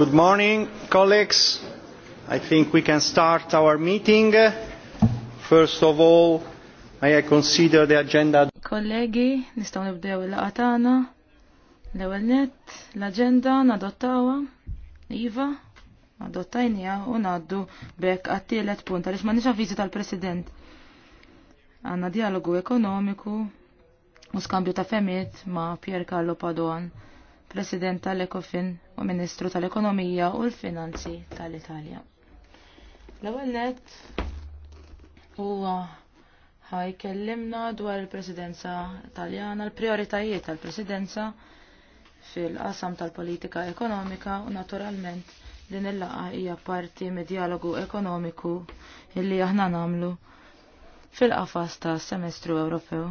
Good morning, colleagues. I think we can start our meeting. First of all, may I consider the agenda. Kollegi, nistaw nibdew il-laqatana. L-ewel net, l-agenda nadottawa. Iva, adottajnija u naddu bekk għattilet punt, għalix ma nixan vizi l president Għanna dialogu ekonomiku u skambju ta' femiet ma' Pier Carlo Padoan President tal-Ekofin u Ministru tal-Ekonomija u l-Finanzi tal-Italja. L-ewwel nett huwa ħajkellimna dwar il-Presidenza Taljana, l-prioritajiet tal-Presidenza fil-qasam tal-politika ekonomika u naturalment din il-laqa hija parti mid-dialogu ekonomiku illi aħna nagħmlu fil-qafas ta' semestru Ewropew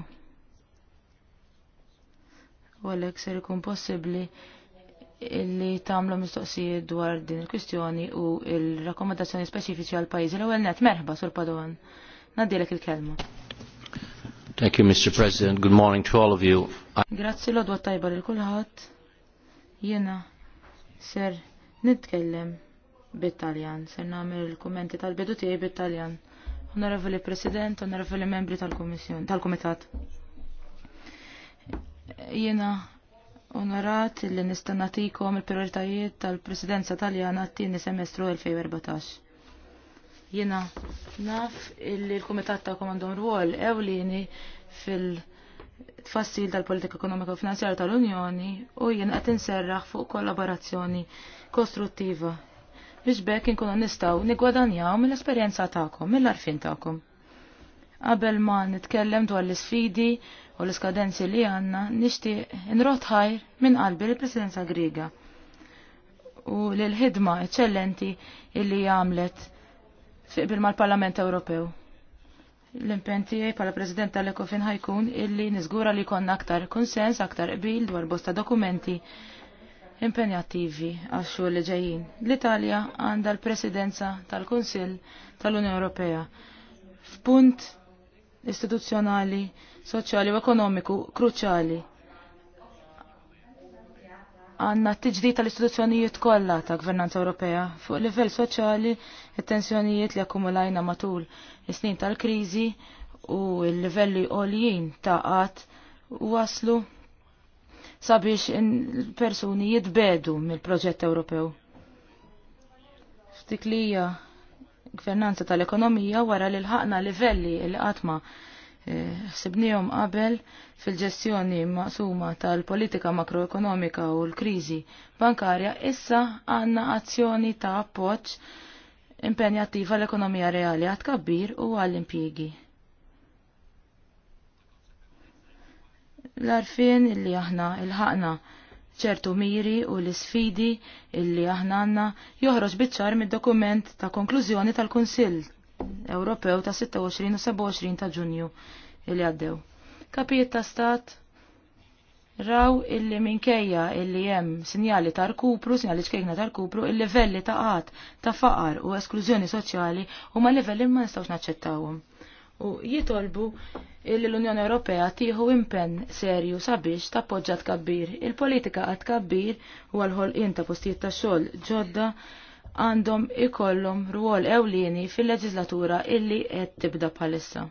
u ser ikun possibbli illi tagħmlu mistoqsijiet dwar din il-kwistjoni u il-rakkomandazzjoni speċifiċi għal pajjiż l-ewwel net merħba sur Padovan. Nadilek il-kelma. Thank you, Mr. President. Good morning to all of you. Grazzi l-odwa tajba lil kulħadd. Jiena ser nitkellem bit-Taljan, ser nagħmel il-kummenti tal-bidu tiegħi bit-Taljan. Honorevoli President, Honorevoli membri tal-Kummissjoni, komissjoni tal komitat tal kumitat Jena onorat li nista' nagħtikom il-prioritajiet tal-Presidenza Taljana t-tieni semestru 2014. Jena naf illi l-Kumitat ta' komandon rwol ewlieni fil- tfassil tal-politika ekonomika u finanzjarja tal-Unjoni u jien qed inserraħ fuq kollaborazzjoni kostruttiva biex bekk inkunu nistgħu nigwadanjaw mill-esperjenza tagħkom, mill-arfin tagħkom. Qabel ma nitkellem dwar l-isfidi u l-iskadenzi li għanna nixtieq nrotħajr minn qalbi l-Presidenza Griega u l-ħidma eċċellenti illi għamlet fiqbil mal-Parlament Ewropew. L-impen tiegħi bħala President tal-Ekofin ħajkun illi niżgura li konna aktar konsens, aktar qbil dwar bosta dokumenti impenjattivi għax xogħol li ġejjin. L-Italja għandha l-Presidenza tal-Kunsill tal-Unjoni Ewropea. F'punt istituzzjonali, soċjali u ekonomiku kruċjali. Għanna t-tġdid tal-istituzzjonijiet kollha ta' gvernanza Ewropea fuq livell soċjali it-tensjonijiet li akkumulajna matul is-snin tal-kriżi u l-livelli għoljien ta' qatt waslu sabiex persuni jitbedu mill-proġett Ewropew. Ftik gvernanza tal-ekonomija wara li l-ħakna livelli li għatma eh, ħsibnijom qabel fil-ġestjoni maqsuma tal-politika makroekonomika u l-krizi bankarja issa għanna azzjoni ta' appoċ impenjattiva l-ekonomija reali għat kabbir u għall-impjigi. L-arfin illi aħna il-ħakna il ħakna il ċertu miri u l-sfidi illi aħnanna joħroġ bitċar mid-dokument ta' konklużjoni tal-Kunsill Ewropew ta' 26 u 27 ta' Ġunju illi għaddew. Kapijiet ta' stat raw illi minkejja illi hemm sinjali ta' kupru, sinjali ċkejna ta' kupru, il-livelli ta' għat, ta' faqar u esklużjoni soċjali huma livelli ma nistgħux naċċettawhom. U jitolbu illi l-Unjoni Ewropea tieħu impenn serju sabiex tappoġġa tkabbir. Il-politika għad tkabbir u għal-ħolqien ta' postijiet ta' xogħol ġodda għandhom ikollhom rwol ewlieni fil-leġislatura illi qed tibda bħalissa.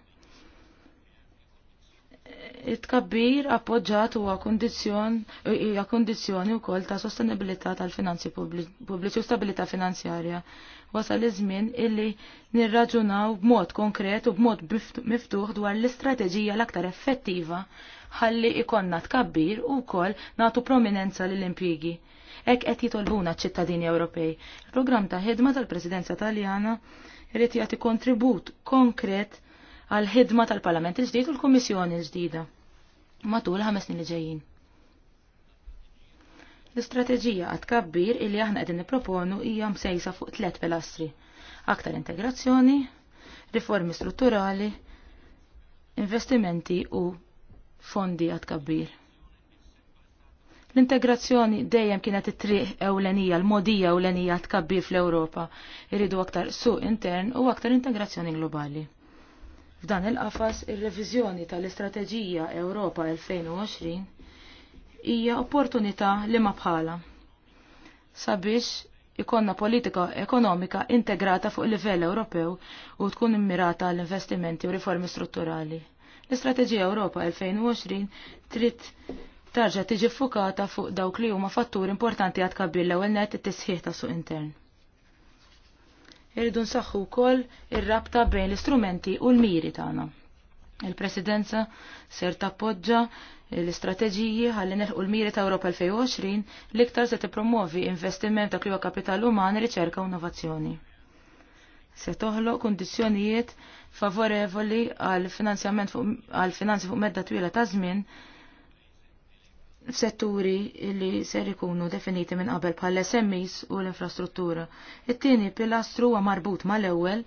It-tkabbir appoġġat huwa hija kondizzjoni wkoll ta' sostenibilità tal-finanzi pubbliċi u stabilità finanzjarja wasal iż-żmien illi nirraġunaw b'mod konkret u b'mod miftuħ dwar l-istrateġija l-aktar effettiva ħalli ikonna tkabbir u kol natu prominenza l-impjigi. Ek qed jitolbuna ċittadini Ewropej. Il-programm ta' ħidma tal-Presidenza Taljana irid jagħti kontribut konkret għal ħidma tal-Parlament il-ġdid u l-Kummissjoni l-ġdida matul ħames snin li ġejjin. L-istrateġija għad kabbir illi aħna għedin nipproponu hija msejsa fuq tliet pilastri. Aktar integrazzjoni, riformi strutturali, investimenti u fondi għad kabbir. L-integrazzjoni dejjem kienet it-triq ewlenija, l-modija ewlenija tkabbir fl-Ewropa. Irridu aktar suq intern u aktar integrazzjoni globali. F'dan il-qafas ir-reviżjoni tal-Istrateġija Ewropa 2020 hija opportunità li ma bħala. Sabiex ikonna politika ekonomika integrata fuq livell Ewropew u tkun immirata għall investimenti u riformi strutturali. L-Istrateġija Ewropa 2020 trid tarġa tiġi ffukata fuq dawk li huma fatturi importanti għad kabbir l net it-tisħiħ ta' suq intern. Irridu nsaħħu wkoll ir-rabta bejn l-istrumenti u l-miri tagħna. Il-Presidenza ser tappoġġa l-istrateġiji ħalli neħqu l-miri ta' Europa 2020 l-iktar se tippromovi investiment ta' kliwa kapital uman, riċerka u innovazzjoni. Se toħloq kundizzjonijiet favorevoli għal finanzjament għal finanzi fuq medda twila ta' żmien f'setturi li ser ikunu definiti minn qabel bħal SMEs u l-infrastruttura. It-tieni pilastru huwa marbut mal-ewwel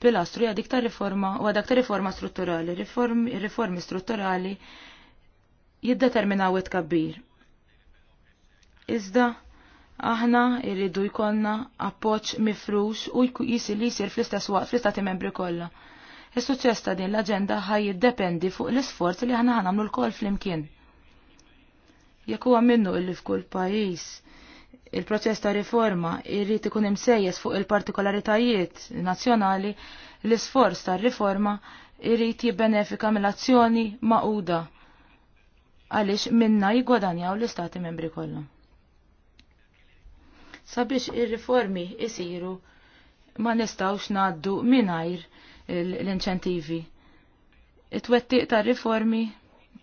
pilastru hija dik ta' riforma u għadak ta' riforma strutturali. riformi strutturali jiddeterminaw it-kabbir. Iżda, aħna irridu jkollna appoġġ mifrux u jisi li jisir fl-istess waqt fl-istati membri kollha. Is-suċċess ta' din l-aġenda ħaj jiddependi fuq l-isforz li aħna ħanamlu l-koll flimkien. Jekk huwa minnu illi f'kull pajjiż il-proċess ta' riforma irrid ikun imsejjes fuq il-partikolaritajiet nazzjonali, l-isforz ta' riforma irrid jibbenefika mill-azzjoni maquda għaliex minna jigwadanjaw l-istati membri kollha. Sabiex ir-riformi jisiru ma nistawx naddu minajr l-inċentivi. It-wettiq ta' riformi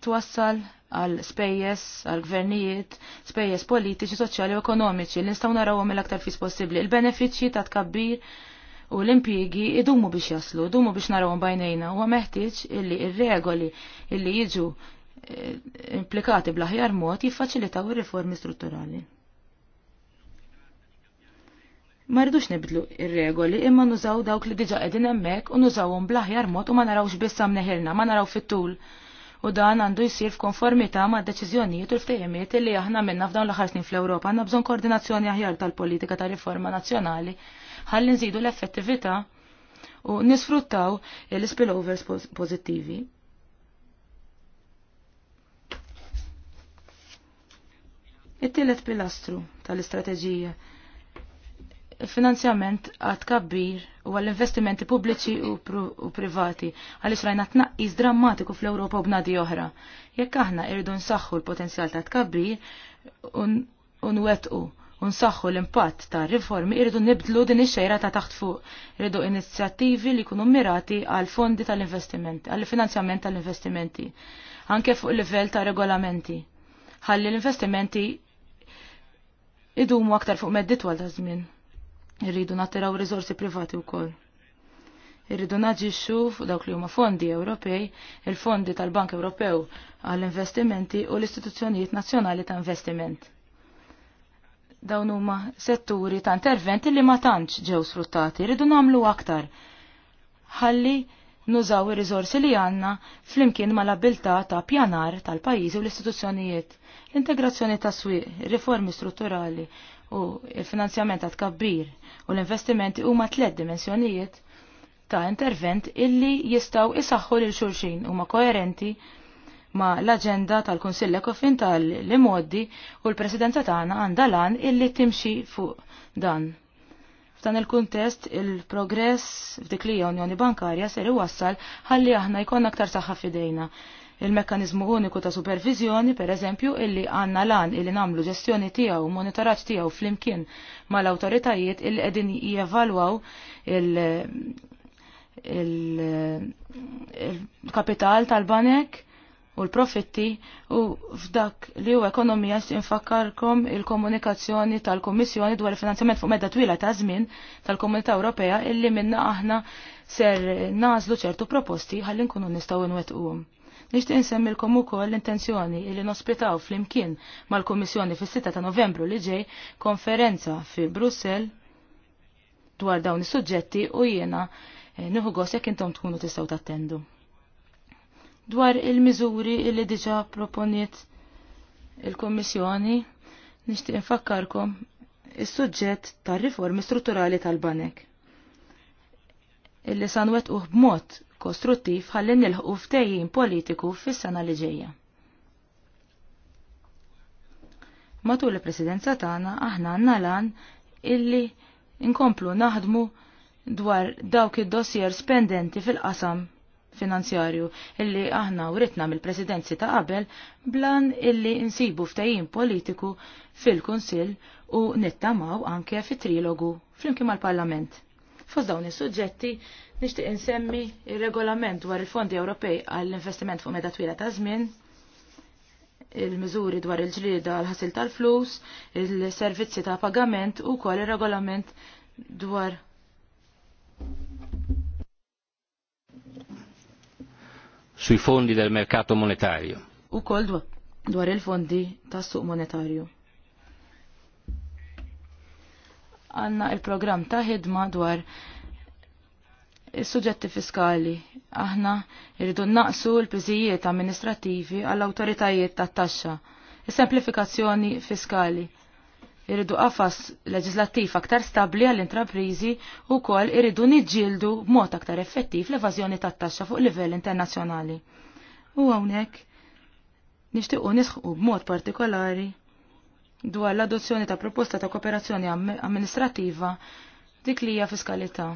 twassal għal spejjes, għal gvernijiet, spejjes politiċi, soċjali u ekonomiċi li nistgħu narawhom mill-aktar fis possibbli. Il-benefiċċji ta' tkabbir u l-impjiegi idumu biex jaslu, idumu biex narawhom bajnejna u meħtieġ illi il regoli illi jiġu implikati bl-aħjar mod jiffaċilitaw ir-riformi strutturali. Ma rridux nibdlu ir-regoli imma nużaw dawk li diġa qegħdin hemmhekk u nużawhom bl-aħjar mod u ma narawx biss neħilna, ma naraw fit-tul. U dan għandu jsir f'konformità ma' deċiżjonijiet u l-ftehimiet li aħna minna f'dawn l-aħħar snin fl-Ewropa għandna bżonn koordinazzjoni aħjar tal-politika ta' riforma nazzjonali ħalli nżidu l-effettività u nisfruttaw l-spillovers pożittivi. It-tielet pilastru tal-istrateġija finanzjament għad kabbir u għall-investimenti pubbliċi u privati għaliex rajna tnaqqis drammatiku fl-Ewropa u bnadi oħra. Jekk aħna irridu nsaħħu l-potenzjal ta' tkabbir u nwettqu u nsaħħu l-impatt ta' riformi irridu nibdlu din ix-xejra ta' taħt fuq. Irridu inizjattivi li jkunu mirati għal fondi tal-investimenti, għall finanzjament tal-investimenti, anke fuq livell ta' regolamenti. Ħalli l-investimenti idumu aktar fuq meddi ta' żmien. Irridu nattiraw riżorsi privati wkoll. Irridu naġixxu fuq dawk li huma fondi Ewropej, il-fondi tal-Bank Ewropew għall-investimenti u l-istituzzjonijiet nazzjonali ta' investiment. Dawn huma setturi ta' interventi li ma tantx ġew sfruttati, irridu nagħmlu aktar ħalli nużaw ir-riżorsi li għandna flimkien mal-abilità ta' pjanar tal pajjiż u l-istituzzjonijiet. L-integrazzjoni ta' swieq, riformi strutturali u il-finanzjament ta' tkabbir u l-investimenti huma tliet dimensjonijiet ta' intervent illi jistaw isaħħu lil xulxin huma koerenti ma l-agenda tal-Kunsill Ekofin tal-Limoddi u l-Presidenza tagħna għandha lan illi timxi fuq dan. F'dan il-kuntest il-progress f'dik li Unjoni Bankarja ser iwassal ħalli aħna jkollna aktar saħħa f'idejna. Il-mekkanizmu uniku ta' supervizjoni, per eżempju, illi għanna lan illi namlu ġestjoni tiegħu u monitoraġġ tiegħu flimkien mal-awtoritajiet illi qegħdin jevalwaw il-kapital il il tal-banek u l-profitti u f'dak li huwa ekonomija infakkarkom il-komunikazzjoni tal komissjoni dwar il-finanzjament fuq medda twila ta' żmien tal-Komunità Ewropea illi minna aħna ser nażlu ċertu proposti ħalli nkunu nistgħu nwettquhom. Nixtieq insemmilkom ukoll l-intenzjoni li nospitaw flimkien mal-Kummissjoni fis-6 ta' Novembru li ġej konferenza fi Brussell dwar dawn is-suġġetti u jiena eh, nieħu gost jekk intom tkunu tistgħu tattendu dwar il-miżuri li diġa proponiet il-Kommissjoni. Nixtieq infakkarkom is-suġġett tar-riformi strutturali tal-banek. Illi sanwet uħ b'mod kostruttiv ħalli nilħqu ftehim politiku fis-sena li ġejja. Matul il-presidenza tagħna aħna għandna lan illi inkomplu naħdmu dwar dawk id dossier spendenti fil-qasam finanzjarju illi aħna uritna mill-presidenzi ta' qabel blan illi insibu ftajim politiku fil-Kunsill u nittamaw anke fit-trilogu flimkien mal-Parlament. Fost dawn is-suġġetti nixtieq insemmi ir-regolament dwar il-Fondi Ewropej għall-investiment fuq meta twila ta' żmien, il-miżuri dwar il-ġlieda għal-ħasil tal-flus, il-servizzi ta' pagament u kol ir-regolament dwar sui fondi del mercato monetario. U kol dwar il-fondi tas suq monetarju. Għanna il-program ta' ħidma dwar il-sujġetti fiskali. Aħna irridu naqsu l-piżijiet amministrativi għall-autoritajiet tat taxxa. Is-semplifikazzjoni fiskali irridu qafas leġislattiv aktar stabli għall-intraprizi u kol irridu nidġildu b'mod aktar effettiv l-evażjoni tat-taxxa fuq livell internazzjonali. U hawnhekk nixtiequ nisħu b'mod partikolari dwar l-adozzjoni ta' proposta ta' kooperazzjoni amministrativa dik li hija fiskalità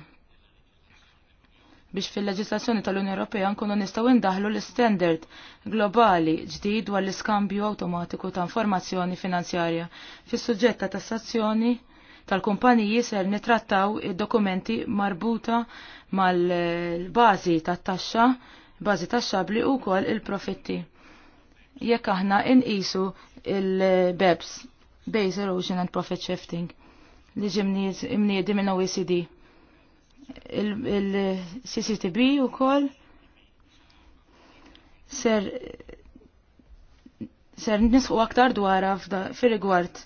biex fil-leġislazzjoni tal-Unjoni Ewropea nkunu nistgħu ndaħlu l-standard globali ġdid dwar l-iskambju awtomatiku ta' informazzjoni finanzjarja. Fis-suġġett ta' tassazzjoni tal-kumpaniji ser nitrattaw id-dokumenti marbuta mal-bażi tat-taxxa, bażi tax-xabli wkoll il-profitti. Jekk aħna inqisu il-BEPS, Base Erosion and Profit Shifting, li ġimniet mniedi minn OECD il-CCTB u koll ser ser nisqu aktar dwara fil-rigward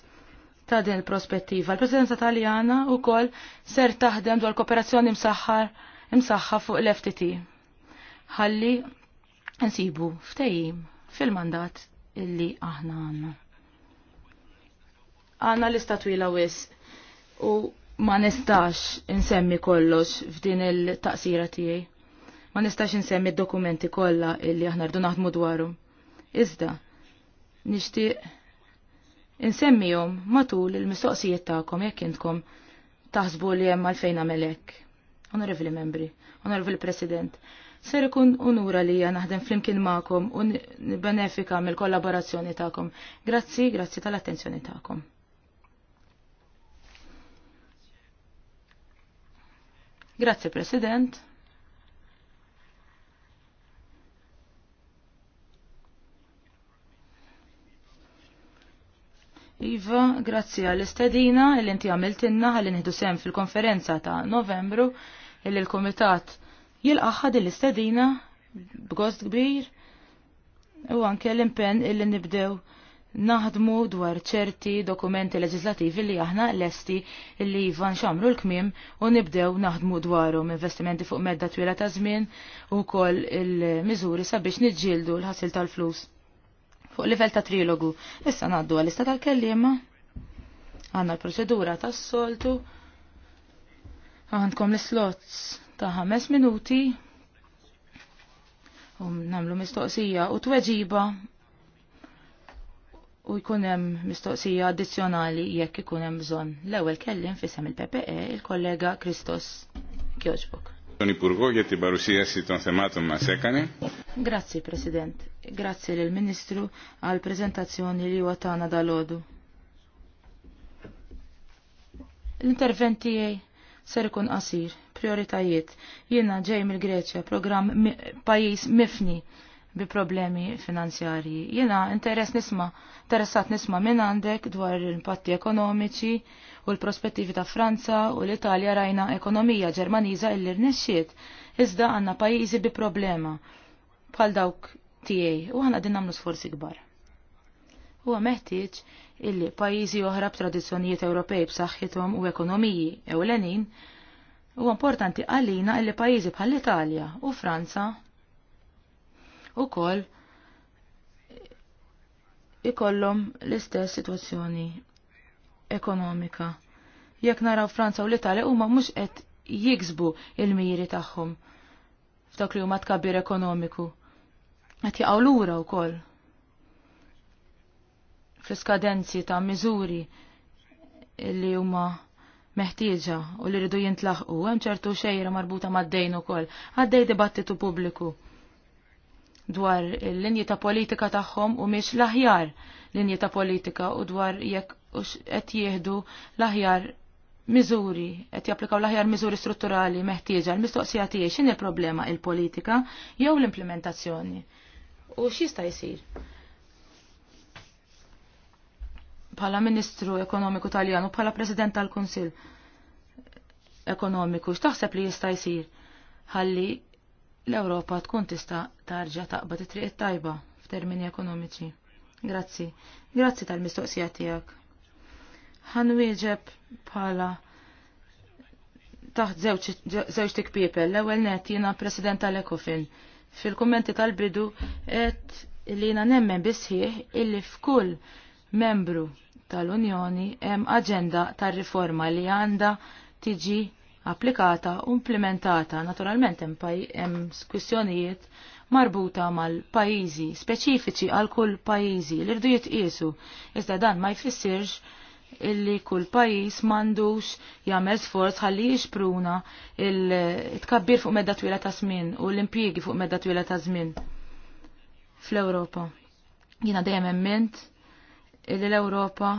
ta' din il-prospettiva. Il-Presidenza Taljana u koll ser taħdem dwar kooperazzjoni msaħħar imsaħħa fuq l-FTT. Ħalli nsibu ftejim fil-mandat illi aħna għanna. Għanna l-istatwila wis u ma nistax insemmi kollox f'din il-taqsira tiegħi. Ma nistax insemmi d-dokumenti kollha illi aħna rdu naħdmu dwarhom. Iżda, nixtieq insemmihom matul il-mistoqsijiet tagħkom jekk intkom taħsbu li hemm għalfejn għamelek. Onorevoli membri, onorevoli president, ser ikun unura li hija naħdem flimkien magħkom u nibbenefika mill-kollaborazzjoni tagħkom. Grazzi, grazzi tal-attenzjoni tagħkom. Grazzi President. Iva, grazzi għall-istedina il inti għamiltinna għall nħidu sem fil-konferenza ta' novembru illi l-komitat jilqaħħad l-istedina b'gost kbir u anke l-impen illi nibdew naħdmu dwar ċerti dokumenti leġislativi li aħna lesti li jivan xamru l-kmim u nibdew naħdmu dwarhom investimenti fuq medda twila ta' żmien u kol il-miżuri sabiex niġġieldu l-ħasil tal-flus. Fuq livell ta' trilogu, issa ngħaddu għal-lista tal-kellima, għandna l-proċedura tas-soltu, għandkom l-slots ta' ħames minuti, u namlu mistoqsija u tweġiba u jkun hemm mistoqsija addizzjonali jekk ikun hemm bżonn. L-ewwel kellim fisem il-PPE il-kollega Kristos sekani. Grazzi, President. Grazzi lill ministru għal prezentazzjoni li huwa dal dalodu. l interventi tiegħi ser ikun qasir, prioritajiet. Jiena ġej mill-Greċja, programm pajjiż mifni bi problemi finanzjarji. Jena interess nisma, interessat nisma minn għandek dwar l-impatti ekonomiċi u l-prospettivi ta' Franza u l-Italja rajna ekonomija ġermaniża illi rnexxiet iżda għandna pajjiżi bi problema bħal dawk tiegħi u għanna din nagħmlu sforzi kbar. Huwa meħtieġ illi pajjiżi oħra b'tradizzjonijiet Ewropej b'saħħithom u ekonomiji ewlenin huwa importanti għalina illi pajjiżi l italja u Franza kol ikollom l-istess sitwazzjoni ekonomika. Jekk naraw Franza u l-Italja huma mhux qed jiksbu il-miri tagħhom f'dak li huma tkabbir ekonomiku. Qed jaqgħu lura wkoll fl-iskadenzi ta' miżuri li huma meħtieġa u li rridu jintlaħqu hemm ċertu xejra marbuta mad-dejn ukoll għaddej dibattitu pubbliku dwar l-linji ta' politika tagħhom u miex l-aħjar linji ta' politika u dwar jekk qed jieħdu l-aħjar miżuri qed japplikaw l-aħjar miżuri strutturali meħtieġa l-mistoqsija tiegħi x'inhi l-problema il-politika jew l-implementazzjoni. U x'jista' jsir? Bħala Ministru Ekonomiku Taljan u bħala President tal-Kunsill Ekonomiku x'taħseb li jista' jsir ħalli l-Ewropa tkun tista' tarġa' taqbad it-triq tajba f'termini ekonomiċi. Grazzi, grazzi tal-mistoqsija tiegħek. Ħan wieġeb bħala taħt żewġ tikpiepel, l-ewwel net jiena President tal-Ekofin. Fil-kummenti tal-bidu qed li jiena nemmen bisħieħ illi f'kull membru tal-Unjoni hemm aġenda tar-riforma li għandha tiġi applikata u implementata. Naturalment hemm kwistjonijiet marbuta mal-pajjiżi speċifiċi għal kull pajjiżi li rdu jitqiesu. Iżda dan ma jfissirx illi kull pajjiż m'għandux jagħmel sforz ħalli jixpruna il-tkabbir fuq medda twila ta' żmien u l-impjiegi fuq medda twila ta' żmien fl-Ewropa. Jiena dejjem emment illi l-Ewropa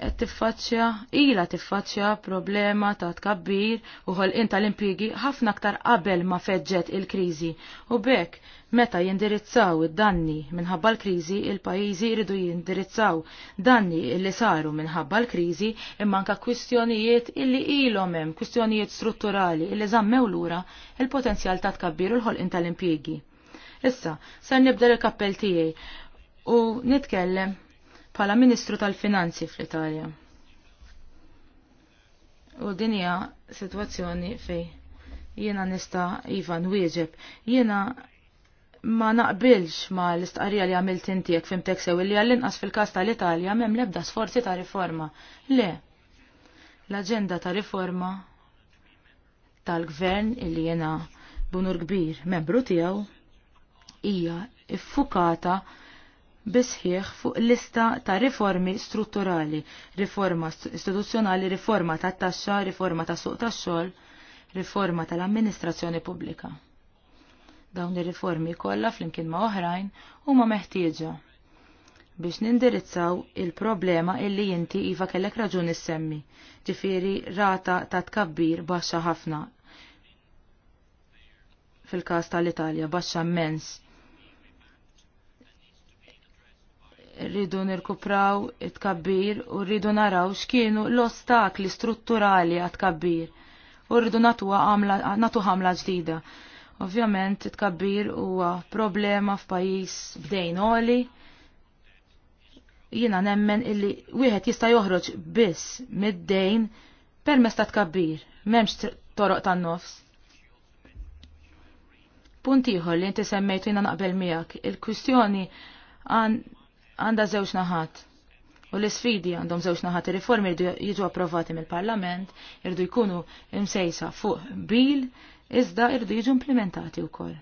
qed tiffaċċja ila tiffaċċja problema ta' tkabbir u ħolqien tal-impjigi ħafna aktar qabel ma feġġet il-kriżi u bekk meta jindirizzaw id-danni minħabba l-kriżi il-pajjiżi jridu jindirizzaw danni li saru minħabba l-kriżi imma anke kwistjonijiet illi ilhom hemm kwistjonijiet strutturali illi żammew lura il-potenzjal ta' tkabbir u l-ħolqien tal-impjigi. Issa, ser nibda l-kappell tiegħi u nitkellem bħala Ministru tal-Finanzi fl-Italja. U din hija sitwazzjoni fej jiena nista' Ivan wieġeb. Jiena ma naqbilx ma l-istqarrija li għamilt intiek fimtek sew li għall-inqas fil-każ tal-Italja mem l-ebda sforzi ta' riforma. Le, l-aġenda ta' riforma tal-gvern illi jena bunur kbir membru tiegħu hija iffukata bisħieħ fuq lista ta' riformi strutturali, riforma istituzzjonali, riforma ta' taxxa, riforma ta' suq ta' xogħol, riforma tal-amministrazzjoni pubblika. Dawn ir-riformi kollha flimkien ma' oħrajn huma meħtieġa biex nindirizzaw il-problema illi jinti iva kellek raġun issemmi, ġifiri rata ta' tkabbir baxxa ħafna. Fil-każ tal-Italja baxxa mens. rridu nirkupraw it-kabbir u rridu naraw x'kienu l-ostakli strutturali għat kabbir u rridu natu ħamla ġdida. Ovvjament it-kabbir huwa problema f'pajjiż bdejn oli. Jiena nemmen illi wieħed jista' joħroġ biss mid-dejn permezz ta' tkabbir, m'hemmx toroq tan-nofs. Punt ieħor li inti semmejtu jiena naqbel miegħek, il-kwistjoni għan għandha żewġ naħat. U l-isfidi għandhom żewġ naħat Il-reformi irdu jiġu approvati mill-Parlament, irdu jkunu imsejsa fuq bil, iżda irdu jiġu implementati wkoll.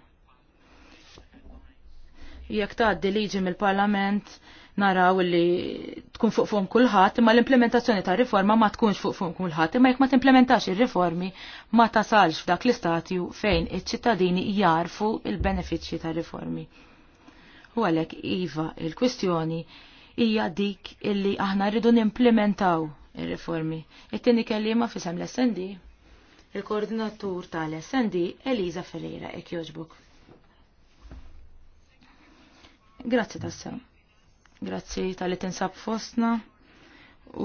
Jekk tgħaddi liġi mill-Parlament naraw li tkun fuq fuq kulħadd, imma l-implementazzjoni ta' riforma ma tkunx fuq fuq kulħadd, imma jekk ma timplementax ir-riformi ma tasalx f'dak l-istati fejn iċ-ċittadini jarfu il-benefiċċji ta' riformi. U għalhekk iva il-kwistjoni hija dik illi aħna rridu nimplementaw ir-riformi. It-tieni kelliema fisem l-SND il-koordinatur tal-SND Eliza Ferreira ek joġbuk. Grazzi tassew. Grazzi tal-li tinsab fostna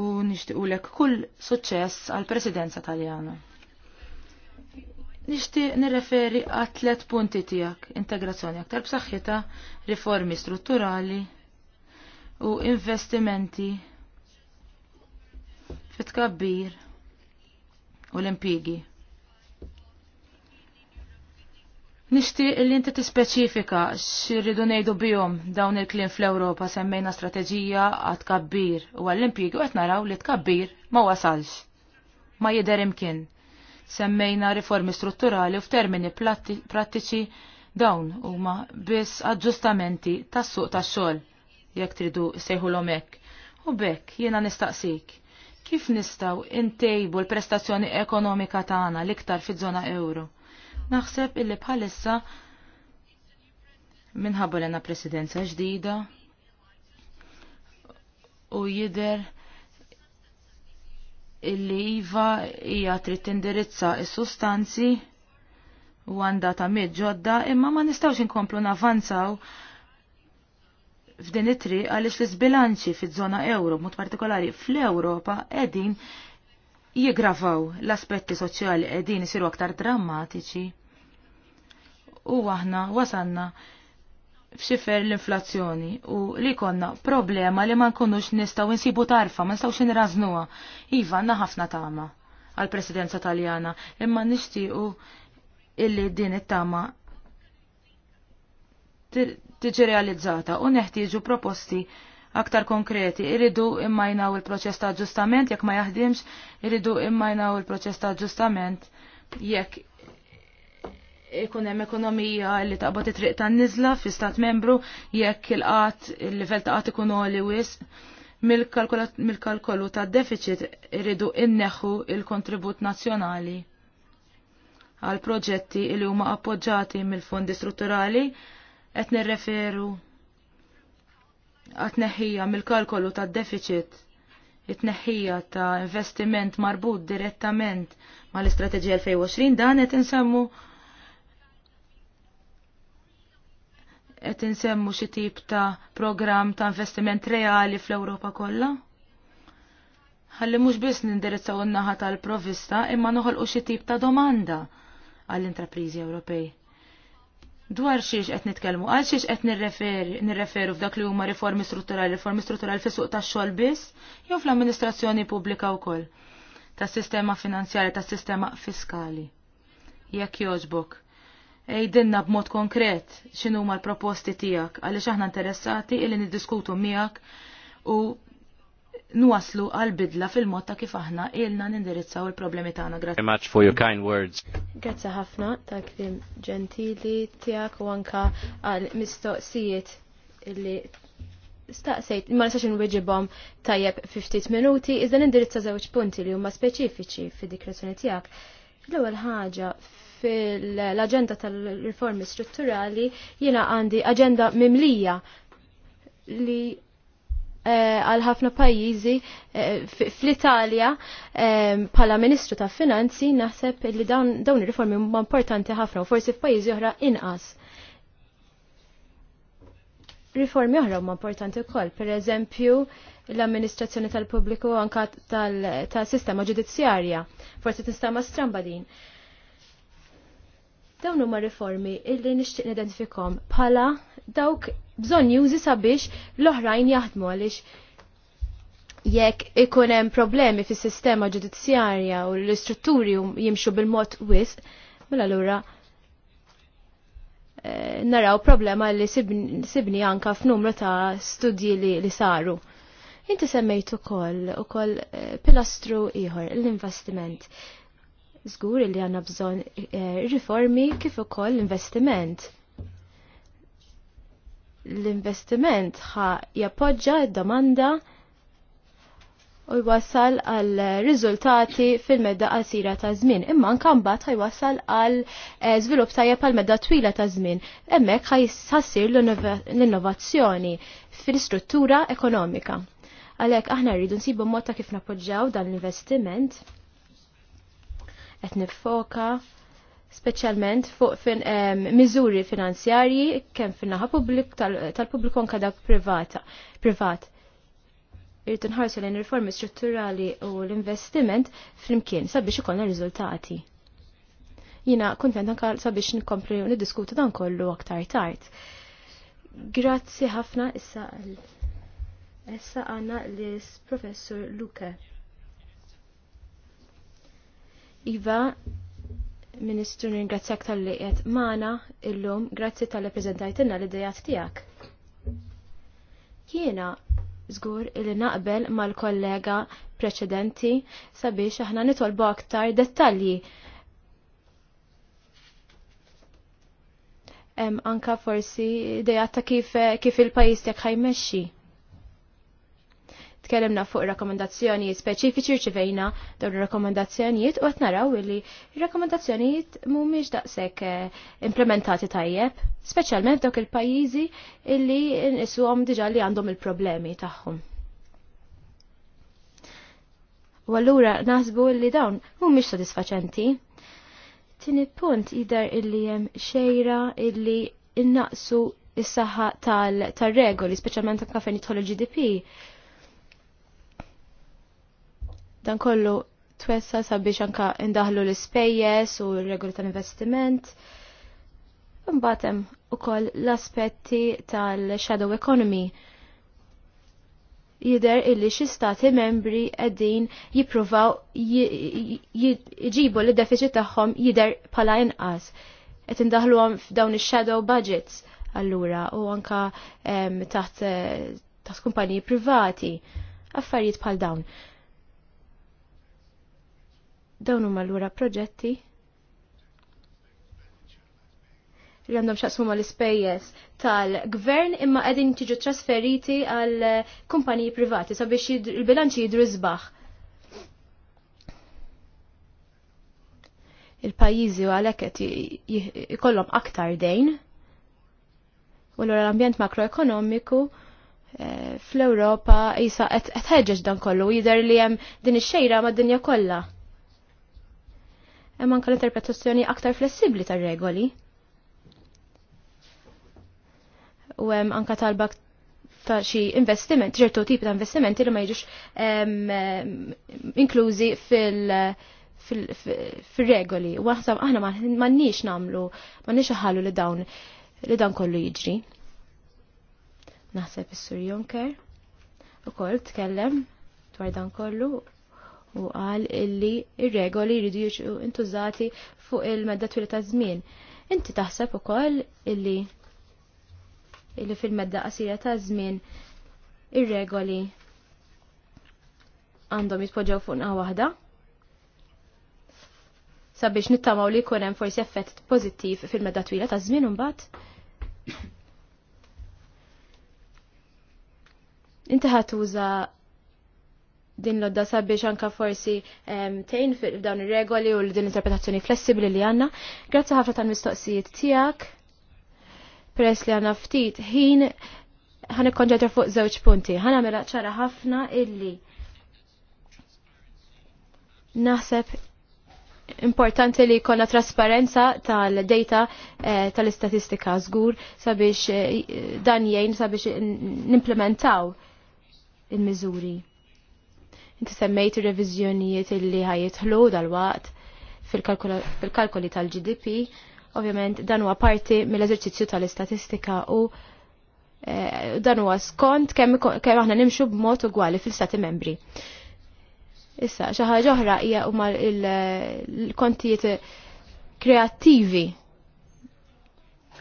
u nixtiequlek kull suċċess għal presidenza taljana nishti nirreferi għatlet punti tijak, integrazzjoni aktar b'saħħita, riformi strutturali u investimenti fit tkabbir u l-impigi. Nishtiq li inti tispeċifika xirridu nejdu bihom dawn il-klim fl-Ewropa semmejna strateġija għat tkabbir u għall-impigi u għet naraw li tkabbir ma wasalx, ma jider imkien semmejna riformi strutturali u f'termini prattiċi dawn huma biss aġġustamenti tas-suq tax-xogħol jekk tridu sejħulhom hekk. U bekk jiena nistaqsik kif nistaw intejbu l-prestazzjoni ekonomika tagħna l-iktar fiż-żona euro? Naħseb illi bħalissa minħabba l presidenza ġdida u jider illi iva hija trid tindirizza s-sustanzi u għandha ta' ġodda imma ma nistgħux inkomplu navanzaw f'din it-triq għaliex l-isbilanċi fiż-żona euro, mod partikolari fl-Ewropa, qegħdin jigravaw l-aspetti soċjali qegħdin isiru aktar drammatiċi u aħna wasanna f'xifer l-inflazzjoni u li konna problema li ma nkunux nistaw insibu tarfa, ma xin nirraznuha. Iva, għandna ħafna tama għal-presidenza taljana, imma nixtiequ illi din it-tama tiġi realizzata u neħtieġu proposti aktar konkreti. Irridu immajnaw il-proċess ta' ġustament, jekk ma jaħdimx, irridu immajnaw il-proċess ta' ġustament, jekk ikun hemm ekonomija li taqbad it-triq tan-niżla fi stat membru jekk il-qat il-livell ta' qat ikun għoli wis mill-kalkolu tad deficit iridu inneħu il-kontribut nazzjonali għal proġetti li huma appoġġati mill-fondi strutturali qed nirreferu għat neħija mill-kalkolu tad deficit it-neħħija ta' investiment marbut direttament mal-istrateġija 2020 dan qed insemmu qed insemmu xi tip ta' programm ta' investiment reali fl-Ewropa kollha? Ħalli mhux biss nindirizzaw in-naħa tal-provista imma noħolqu xi tip ta' domanda għall-intrapriżi Ewropej. Dwar xiex qed nitkellmu, għal xiex qed nirreferu f'dak li huma riformi strutturali, riformi strutturali fis-suq tax-xogħol biss jew fl-amministrazzjoni pubblika wkoll tas-sistema finanzjarja, tas-sistema fiskali. Jekk jogħġbok Ejdinna b'mod konkret x'inhu ma l-proposti tiegħek għaliex aħna interessati illi niddiskutu miegħek u nwaslu għal bidla fil-mod ta' kif aħna ilna nindirizzaw il-problemi tagħna. Grazie much for your kind words. Grazzi ħafna ta' klim ġentili tiegħek u anka għal mistoqsijiet illi staqsejt, ma nistax nwiġibhom tajjeb 50 minuti, iżda nindirizza żewġ punti li huma speċifiċi fid-dikrazzjoni tiegħek. L-ewwel ħaġa fil-agenda tal-riformi strutturali jiena għandi agenda mimlija li eh, għal ħafna pajjiżi eh, fl-Italja eh, bħala Ministru ta' Finanzi naħseb li dawn ir-riformi huma importanti ħafna u forsi f'pajjiżi oħra inqas. Riformi oħra huma importanti wkoll, pereżempju l-amministrazzjoni tal-pubbliku anka tal-sistema ġudizzjarja. Forsi tista' ma stramba din. Dawn huma riformi illi nixtieq nidentifikhom bħala dawk bżonn jużi sabiex l-oħrajn jaħdmu għaliex jekk ikun hemm problemi fis-sistema ġudizzjarja u l-istrutturi jimxu bil-mod wisq, mela allura eh, naraw problema li sibni anka f'numru ta' studji li, li saru. Inti semmejt ukoll ukoll eh, pilastru ieħor l-investiment. Zgur li għanna bżon eh, riformi kif ukoll investiment. L-investiment ħa jappoġġa d-domanda u jwassal għal riżultati fil-medda qasira ta' żmien, imma anke mbagħad ħajwassal għal eh, żvilupp tajjeb għal medda twila ta' żmien. Hemmhekk ħassir l-innovazzjoni fil-struttura ekonomika. Għalhekk aħna rridu nsibu mod ta' kif napoġġaw dan l-investiment qed nifoka speċjalment fuq fin, um, miżuri finanzjarji kemm fin-naħa tal-pubbliku anke dak privata privat. Irrid inħarsu lejn riformi strutturali u l-investiment flimkien sabiex ikollna riżultati. Jina kontent anke sabiex nkompli u niddiskutu dan kollu aktar tard. Grazzi ħafna issa Issa għanna l-professor Luke. Iva, Ministru, ringrazzjak tal-li qed magħna illum, grazzi tal-li l-idejat tiegħek. Jiena żgur li naqbel mal-kollega preċedenti sabiex aħna nitolbu aktar dettalji. Hemm anka forsi idejat ta' kif kif il-pajjiż jekk ħajmexxi tkellimna fuq rakkomandazzjoni speċifiċi rċivejna dawn ir-rakkomandazzjonijiet u qed naraw li r-rakkomandazzjonijiet mhumiex daqshekk eh, implementati tajjeb, speċjalment dawk il-pajjiżi illi nisuhom diġà li għandhom il-problemi tagħhom. U allura naħsbu li dawn mhumiex sodisfaċenti. Tini punt jidher illi hemm xejra illi innaqsu is-saħħa tal-regoli, speċjalment anke fejn jidħol il-GDP Dan kollu twessa sabiex anka indaħlu l-ispejjeż u r-regoli tal-investiment. Imbagħad hemm ukoll l-aspetti tal-shadow economy. Jider illi xi stati membri qegħdin jippruvaw jġibu l deficit tagħhom jider bħala inqas. Qed indaħluhom f'dawn ix-shadow budgets allura u anka taħt eh, taħt kumpaniji privati affarijiet bħal dawn. Dawn huma lura proġetti li għandhom xaqsmu ma l spejjes tal-gvern imma għedin tiġu trasferiti għal kumpaniji privati sabiex il-bilanċi jidru zbaħ. Il-pajizi u għalek qed ikollhom aktar dejn. U l l-ambjent makroekonomiku eh, fl-Ewropa jisa qed ħeġġeġ dan kollu jidher li hemm din ix-xejra mad-dinja kollha hemm anke l-interpretazzjoni aktar flessibbli tar-regoli. U hemm anke talba ta' xi investiment, ċertu tipi ta' investimenti li ma jiġux inklużi fil- fil-regoli. U għasab aħna mannix namlu, mannix ħallu li dawn li dan kollu jiġri. Naħseb is-Sur Juncker ukoll tkellem dwar dan kollu u qal illi ir-regoli jridu jiġu intużati fuq il-medda twila ta' żmien. Inti taħseb ukoll illi illi fil-medda qasija ta' żmien ir-regoli għandhom jitpoġġew fuq naħa waħda? Sabiex nittamaw li jkun hemm forsi effett pożittiv fil-medda twila ta' żmien imbagħad? Inti ħatuża din l-odda sabiex anka forsi tejn f'dawn ir-regoli u din interpretazzjoni flessibli li għanna. Grazzi ħafna tal-mistoqsijiet tiegħek. press li għanna ftit ħin ħan ikkonċentra fuq żewġ punti. Ħan għamela ċara ħafna illi naħseb importanti li jkollna trasparenza tal-data eh, tal-istatistika żgur sabiex eh, dan jgħin sabiex nimplementaw il-miżuri. Inti semmejt ir-reviżjonijiet illi ħajjitħlu dal-waqt fil-kalkoli tal-GDP, ovvjament dan huwa parti mill-eżerċizzju tal-istatistika u eh, dan huwa skont kemm kem aħna nimxu b'mod ugwali fil-stati membri. Issa, xi ħaġa oħra hija huma eh, l-kontijiet kreattivi.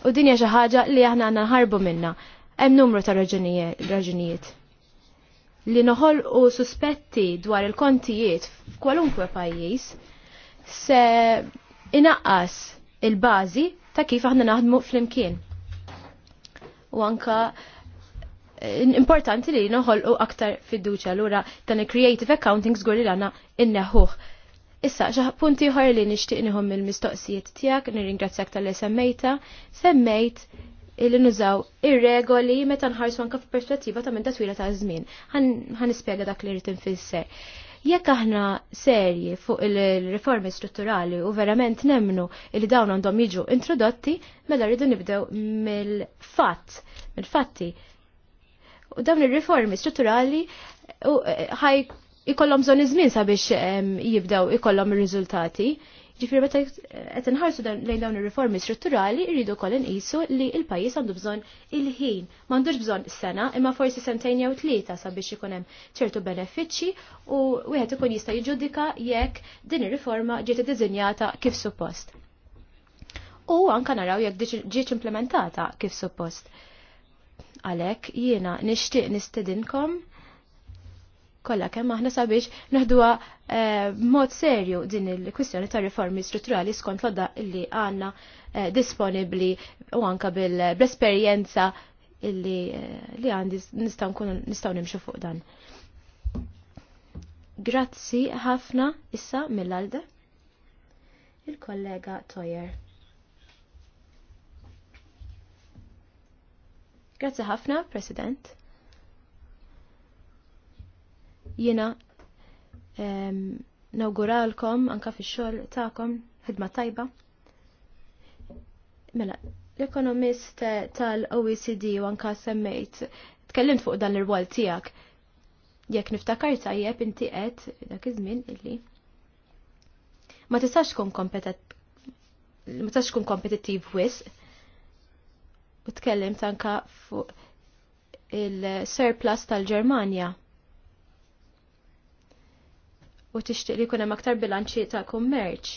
U dinja xi ħaġa li aħna għandna nħarbu minnha. Hemm numru ta' raġunijiet li noħol u suspetti dwar il-kontijiet f'kwalunkwe pajjiż se inaqqas il-bażi ta' kif aħna naħdmu fl-imkien. U anka eh, importanti li u aktar fiduċa lura dan il-creative accounting żgur li l-għana inneħuħ. Issa, xaħ punti ħor li nishtiqniħum il-mistoqsijiet tijak, nirringrazzjak tal-li semmejta, semmejt illi nużaw ir-regoli meta nħarsu anke f'perspettiva ta' minn twila ta' żmien. Ħan nispjega dak li rrid infisser. Jekk aħna serji fuq il-riformi strutturali u verament nemnu li dawn għandhom jiġu introdotti, mela rridu nibdew mill-fatt, mill-fatti. U dawn ir-riformi strutturali eh, ħaj ikollhom bżonn iż-żmien sabiex ehm, jibdew ikollhom ir-riżultati. Ġifiri meta qed inħarsu lejn dawn ir-riformi strutturali jridu wkoll inqisu li l-pajjiż għandu bżonn il-ħin. M'għandux bżonn sena imma forsi sentejn jew tlieta sabiex ikun hemm ċertu benefiċċji u wieħed ikun jista' jiġġudika jekk din ir-riforma ġiet iddiżinjata kif suppost. U anka naraw jekk ġiet implementata kif suppost. Għalhekk jiena nixtieq nistedinkom Kolla kemm aħna sabiex naħduha eh, b'mod serju din il-kwistjoni ta' riformi strutturali skont l-odda illi għandna eh, disponibbli u anka bil-esperjenza illi eh, li għandi nistgħu nimxu fuq dan. Grazzi ħafna issa mill-alde. Il-kollega Toyer. Grazzi ħafna, President. Jiena nawguralkom anka fix-xogħol tagħkom ħidma tajba. Mela, l-ekonomist tal-OECD u anka semmejt tkellimt fuq dan l rwal tiegħek. Jekk niftakar tajjeb inti qed dak iż-żmien illi ma tistax tkun kompetent ma tistax tkun kompetittiv wisq u tkellimt anka fuq il-surplus tal-Ġermanja u tixtieq li jkun hemm aktar bilanċi ta' kummerċ.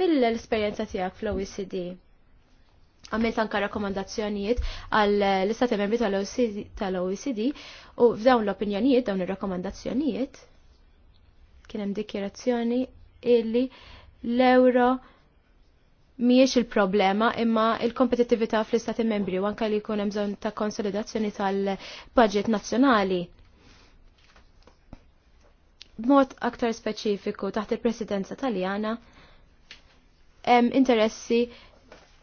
Mill-esperjenza l tiegħek fl-OECD? Għamilt anka rakomandazzjonijiet għal l-istati membri tal-OECD e u f'dawn l-opinjonijiet, dawn ir-rakkomandazzjonijiet, kienem dikjerazzjoni illi l-euro miex il-problema imma il kompetitivita fl-istati membri u anka li jkun hemm bżonn ta' konsolidazzjoni tal-budget nazzjonali b'mod aktar speċifiku taħt il-presidenza taljana hemm interessi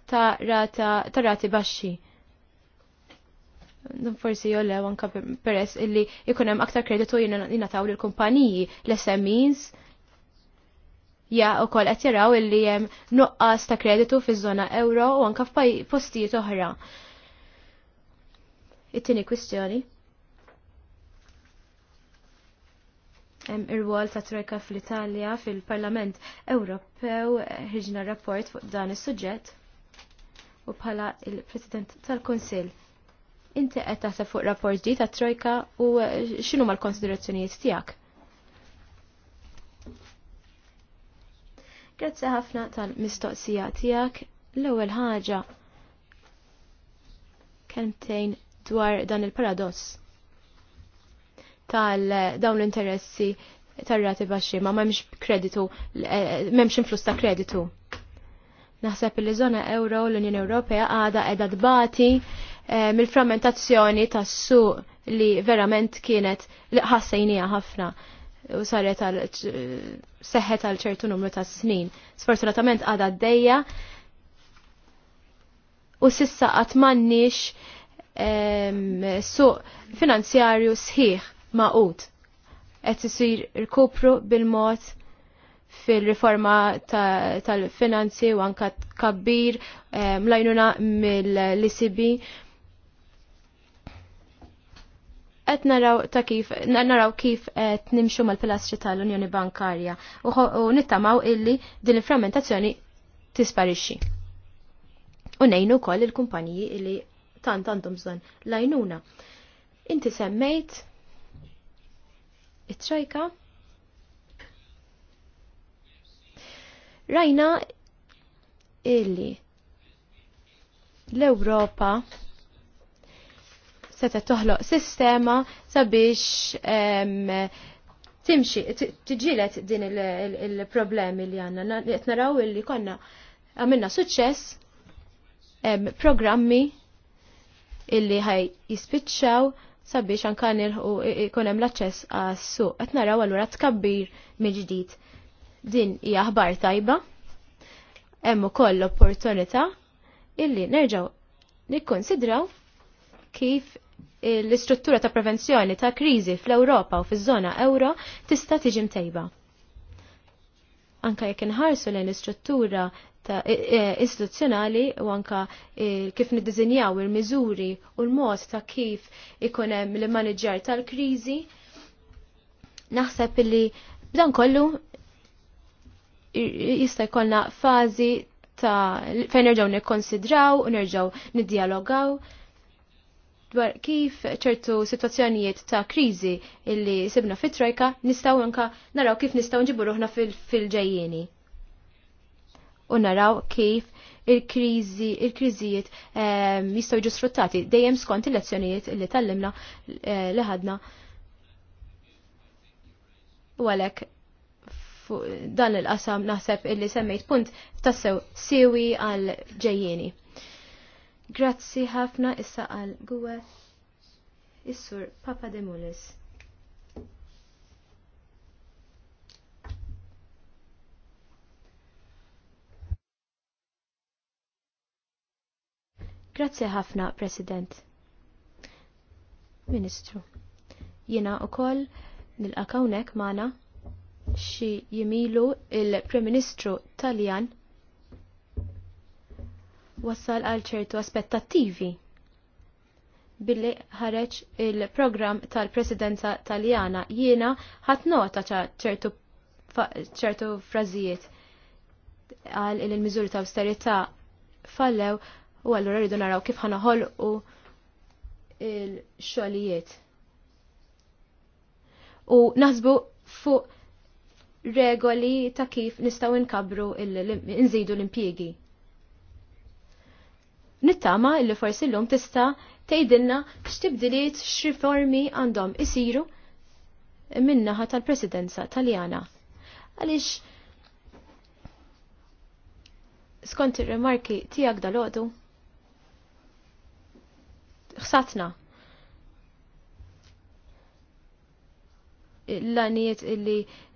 ta' rata ta' rati baxxi. Forsi jollew anka peress illi jkun hemm aktar kreditu jingħataw lil kumpaniji l-SMEs ja u koll qed jaraw illi hemm nuqqas ta' kreditu fiż-żona euro u anka f'postijiet oħra. It-tieni kwistjoni ir-rwol ta' Trojka fl-Italja fil-Parlament Ewropew eh, ħiġna rapport fuq dan is-suġġett u bħala il-President tal-Kunsill. Inti qed taħseb fuq rapport ġdid ta' Trojka u eh, x'inhu mal-konsiderazzjonijiet tiegħek? Grazzi ħafna tal-mistoqsija tiegħek. L-ewwel ħaġa kemtejn dwar dan il-paradoss tal-dawn l-interessi tar-rati baxxi ma m'hemmx kreditu, eh, m'hemmx influss ta' kreditu. Naħseb li żona euro l-Unjoni Ewropea għada qiegħda dbati eh, mill-frammentazzjoni tas-suq li verament kienet li ħassejnija ħafna u saret għal eh, seħħet għal ċertu numru ta' snin. Sfortunatament għada d-dejja u sissa għatmannix suq finanzjarju sħiħ maqut. Qed isir irkopru bil-mod fil-riforma tal-finanzi ta u anka kabbir eh, mlajnuna mill-ECB. Qed naraw ta' kif naraw kif qed nimxu mal-pilastri tal-Unjoni Bankarja u nittamaw illi din il-frammentazzjoni tisparixxi. U nejnu koll il-kumpaniji illi tant għandhom bżonn lajnuna. Inti semmejt it-trojka rajna illi l-Ewropa seta toħloq sistema sabiex timxi, tiġilet din il-problemi li għanna. Naraw illi konna għamilna suċċess programmi illi ħaj jispiċċaw sabiex anka nilħu ikunem hemm l-aċċess għas-suq. Qed naraw allura tkabbir mill-ġdid. Din hija aħbar tajba. Hemm ukoll l-opportunità illi nerġgħu nikkonsidraw kif l-istruttura ta' prevenzjoni ta' kriżi fl-Ewropa u fiż-żona euro tista' tiġi mtejba. Anka jekk inħarsu lejn l-istruttura ta' istituzzjonali u anka kif niddizinjaw il-miżuri u l-mod ta' kif ikun hemm l-manager tal-kriżi. Naħseb illi b'dan kollu jista' jkollna fażi ta' fejn nerġgħu nikkonsidraw u nerġgħu niddialogaw dwar kif ċertu situazzjonijiet ta' kriżi illi sibna fit-trojka nistgħu anka naraw kif nistgħu nġibu ruħna fil-ġejjieni. Fil u naraw kif il-krizi, il-kriżijiet ehm, jistgħu jiġu sfruttati dejjem skont il-lezzjonijiet li tallimna eh, li ħadna. U għalhekk dan il-qasam naħseb illi semmejt punt tassew siwi għal ġejjieni. Grazzi ħafna issa għal Gwe, is-sur Papa Demulis. Grazzi ħafna, President. Ministru, jena u koll nil-akawnek maħna xi jimilu il-Prim Ministru Taljan wassal għal ċertu aspettattivi billi ħareġ il-program tal-presidenza taljana jiena ħat nota ċertu ċertu frażijiet għal il-miżuri ta' austerità fallew u allura rridu naraw kif ħanaħol u il-xogħlijiet. U naħsbu fuq regoli ta' kif nistgħu nkabru nżidu l-impjiegi. Nittama illi forsi l-lum tista' tgħidilna x'tibdiliet x'riformi għandhom isiru minnaħa tal-presidenza taljana. Għaliex skont ir-remarki tiegħek dal-għodu, ħsatna. l-għaniet illi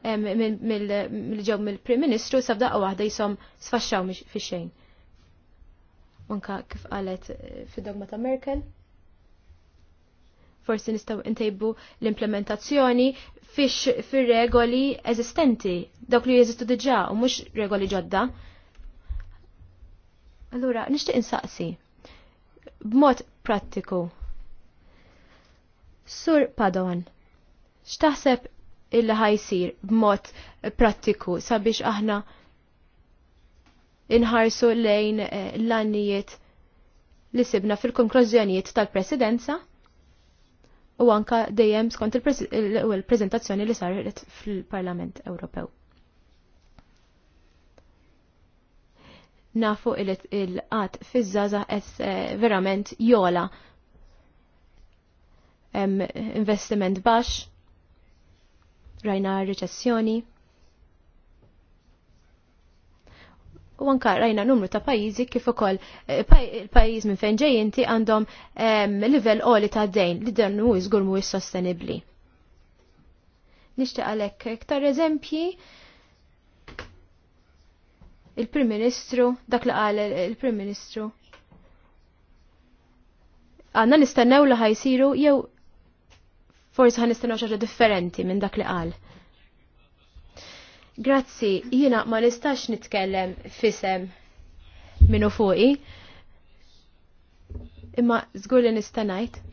mill-ġew mill-Prim Ministru sabdaqqa waħda jisom sfaxxaw fi xejn. Anka kif qalet eh, fid-dogma ta' Merkel forsi nistaw intajbu l-implementazzjoni fix regoli eżistenti, dawk li jeżistu diġà u mhux regoli ġodda. Allura, nixtieq insaqsi. B'mod prattiku. Sur Padon, x'taħseb illi ħajsir b'mod prattiku sabiex aħna inħarsu lejn eh, l-annijiet li sibna fil-konklużjonijiet tal-presidenza u anka dejjem skont il-prezentazzjoni li saret fil-Parlament Ewropew. nafu il-qat fiż-żaza eh, verament jola. investiment baxx, rajna recessjoni. U anka rajna numru ta' pajjiżi kif ukoll il-pajjiż eh, minn fejn ġejjinti għandhom livell qoli ta' dejn li dan hu żgur mhuwiex sostenibbli. Nixtieq għalhekk iktar eżempji il-Prim Ministru, dak li qal il-Prim Ministru. Għanna nistennew li ħajsiru jew forsi ħan nistennew xaġa differenti minn dak li qal. Grazzi, jiena ma nistax nitkellem fisem minnu fuqi. Imma żgur li nista' ngħid.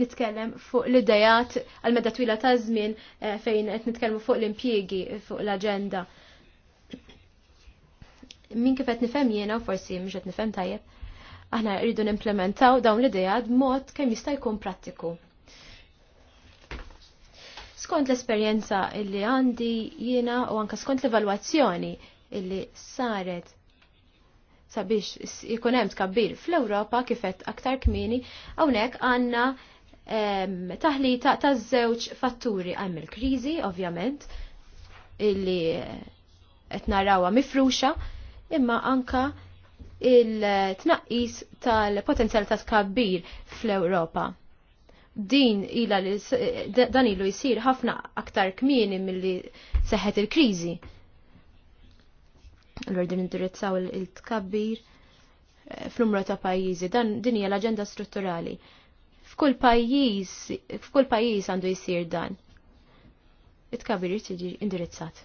Nitkellem fuq l-idejat għal medda twila ta' żmien eh, fejn qed nitkellmu fuq l-impjiegi fuq l agenda min kif qed nifhem jiena u forsi mhux qed nifhem tajjeb, aħna rridu nimplementaw dawn l-idea b'mod kemm jista' jkun prattiku. Skont l-esperjenza illi għandi jiena u anka skont l-evalwazzjoni illi saret sabiex jkun hemm tkabbir fl-Ewropa kifet aktar kmini hawnhekk għandna taħlita ta' żewġ fatturi għam il-kriżi ovvjament illi qed narawha mifruxa imma anka il-tnaqqis tal-potenzjal ta' tkabbir fl-Ewropa. Din ila li dan ilu jisir ħafna aktar kmieni milli seħħet il-kriżi. L-ordin indirizzaw il-tkabbir eh, fl-umra ta' pajjiżi, dan din hija l-aġenda strutturali. F'kull pajiz, f'kull pajjiż għandu jisir dan. It-tkabbir jiġi indirizzat.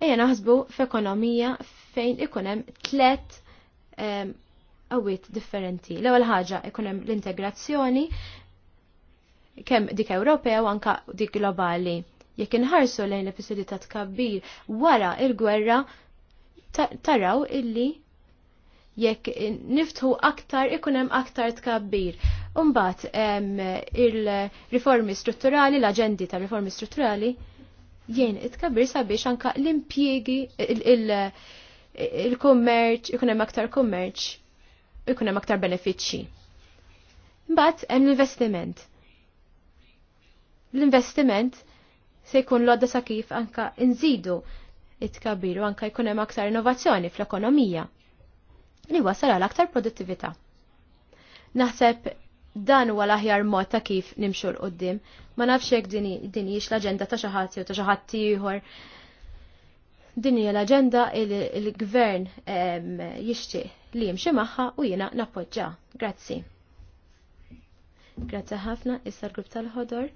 Ejja naħsbu f'ekonomija fejn ikun hemm tlet għawit differenti. L-ewwel ħaġa ikun hemm l-integrazzjoni kemm dik Ewropea u anka dik globali. Jekk inħarsu lejn l-episodju ta' tkabbir wara il-gwerra taraw illi jekk niftħu aktar ikun hemm aktar tkabbir. Umbat il-riformi strutturali, l-aġendi ta' riformi strutturali jien it-kabir sabiex anka l impiegi il-kommerċ, ikun hemm aktar kommerċ, ikun hemm aktar benefiċċji. Mbagħad hemm l-investiment. L-investiment se jkun lodda sa kif anka nżidu it-kabir u anka jkun hemm aktar innovazzjoni fl-ekonomija li wasal għal aktar produttività. Naħseb dan huwa l-aħjar mod ta' kif nimxu l qoddim Ma nafx hekk din hix l-aġenda ta' xi ħadd jew ta' xi ħadd ieħor. Din hija l-aġenda il-gvern jixtieq li jimxi magħha u jiena nappoġġa. Grazzi. Grazzi ħafna issa l-grupp tal-ħodor.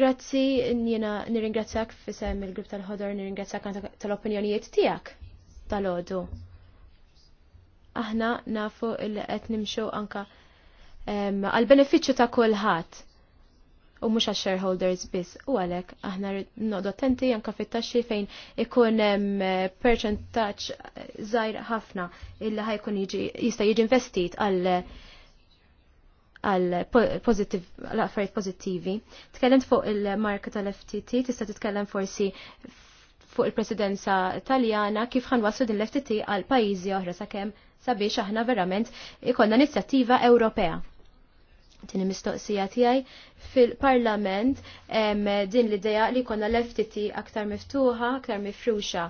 Grazzi, jiena nirringrazzjak fisem il-grupp tal-ħodor, nirringrazzjak tal-opinjonijiet tiegħek tal-ħodu aħna nafu illi qed nimxu anka għal benefiċċju ta' kulħadd u mhux għax shareholders biss u għalhekk aħna noqgħod attenti anke fit-taxxi fejn ikun hemm percentage żgħir ħafna illi ħajkun jiġi jista' jiġi investit għal għal pozittiv għal affarijiet pożittivi. Tkellimt fuq il-marka tal-FTT, tista' titkellem forsi fuq il-presidenza Taljana kif ħanwaslu din l-FTT għal pajjiżi oħra sakemm sabiex aħna verament ikonna inizjattiva Ewropea. Tini mistoqsija tijaj fil-parlament din l-ideja li konna l-FTT aktar miftuħa, aktar mifruxa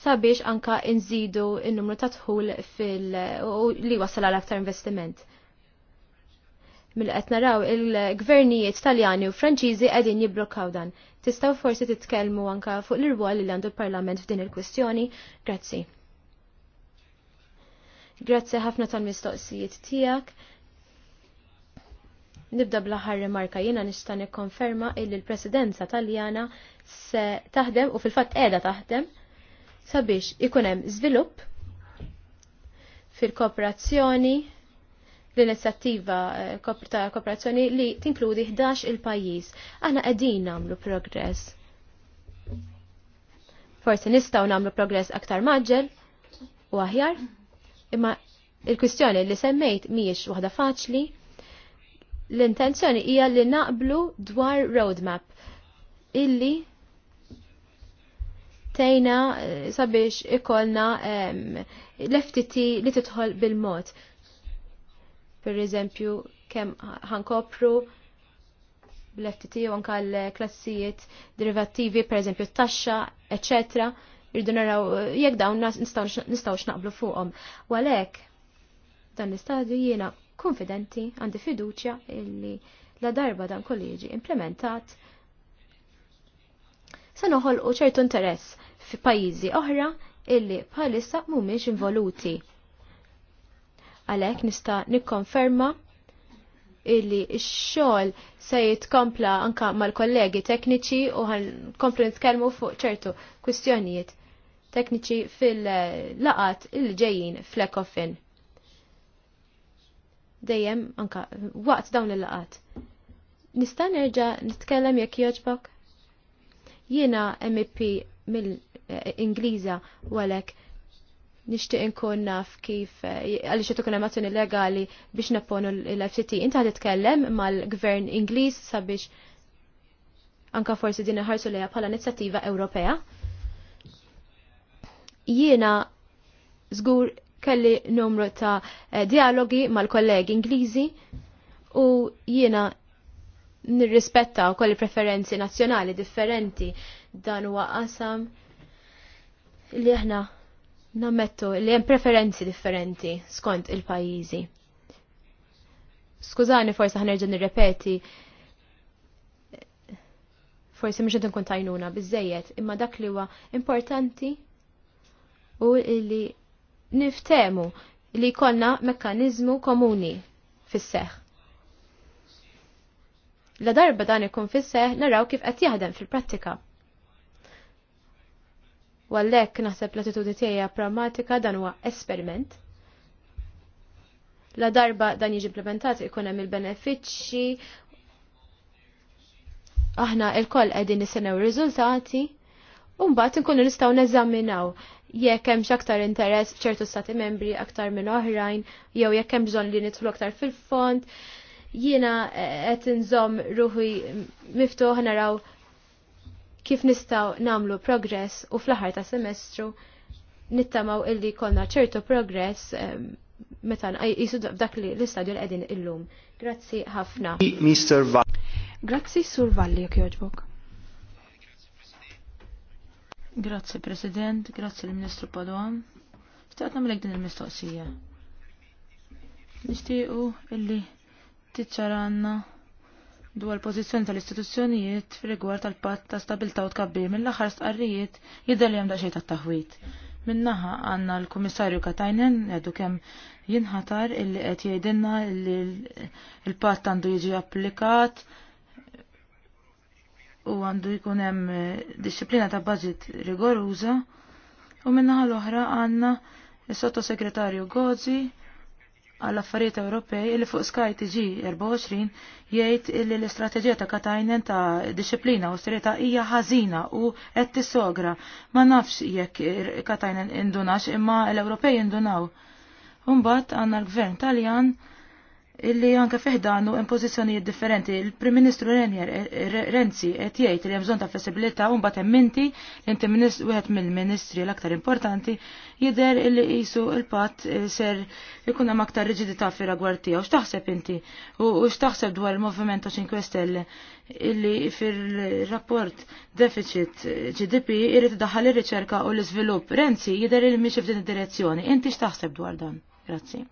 sabiex anka nżidu n-numru ta' tħul fil- li wasal għal aktar investiment. Mill-qed naraw il-gvernijiet Taljani u Franċiżi qegħdin jibblokkaw dan. Tistgħu forsi titkellmu anka fuq l-irwol li għandu l-Parlament f'din il-kwistjoni? Grazzi. Grazzi ħafna tal-mistoqsijiet tiegħek. Nibda bl-aħħar remarka jiena nista' nikkonferma illi l-Presidenza Taljana se taħdem u fil-fatt qiegħda taħdem sabiex ikun hemm żvilupp fil-kooperazzjoni l-inizjattiva eh, ta' kooperazzjoni li tinkludi 11 il-pajjiż. Aħna qegħdin nagħmlu progress. Forsi nistgħu nagħmlu progress aktar maġġel u aħjar. Imma il-kwistjoni li semmejt miex waħda faċli, l-intenzjoni hija li naqblu dwar roadmap illi tejna eh, sabiex ikolna l-FTT li titħol bil-mod. Per eżempju, kem ħankopru l-FTT u anka l-klassijiet derivativi, per eżempju, t-taxxa, eccetera irdu naraw jekk dawn nistgħux naqblu fuqhom. Walek dan l-istadju jiena konfidenti għandi fiduċja illi la darba dan kollu jiġi implementat se noħolqu ċertu interess fi pajjiżi oħra illi bħalissa mhumiex involuti. Għalhekk nista' nikkonferma illi x-xogħol se jitkompla anka mal-kollegi tekniċi u ħankomplu nitkellmu fuq ċertu kwistjonijiet tekniċi fil-laqat il-ġejjin fl-ekofin. Dejjem anka waqt dawn il-laqat. Nista' nerġa' nitkellem jekk jogħġbok? Jiena MEP mill-Ingliża eh, walek nishtiq inkun naf kif eh, għaliex qed ikun hemm azzjoni legali biex napponu l fct Inta titkellem mal-Gvern Ingliż sabiex anka forsi din iħarsu lejha bħala inizjattiva Ewropea jiena żgur kelli numru ta' eh, dialogi mal-kollegi Ingliżi u jiena nirrispetta u kolli preferenzi nazzjonali differenti dan huwa qasam li aħna nammettu li hemm preferenzi differenti skont il-pajjiżi. Skużani forsi ħanerġa' nirrepeti forsi mhux qed inkun tajnuna biżejjed, imma dak li huwa importanti u li niftemu li konna mekkanizmu komuni fis-seħ. La darba dan ikun fis-seħ naraw kif qed jaħdem fil-prattika. Wallek naħseb l-attitudi tiegħi pragmatika dan huwa esperiment. La darba dan jiġi implementat ikun hemm il-benefiċċji aħna il-koll qegħdin nisenew riżultati u mbagħad inkunu nistgħu neżaminaw jekk hemm aktar interess f'ċertu stati membri aktar minn oħrajn, jew jekk hemm bżonn li nidħlu aktar fil-fond, jiena eh, qed inżomm ruħi miftuħ naraw kif nistgħu nagħmlu progress u fl-aħħar ta' semestru nittamaw illi konna ċertu progress eh, meta jisu dak li l-istadju li qegħdin illum. Grazzi ħafna. Mr. Grazzi Sur Valli jekk jogħġbok. Grazie President, grazie l-Ministru Padoan. Staqt namlek din il-mistoqsija. Nishtiqu illi tiċċaranna dwar pożizzjoni tal-istituzzjonijiet rigward tal-patt ta' stabilta u tkabbir mill-aħħar stqarrijiet jidher li hemm daqsxejn tat-taħwit. Minnaħa għandna l kummissarju Katajnen għadu kem jinħatar illi qed jgħidilna li l-patt għandu jiġi applikat u għandu jkun hemm eh, disċiplina ta' budget rigoruża u minnaħa l-oħra għandna s sottosegretarju Gozi għall affarijiet Ewropej li fuq Sky TG 24 jgħid li l-istrateġija ta' Katajnen ta' disċiplina u strieta hija ħażina u qed tisogra. Ma nafx jekk Katajnen indunax imma l-Ewropej indunaw. Umbagħad għandna l-Gvern Taljan illi anke fiħdanu hemm pożizzjonijiet differenti. Il-Prim Ministru eh, eh, Renzi qed jgħid li hemm bżonn ta' flessibilità u mbagħad hemm inti li inti wieħed mill-ministri l-aktar importanti jidher illi qisu l-patt eh, ser jkun hemm aktar riġidità fi rigward tiegħu. X'taħseb inti u x'taħseb dwar il-Moviment ta' 5 Stelle illi fir-rapport deficit GDP irid daħal ir-riċerka u l-iżvilupp. Renzi jidher li mhix f'din id-direzzjoni. Inti x'taħseb dwar dan? Grazzi.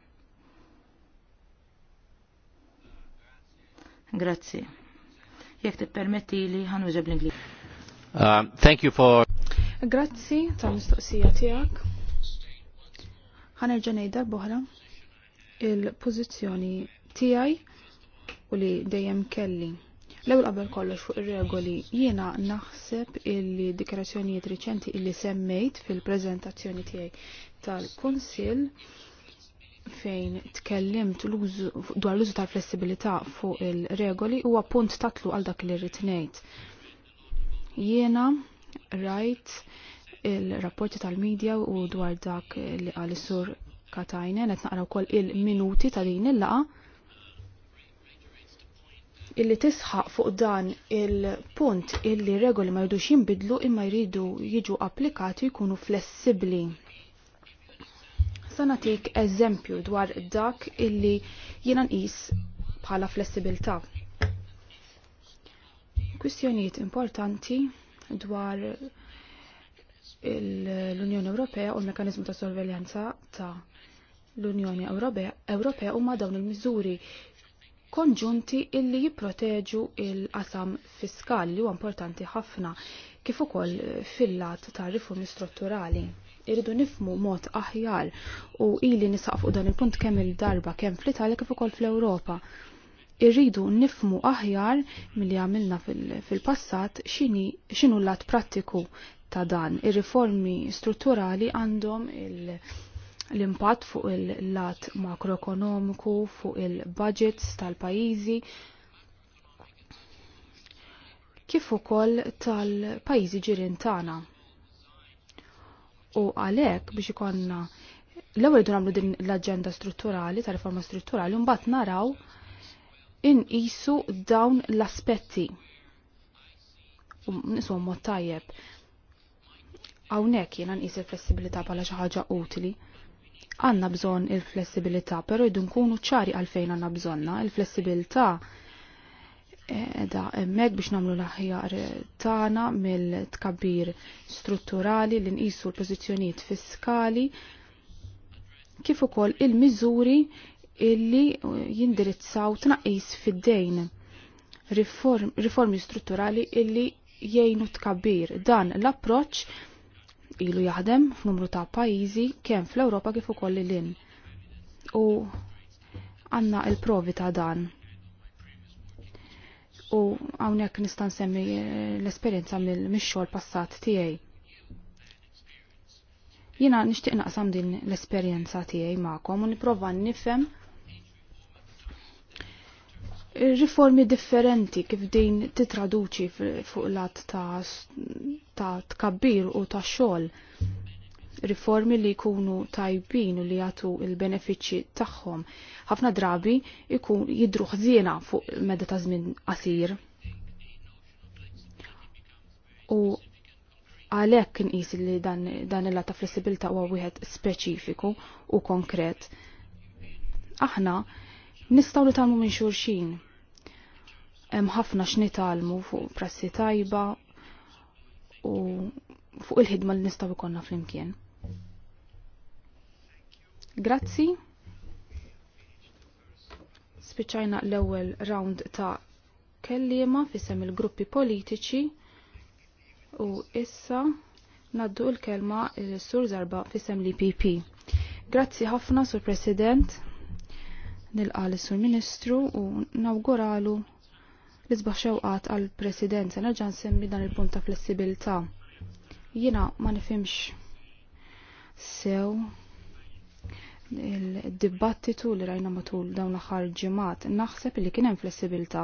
Grazzi. Jek tippermetti li ġeb l ingli Uh, thank you for... Grazzi tal-mistoqsija tijak. ħanerġa nejda boħra il-pozizjoni tijaj u li dejjem kelli. L-ewwel qabel kollox fuq ir-regoli jiena naħseb illi dikarazzjonijiet riċenti illi semmejt fil-preżentazzjoni tiegħi tal-Kunsill fejn tkellimt dwar l-użu tal-flessibilità fuq il-regoli huwa punt tatlu għal dak li rrid ngħid. Jiena rajt il-rapporti tal-medja u dwar dak li għal sur katajne, qed naqra wkoll il-minuti ta' din il-laqa illi tisħaq fuq dan il-punt illi regoli ma jridux jinbidlu imma jridu jiġu applikati jkunu flessibbli Sanatik eżempju dwar dak illi jiena nqis bħala flessibilità. Kwistjonijiet importanti dwar l-Unjoni Ewropea u l-mekanizmu ta' sorveljanza ta' l-Unjoni Ewropea huma dawn il-miżuri konġunti illi jipproteġu il-qasam fiskali u huwa importanti ħafna kif ukoll fil-lat ta' riformi strutturali irridu nifmu mod aħjar u ili u dan il-punt kemm il-darba kemm fl-Italja kif ukoll fl-Ewropa. Irridu nifmu aħjar milli għamilna fil-passat x'inhu l-lat prattiku ta' dan. Ir-riformi strutturali għandhom l-impatt fuq il-lat makroekonomiku, fuq il-budgets tal-pajizi, kif ukoll tal-pajjiżi ġirien tagħna. U għalhekk biex ikonna l-ewwel dun nagħmlu din l-aġenda strutturali ta' riforma strutturali mbagħad naraw isu dawn l-aspetti. U nisu mod tajjeb. Hawnhekk jiena nqis il-flessibilità bħala xi ħaġa utli għanna bżon il-flessibilità, pero jdu nkunu ċari għalfejn għanna bżonna. Il-flessibilità da emmek biex namlu l-aħjar tana mill-tkabbir strutturali li nqisu l-pożizzjonijiet fiskali kif ukoll il-miżuri illi jindirizzaw tnaqqis fid-dejn riformi strutturali illi jgħinu tkabbir. Dan l-approċ ilu jaħdem f'numru ta' pajjiżi kemm fl-Ewropa kif ukoll l-in. U għandna il-provi ta' dan u għawnek nistan semmi eh, l-esperienza mill-mixxol passat tijaj. Jina nishtiq naqsam din l-esperienza tijaj ma'kom u niprofa nifem riformi differenti kif din titraduċi fuq lat ta', ta tkabbir u ta' xol riformi li jkunu tajbin u li jagħtu il-benefiċċji tagħhom ħafna drabi jkun jidru ħżiena fuq meda ta' żmien qasir. U għalhekk inqis li dan, dan il ta' flessibilità huwa wieħed speċifiku u konkret. Aħna nistgħu li tagħmlu minn xulxin. Hemm ħafna x'nitalmu fuq prassi tajba u fuq il-ħidma li nistgħu jkollna flimkien. Grazzi. Spiċajna l-ewwel round ta' kellima fissem il-gruppi politiċi u issa naddu l-kelma il-sur zarba fissem li PP. Grazzi ħafna, Sur President nilqal sur ministru u nawguralu l-isbaħ xewqat għal president nerġa' nsemmi dan il-punt ta' flessibilità. Jiena ma nifimx sew il-dibattitu li rajna matul dawn l-aħħar ġimgħat naħseb li kien hemm flessibilità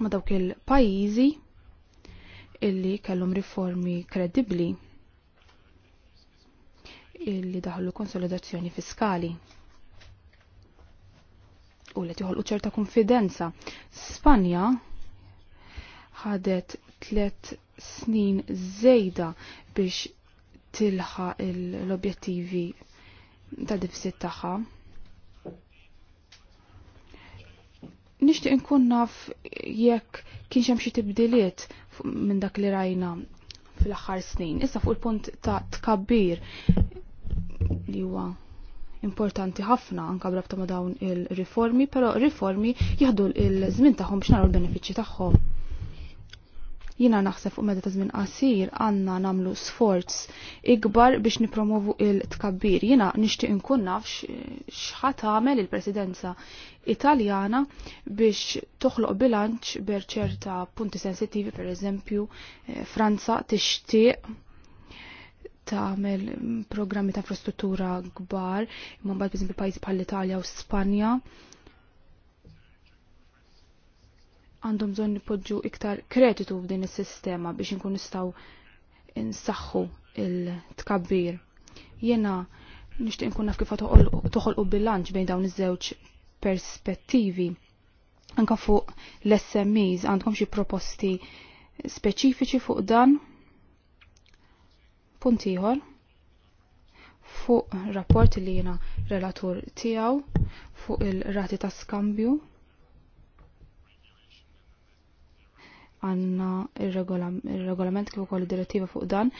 ma' dawk il-pajjiżi illi kellhom riformi kredibbli illi daħlu konsolidazzjoni fiskali u li tiħolqu ċerta konfidenza. Spanja ħadet tliet snin zejda biex tilħa l-objettivi ta' deficit tagħha. Nixtieq nkun naf jekk kien hemm xi tibdiliet minn dak li rajna fl-aħħar snin. Issa fuq il-punt ta' tkabbir li huwa importanti ħafna anka brabta ma' dawn il-riformi, però riformi jaħdu l-żmien tagħhom biex naraw l-benefiċċji tagħhom. Jina naħseb fuq meta ta' żmien qasir għandna nagħmlu sforz ikbar biex nipromovu il-tkabbir. Jina nixtieq inkun naf x'ħat tagħmel il-Presidenza Italjana biex toħloq bilanċ berċerta punti sensittivi, per eżempju, eh, Franza tixtieq tagħmel programmi ta' infrastruttura kbar, imma mbagħad biżempju pajjiżi bħall-Italja u Spanja għandhom bżonn nipoġġu iktar kreditu f'din is-sistema biex inkun nistgħu insaħħu il-tkabbir. Jena nixtieq nkun naf kif toħolqu bilanċ bejn dawn iż-żewġ perspettivi. Anka fuq l-SMEs għandkom xi proposti speċifiċi fuq dan. Punt ieħor fuq rapport li jena relatur tiegħu fuq il-rati ta' skambju għanna il-regolament kif ukoll direttiva fuq dan.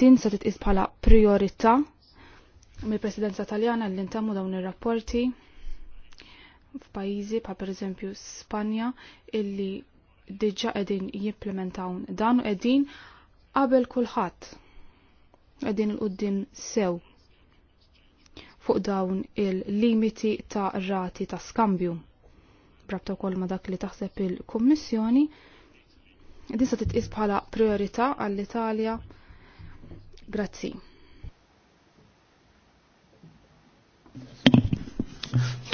Din se titqis bħala priorità mill-Presidenza Taljana li ntemmu dawn ir-rapporti f'pajjiżi pa' pereżempju Spanja illi diġà qegħdin jimplementawn dan u qegħdin qabel kulħadd qegħdin il-qudiem sew fuq dawn il-limiti ta' rati ta' skambju. Brabta wkoll ma' dak li taħseb il-Kummissjoni din titqis bħala priorità għall-Italja. Grazzi.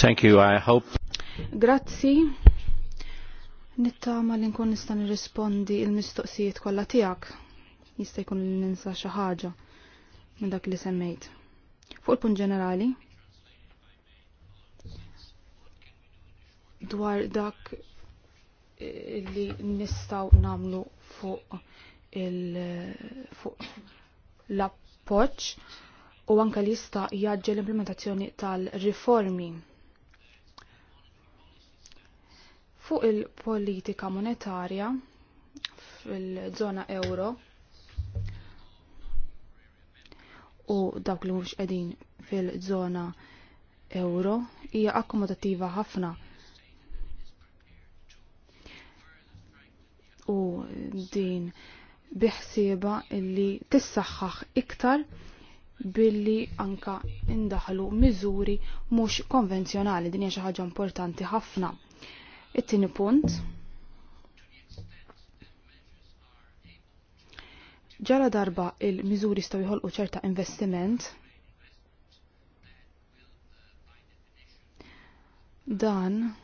Thank you, I hope. Grazzi. Nittama li nkun nista' nirrispondi il-mistoqsijiet kollha tiegħek. Jista' jkun li ninsa xi ħaġa minn dak li semmejt. Fuq il-punt ġenerali dwar dak li nistaw namlu fuq il fuq l-appoċ u anka li jista jaġġel l-implementazzjoni tal-riformi. Fuq il-politika monetarja fil-żona euro u dawk li mhux qegħdin fil-żona euro hija akkomodattiva ħafna u din biħsieba illi tissaħħaħ iktar billi anka indaħlu miżuri mhux konvenzjonali din hija xi ħaġa importanti ħafna. It-tieni punt ġara darba il-miżuri staw jħolqu ċerta investiment dan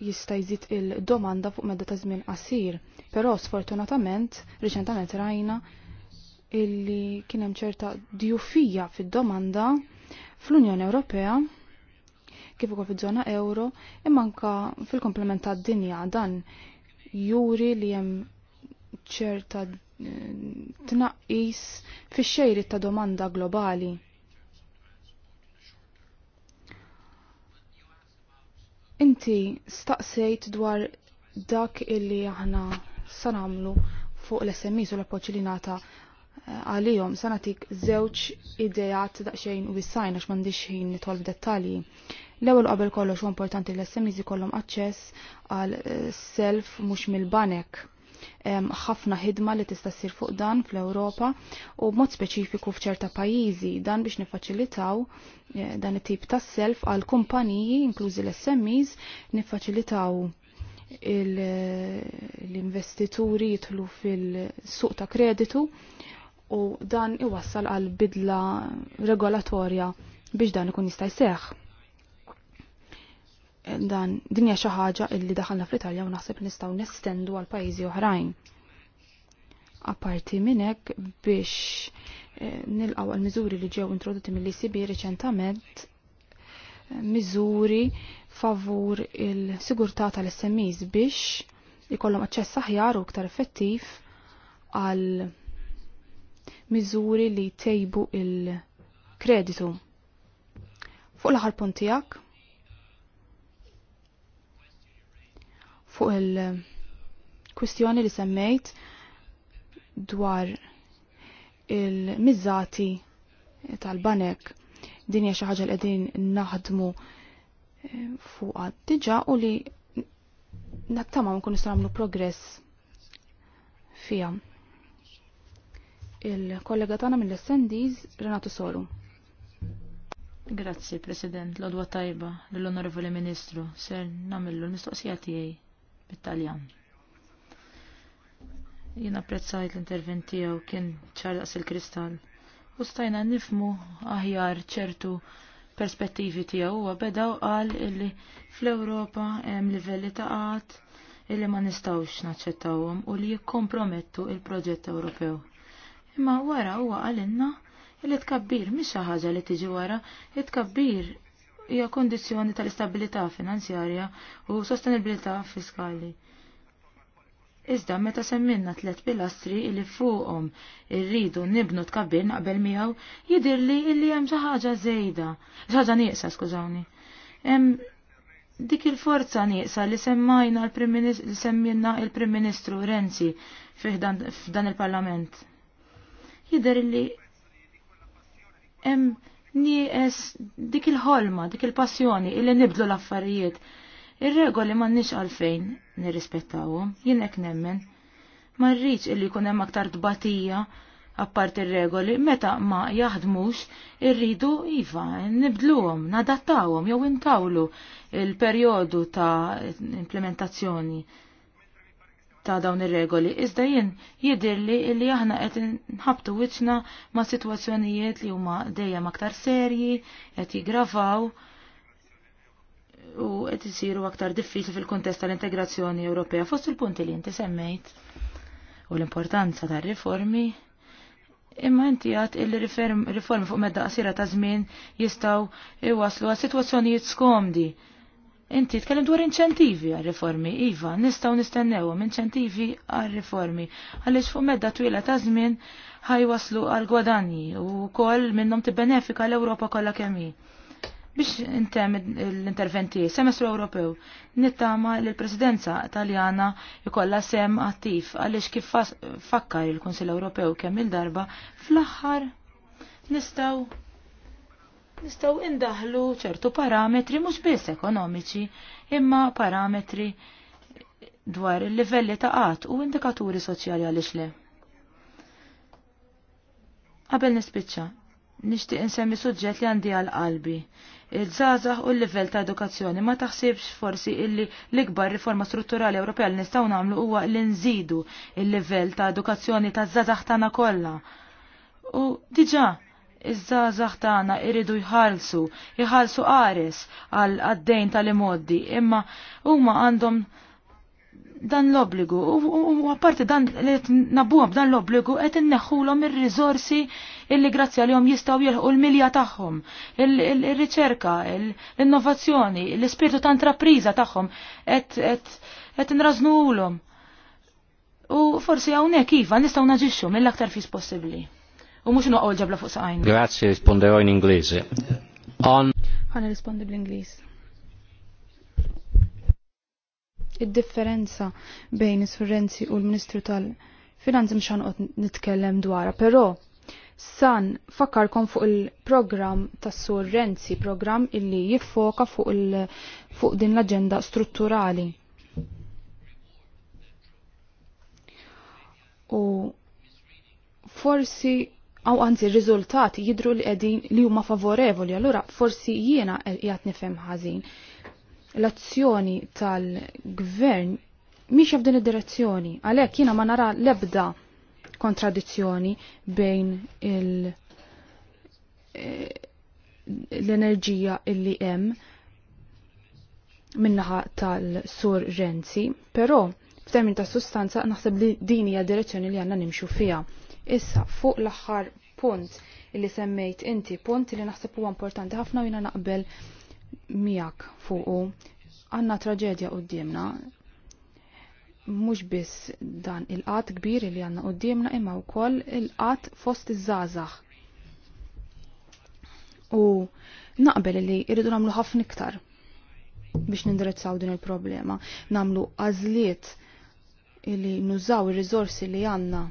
jista' jżid il-domanda fuq medda ta' żmien qasir. Però sfortunatament riċentament rajna illi kien hemm ċerta djufija fid-domanda fl-Unjoni Ewropea kif ukoll fiż-żona euro imma anka fil-komplement tad-dinja dan juri li hemm ċerta eh, tnaqqis fix-xejri ta' domanda globali Inti staqsejt dwar dak illi aħna sanamlu fuq l-SMIs u l appoċi li nata eh, għalijom sanatik zewċ idejat daqxejn u bissajn għax mandiċ ħin nitolb dettalji. L-ewel qabel kollox u importanti l-SMIs kollom aċċess għal eh, self mux mill-banek ħafna ħidma li tista' ssir fuq dan fl-Ewropa u mod speċifiku f'ċerta pajjiżi dan biex nifaċilitaw e, dan it-tip ta' self għal kumpaniji inklużi l-SMEs nifaċilitaw l-investituri jitlu fil-suq ta' kreditu u dan iwassal għal bidla regolatorja biex dan ikun jista' jseħħ dan dinja xi ħaġa illi daħalna fl-Italja u naħseb nistgħu nestendu għal pajjiżi oħrajn. Apparti minn hekk biex eh, nilqgħu għal miżuri li ġew introdotti mill-ECB riċentament eh, miżuri favur il-sigurtà tal-SMEs biex ikollhom aċċess aħjar u iktar effettiv għal miżuri li tejbu il-kreditu. Fuq l-aħħar punt tiegħek, fuq il-kwistjoni li semmejt dwar il-mizzati tal-banek din hija xi ħaġa li qegħdin naħdmu eh, fuqha diġà u li nattama nkun nistgħu nagħmlu progress fija. Il-kollega tagħna mill sendiz Renato Soru. Grazzi, President, l-odwa tajba l-Onorevoli Ministru, ser namillu l-mistoqsija tiegħi bit-Taljan. Jien apprezzajt l interventi tiegħu kien ċarlaqs il-kristall u stajna nifmu aħjar ċertu perspettivi tiegħu huwa għabedaw qal illi fl-Ewropa hemm livelli ta' qatt illi ma nistawx naċċettawhom u li jikkompromettu il-proġett Ewropew. Imma wara huwa għalinna li tkabbir mhix xi ħaġa li tiġi wara, it-tkabbir hija kondizzjoni tal-istabilità finanzjarja u sostenibilità fiskali. Iżda meta semminna tliet pilastri li fuqhom irridu nibnu tkabbir naqbel miegħu jidirli illi hemm xi ħaġa żejda, xi ħaġa nieqsa skużawni. Hemm dik il-forza nieqsa li semmajna li semminna il-Prim Ministru Renzi f'dan il-Parlament. Jidher li hemm nieqes dik il-ħolma, dik il-passjoni illi nibdlu l-affarijiet. Ir-regoli m'għandniex għalfejn nirrispettawhom, jinek nemmen. Ma rridx illi jkun hemm aktar tbatija apparti ir-regoli meta ma jaħdmux irridu iva nibdluhom, nadattawhom jew intawlu il-perjodu ta' implementazzjoni ta' dawn ir-regoli, iżda jien jidirli illi aħna qed nħabtu wiċċna ma' sitwazzjonijiet li huma dejjem aktar serji, qed jiggravaw u qed isiru aktar diffiċli fil-kuntest tal-integrazzjoni Ewropea fost il-punti li inti semmejt u l-importanza tar-riformi. Imma inti għat il-riformi fuq medda qasira ta' żmien jistgħu iwaslu għas sitwazzjonijiet skomdi Inti tkellem dwar inċentivi għal riformi, Iva, nistaw nistennewhom inċentivi għal riformi għaliex fuq medda twila ta' żmien ħajwaslu għal gwadani u koll minnhom tibbenefika l-Ewropa kollha kemm Biex intem l-interventi, semestru Ewropew, nittama li l-Presidenza Taljana jkollha sem attiv għaliex kif fakkar il-Kunsill Ewropew kemm il-darba fl-aħħar nistaw nistaw indaħlu ċertu parametri mhux biss ekonomiċi, imma parametri dwar il-livelli ta' qatt u indikaturi soċjali għaliex le. Qabel nispiċċa, nixtieq insemmi suġġett li għandi għal qalbi. Il-żgħażagħ u l-livell ta' edukazzjoni ma taħsibx forsi illi l-ikbar riforma strutturali Ewropea li nistgħu nagħmlu huwa li nżidu il-livell ta' edukazzjoni ta' żgħażagħ tagħna kollha. U diġà iż-żazax tagħna iridu jħallsu, jħallsu qares għal għaddejn tal-imoddi, imma huma għandhom dan l-obligu, u apparti dan li nabuħam dan l-obligu, qed inneħħulhom ir rizorsi illi li għalihom jistgħu jilħqu l-milja tagħhom, ir-riċerka, l-innovazzjoni, l-ispirtu ta' intrapriża tagħhom qed inrażnuhulhom. U forsi hawnhekk iva nistgħu naġixxu mill-aktar fis possibbli. U mux noqgħu ġabla fuq saqajn. Grazie, risponderò in inglese. On. Ħana rispondi bl-Ingliż. Id-differenza bejn is-Surrenzi u l-Ministru tal-Finanzi mhux ħanqod nitkellem dwarha, però San, fakkarkom fuq il-program tas sur Renzi, program illi jiffoka fuq, il fuq din l-agenda strutturali. U forsi għaw għanzi rizultati jidru li għedin li huma favorevoli, allura forsi jiena jgħat nifem ħażin. L-azzjoni tal-gvern miex f'din id-direzzjoni, għalhekk jiena ma nara lebda kontradizzjoni bejn il- eh, l-enerġija illi hemm minnaħa tal-sur Renzi, però f'termin ta' sustanza naħseb li din hija direzzjoni li għandna nimxu fiha. Issa, fuq l-axħar punt illi semmejt inti, punt illi naħseb huwa importanti ħafna jina naqbel miegħek fuqu. Għanna traġedja qudiemna. Mhux biss dan il-qatt kbir li għandna qudiemna imma wkoll il-qatt fost iż-żgħażagħ. U naqbel li irridu nagħmlu ħafna iktar biex nindirizzaw din il-problema. Namlu għażliet illi nużaw ir rizorsi li għandna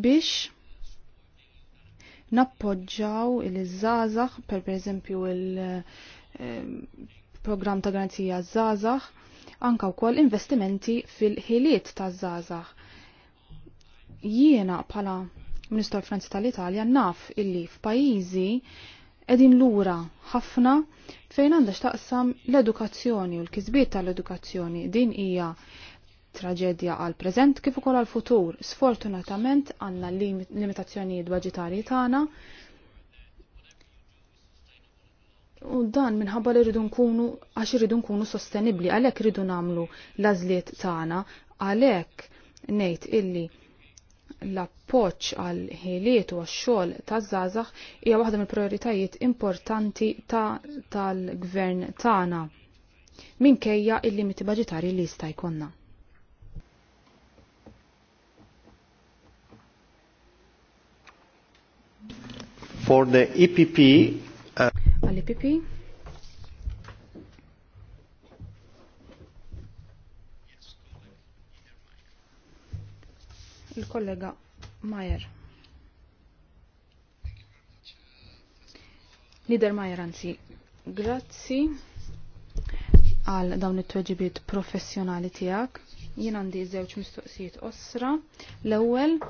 biex nappoġġaw il-żazax, per eżempju il-program ehm, ta' garanzija żazax, anka wkoll investimenti fil-ħiliet ta' żazax. Jiena pala Ministru Franzi tal-Italja naf illi f'pajjiżi edin lura ħafna fejn għandax taqsam l-edukazzjoni u l-kizbiet tal-edukazzjoni. Din hija traġedja għal preżent kif ukoll għal futur. Sfortunatament għandna limitazzjonijiet budġetarji tagħna U dan minħabba li rridu nkunu għax irridu nkunu sostenibli, għalhekk rridu nagħmlu l-għażliet tagħna, għalhekk ngħid illi l-appoċ għal ħiliet u għax-xogħol taż-żgħażagħ hija waħda mill-prioritajiet importanti tal-gvern tagħna minkejja il-limiti budġetarji li jista' jkollna. for the EPP. Uh, Għall-EPP. Il-kollega Mayer. Lider Mayer, anzi, grazzi għal dawn it-tweġibiet professjonali tiegħek. Jien għandi żewġ mistoqsijiet osra. L-ewwel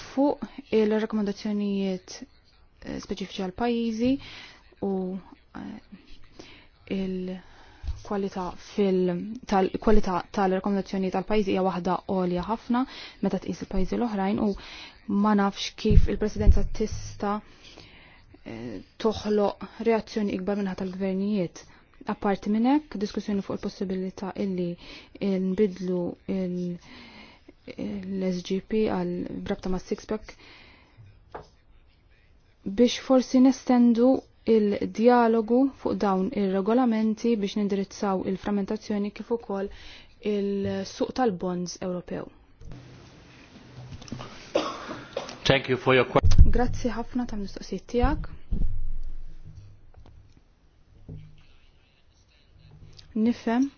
fuq il-rakkomandazzjonijiet Eh, speċifiċi għal pajjiżi u eh, il-kwalità tal-kwalità tal-rekomendazzjoni tal-pajjiżi hija waħda għolja ħafna meta tqis il-pajjiżi l-oħrajn u ma nafx kif il-presidenza tista' eh, toħloq reazzjoni ikbar minnha tal-gvernijiet. Apparti minn hekk, diskussjoni fuq il-possibilità illi nbidlu l-SGP għal brabta ma' six-pack biex forsi nestendu il-dialogu fuq dawn ir-regolamenti biex nindirizzaw il-frammentazzjoni kif ukoll il-suq tal-bonds Ewropew. Thank you for your question. Grazzi ħafna ta' mistoqsijiet tiegħek. Nifhem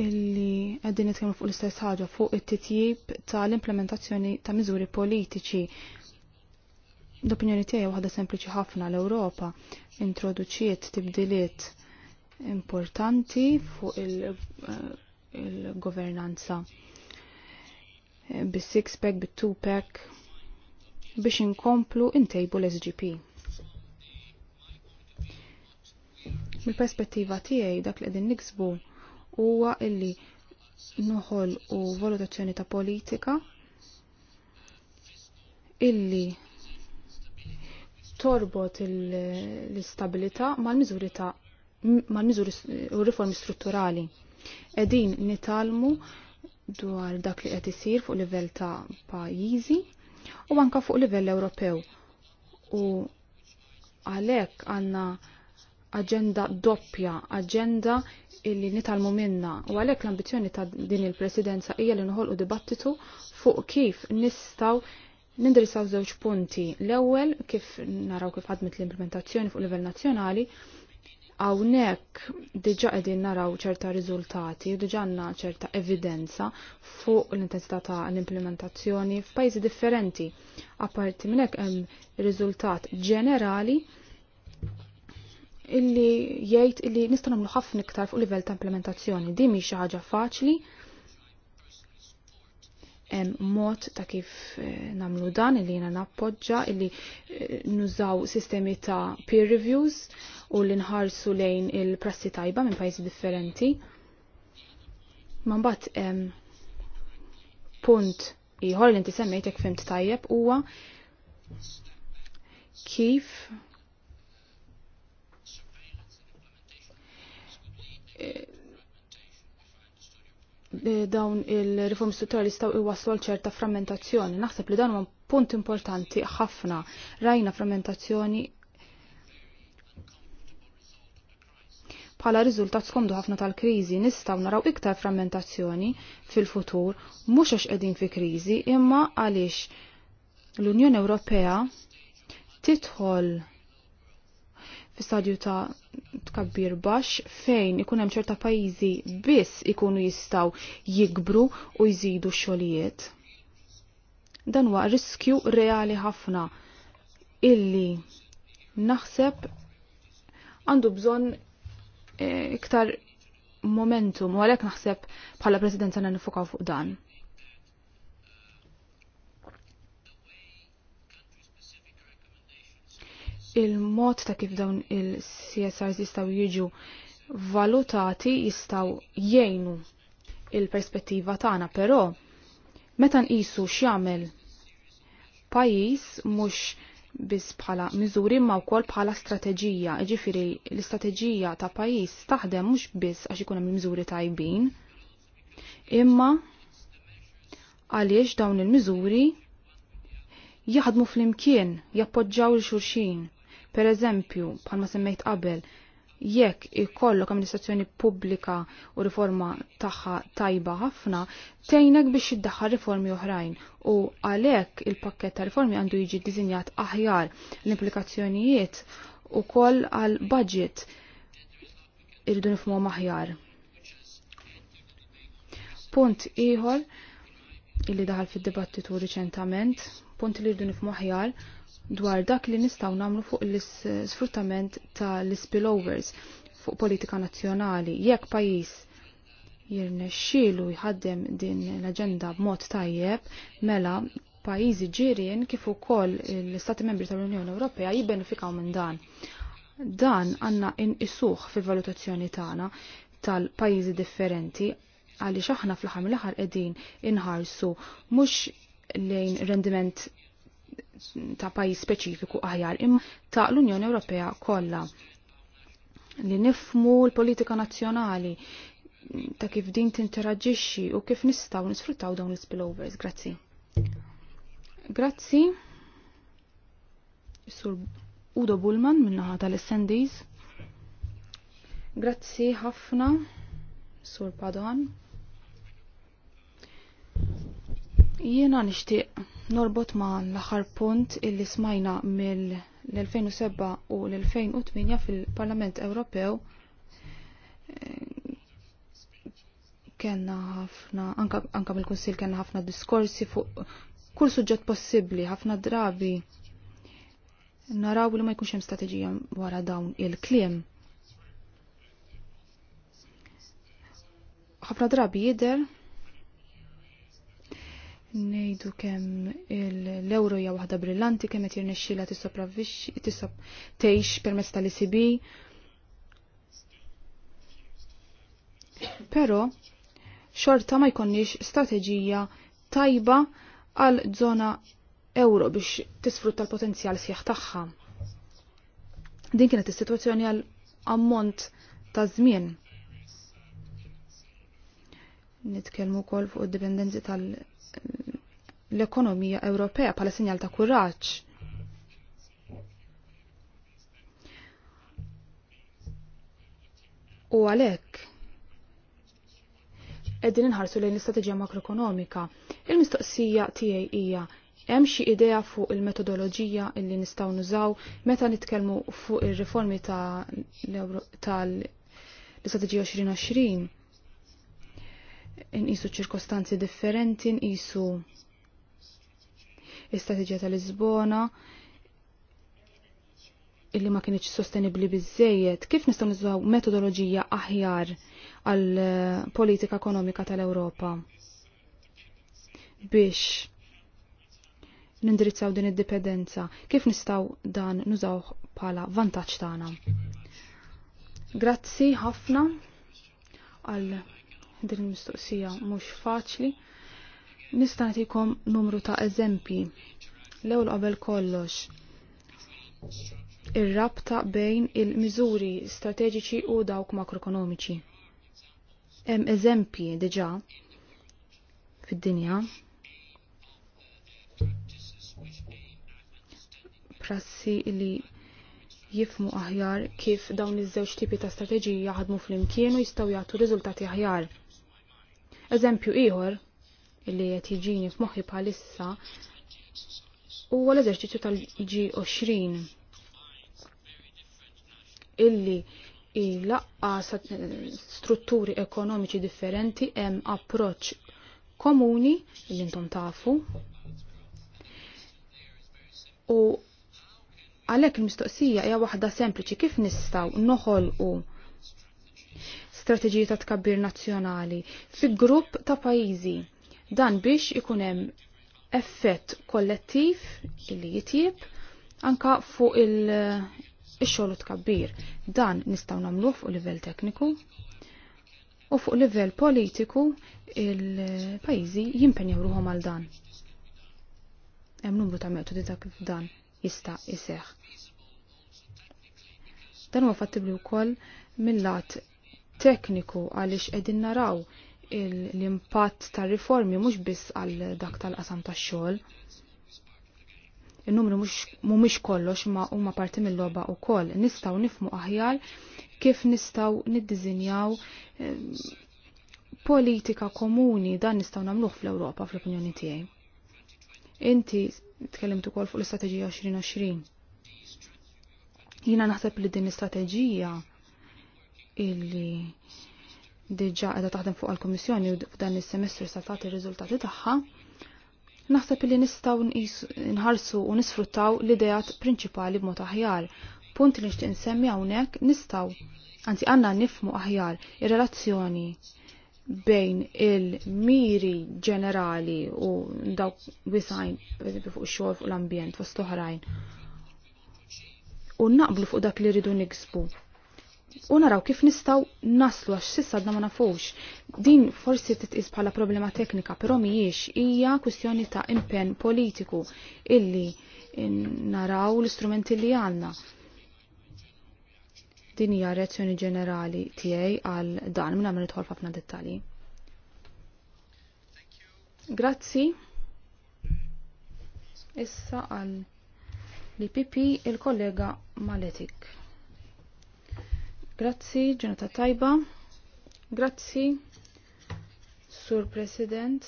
illi għeddin nitkellmu fuq l-istess ħaġa fuq it-titjib tal-implementazzjoni ta' miżuri politiċi. L-opinjoni tiegħi waħda sempliċi ħafna l-Ewropa introduċiet tibdiliet importanti fuq il-governanza eh, il governanza bis six bit-two-pack biex inkomplu intejbu l-SGP. Mil-perspettiva tiegħi dak li qegħdin niksbu huwa illi nuħol u valutazzjoni ta' politika illi torbot l-istabilità mal-miżuri mal-miżuri u riformi strutturali. Edin nitalmu dwar dak li qed isir fuq livell ta' pajjiżi u anka fuq livell Ewropew. U għalhekk għandna aġenda doppja, aġenda illi nitalmu minna u għalhekk l-ambizzjoni ta' din il-presidenza hija li nħolqu dibattitu fuq kif nistaw nindirizzaw żewġ punti. L-ewwel kif naraw kif għadmet l-implementazzjoni fuq livell nazzjonali hawnhekk diġà qegħdin naraw ċerta riżultati u diġà għandna ċerta evidenza fuq l-intensità ta' l-implementazzjoni f'pajjiżi differenti. Apparti minn hekk hemm riżultat ġenerali illi jgħid illi nistgħu nagħmlu ħafna iktar fuq livell ta' implementazzjoni. Din mhi xi ħaġa faċli. Hemm mod ta' kif eh, nagħmlu dan illi jiena nappoġġa illi eh, nużaw sistemi ta' peer reviews u li nħarsu lejn il-prassi tajba minn pajjiżi differenti. Ma mbagħad hemm punt ieħor li inti semmejtek fimt tajjeb huwa kif Eh, eh, dawn il-riformi strutturali staw iwaslu ċerta frammentazzjoni. Naħseb li dawn huwa punt importanti ħafna. Rajna frammentazzjoni bħala riżultat skomdu ħafna tal-kriżi nistgħu naraw iktar frammentazzjoni fil-futur mhux għax qegħdin fi kriżi imma għaliex l-Unjoni Ewropea tidħol fi stadju ta' tkabbir bax fejn ikun hemm ċerta pajjiżi biss ikunu jistgħu jikbru u jżidu xogħlijiet. Dan huwa riskju reali ħafna illi naħseb għandu bżonn eh, iktar momentum u għalhekk naħseb bħala presidenza nifukaw fuq dan. il-mod ta' kif dawn il-CSRs jistaw jiġu valutati jistaw jgħinu il-perspettiva tagħna, però meta nqisu x'jagħmel pajjiż mhux biss bħala miżuri ma wkoll bħala strateġija, Jiġifieri l-istrateġija ta' pajjiż taħdem mhux biss għax ikun hemm miżuri tajbin, imma għaliex dawn il-miżuri jaħdmu fl-imkien, jappoġġaw l-xurxin. Per eżempju, bħalma semmejt qabel, jekk ikollok amministrazzjoni pubblika u riforma tagħha tajba ħafna, tejnek biex jiddaħħal riformi oħrajn u għalhekk il-pakket ta' riformi għandu jiġi dizinjat aħjar l-implikazzjonijiet u koll għal budget irridu nifmu maħjar. Punt ieħor illi daħal fid-dibattitu riċentament, punt li rridu nifmu aħjar dwar dak li nistaw namlu fuq l-sfruttament tal-spillovers fuq politika nazzjonali. Jekk pajis jirnexxielu jħaddem din l-aġenda b'mod tajjeb, mela pajizi ġirien kif ukoll l-Stati membri tal-Unjoni Ewropea jibbenefikaw minn dan. Dan għanna inqisuħ fil-valutazzjoni tagħna tal-pajizi differenti għaliex aħna fl-ħar mill-aħħar qegħdin inħarsu mhux lejn rendiment ta' pajjiż speċifiku aħjar imma ta' l-Unjoni Ewropea kollha li nifmu l-politika nazzjonali ta' kif din tinteraġixxi u kif nistgħu nisfruttaw dawn l-spillovers. Grazzi. Grazzi. Sur Udo Bullman minnaħa tal-Essendiz. Grazzi ħafna, Sur Padon. Jiena nixtieq norbot ma l-aħħar punt illi smajna mill-2007 u l-2008 fil-Parlament Ewropew eh, kena ħafna, anka, anka mill-Kunsil kena ħafna diskorsi fuq kull suġġett possibbli, ħafna drabi naraw li ma jkunx hemm strateġija wara dawn il-kliem. ħafna drabi jidher Nejdu kemm l-euro hija waħda brillanti kemm qed jirnexxilha tisob tgħix permezz tal-ECB. Però xorta ma jkonniex strateġija tajba għal żona euro biex tisfrutta l-potenzjal sieħ tagħha. Din kienet is-sitwazzjoni għal ammont ta' żmien. Nitkellmu wkoll fuq id-dipendenzi tal- l-ekonomija Ewropea bħala sinjal ta' kuraġġ. U għalhekk qegħdin inħarsu lejn l-istrateġija makroekonomika. Il-mistoqsija tiegħi hija hemm xi idea fuq il-metodoloġija illi nistgħu nużaw meta nitkellmu fuq ir-riformi tal-istrateġija 2020 nqisu ċirkostanzi differenti, nqisu istrateġija tal-Lisbona illi ma kienieċ sostenibli biżejjed, kif nistgħu niżgħu metodoloġija aħjar għal politika ekonomika tal-Ewropa biex nindirizzaw din id-dipendenza, kif nistgħu dan nużaw bħala vantaġġ tagħna. Grazzi ħafna għal din il-mistoqsija mhux faċli. Nista' nagħtikom numru ta' eżempji. L-ewwel qabel kollox ir-rabta bejn il-miżuri strateġiċi u dawk makroekonomiċi. Hemm eżempji diġà fid-dinja prassi li jifmu aħjar kif dawn iż-żewġ tipi ta' strateġiji jaħdmu fl-imkien u jistgħu jagħtu riżultati aħjar. Eżempju ieħor illi qed jiġini f'moħħi bħalissa huwa l-eżerċizzju ġi 20 illi il-laqqa strutturi ekonomiċi differenti hemm approċċ komuni li intom tafu u għalhekk il-mistoqsija hija waħda sempliċi kif nistgħu noħolqu strateġiji ta' tkabbir nazzjonali fi grupp ta' pajjiżi. Dan biex ikun hemm effett kollettiv illi jitjib anka fuq il-xogħol tkabbir. Dan nistgħu namlu fuq livell tekniku u fuq livell politiku il-pajjiżi jimpenjaw ruħhom għal dan. Hemm numru ta' metodi ta' kif dan jista' jiseħ. Dan huwa fattibbli wkoll mill-lat tekniku għaliex qegħdin naraw l-impatt tar-riformi mhux biss għal dak tal-qasam tax-xogħol. Il-numru mhumiex kollox ma huma parti mill-logħba wkoll. Nistgħu nifmu aħjar kif nistgħu niddiżinjaw eh, politika komuni dan nistgħu nagħmluh fl-Ewropa fl-opinjoni tiegħi. Inti tkellimt ukoll fuq l-istrateġija 2020. Jiena naħseb li din l-istrateġija illi diġa qiegħda taħdem fuq għall-Kummissjoni u dan is-semestru sa tagħti r-riżultati tagħha, naħseb illi nistgħu nħarsu u nisfruttaw l-idejat prinċipali b'mod aħjar. Punt li nixtieq insemmi hawnhekk nistgħu anzi għandna nifmu aħjar ir-relazzjoni bejn il-miri ġenerali u dawk wisajn, fuq xogħol fuq l-ambjent, fost oħrajn. U naqblu fuq dak li rridu niksbu u naraw kif nistaw naslu għax sissadna ma nafux. Din forsi titqis bħala problema teknika, però mhijiex hija kwistjoni ta' impenn politiku illi naraw l-istrumenti li għandna. Din hija reazzjoni ġenerali tiegħi għal dan minn għamil nidħol ħafna dettalji. Grazzi. Issa għal l-PP il-kollega Maletik. Grazzi, ġenata tajba. Grazzi, Sur President.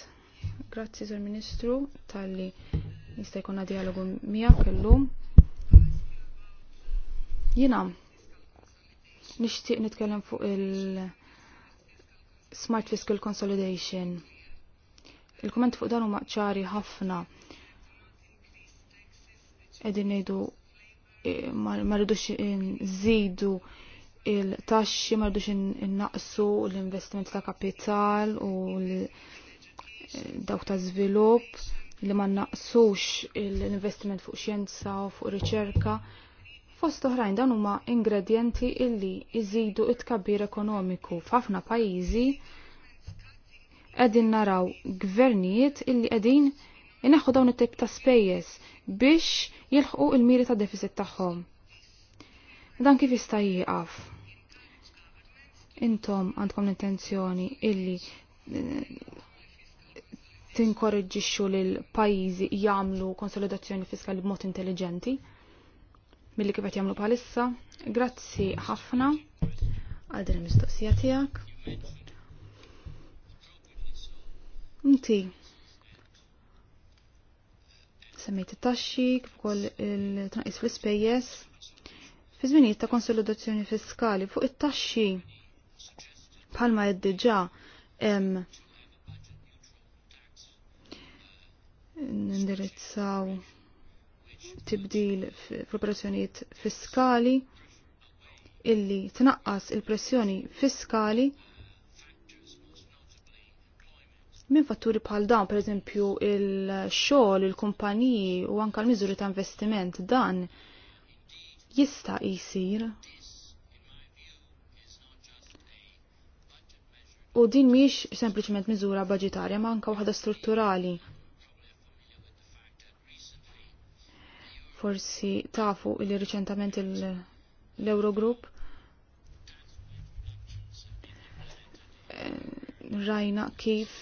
Grazzi, Sur Ministru, tal-li jistajkuna dialogu mija kellum. Jiena nixtieq nitkellem fuq il- Smart Fiscal Consolidation. Il-komment fuq dan huma ċari ħafna. Qegħdin ngħidu eh, ma rridux nżidu il-taxxi ma rridux innaqsu l-investiment ta' kapital u l eh, dawk ta' żvilupp li ma naqsux l-investiment fuq xjenza u fuq riċerka. Fost oħrajn dan huma ingredjenti illi iżidu it-kabbir ekonomiku f'ħafna pajjiżi qegħdin naraw gvernijiet illi qegħdin ineħħu dawn it-tip ta' spejjeż biex jilħqu il-miri ta' deficit tagħhom Dan kif jista' jieqaf? Intom għandkom l-intenzjoni illi eh, tinkorreġixxu lil pajjiżi jagħmlu konsolidazzjoni fiskali b'mod intelligenti milli kif qed jagħmlu bħalissa. Grazzi ħafna għal din il-mistoqsija tiegħek. Inti semmejt it-taxxi kif ukoll il-tnaqqis fl-ispejjeż fi żminijiet ta' konsolidazzjoni fiskali fuq it-taxxi bħalma qed diġà hemm nindirizzaw tibdil f'operazzjonijiet fiskali illi tnaqqas il-pressjoni fiskali minn fatturi bħal dawn, per eżempju, il-xogħol, il-kumpaniji u anka l-miżuri ta' investiment dan jista' jsir. U din mhix sempliċement miżura budgetarja ma anke waħda strutturali. Forsi tafu li riċentament l-Eurogroup eh, rajna kif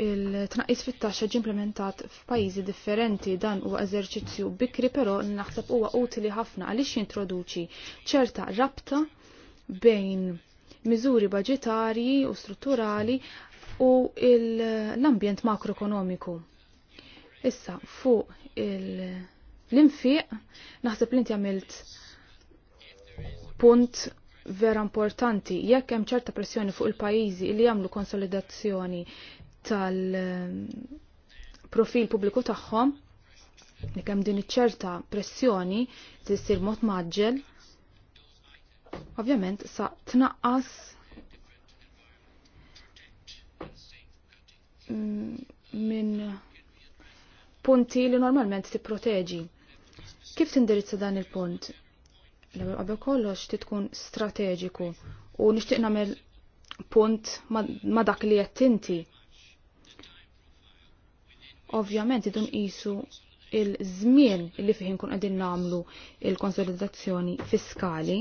il-tnaqis fit-taxxa ġimplementat f'pajjiżi differenti dan huwa eżerċizzju bikri però naħseb huwa utili ħafna għaliex jintroduċi ċerta rabta bejn miżuri baġitarji u strutturali u l-ambjent makroekonomiku. Issa fuq l-infiq naħseb li inti għamilt punt vera importanti jekk hemm ċerta pressjoni fuq il-pajjiżi li jagħmlu konsolidazzjoni tal-profil pubbliku tagħhom li kemm din iċ-ċerta pressjoni tissir mod maġġel ovvjament sa tnaqqas mm, minn punti li normalment tipproteġi. Kif tindirizza dan il-punt? L-ewwel qabel kollox titkun strateġiku u nixtieq nagħmel punt ma dak li qed inti Ovvjament idun isu il-żmien li fih nkun qegħdin nagħmlu il-konsolidazzjoni fiskali,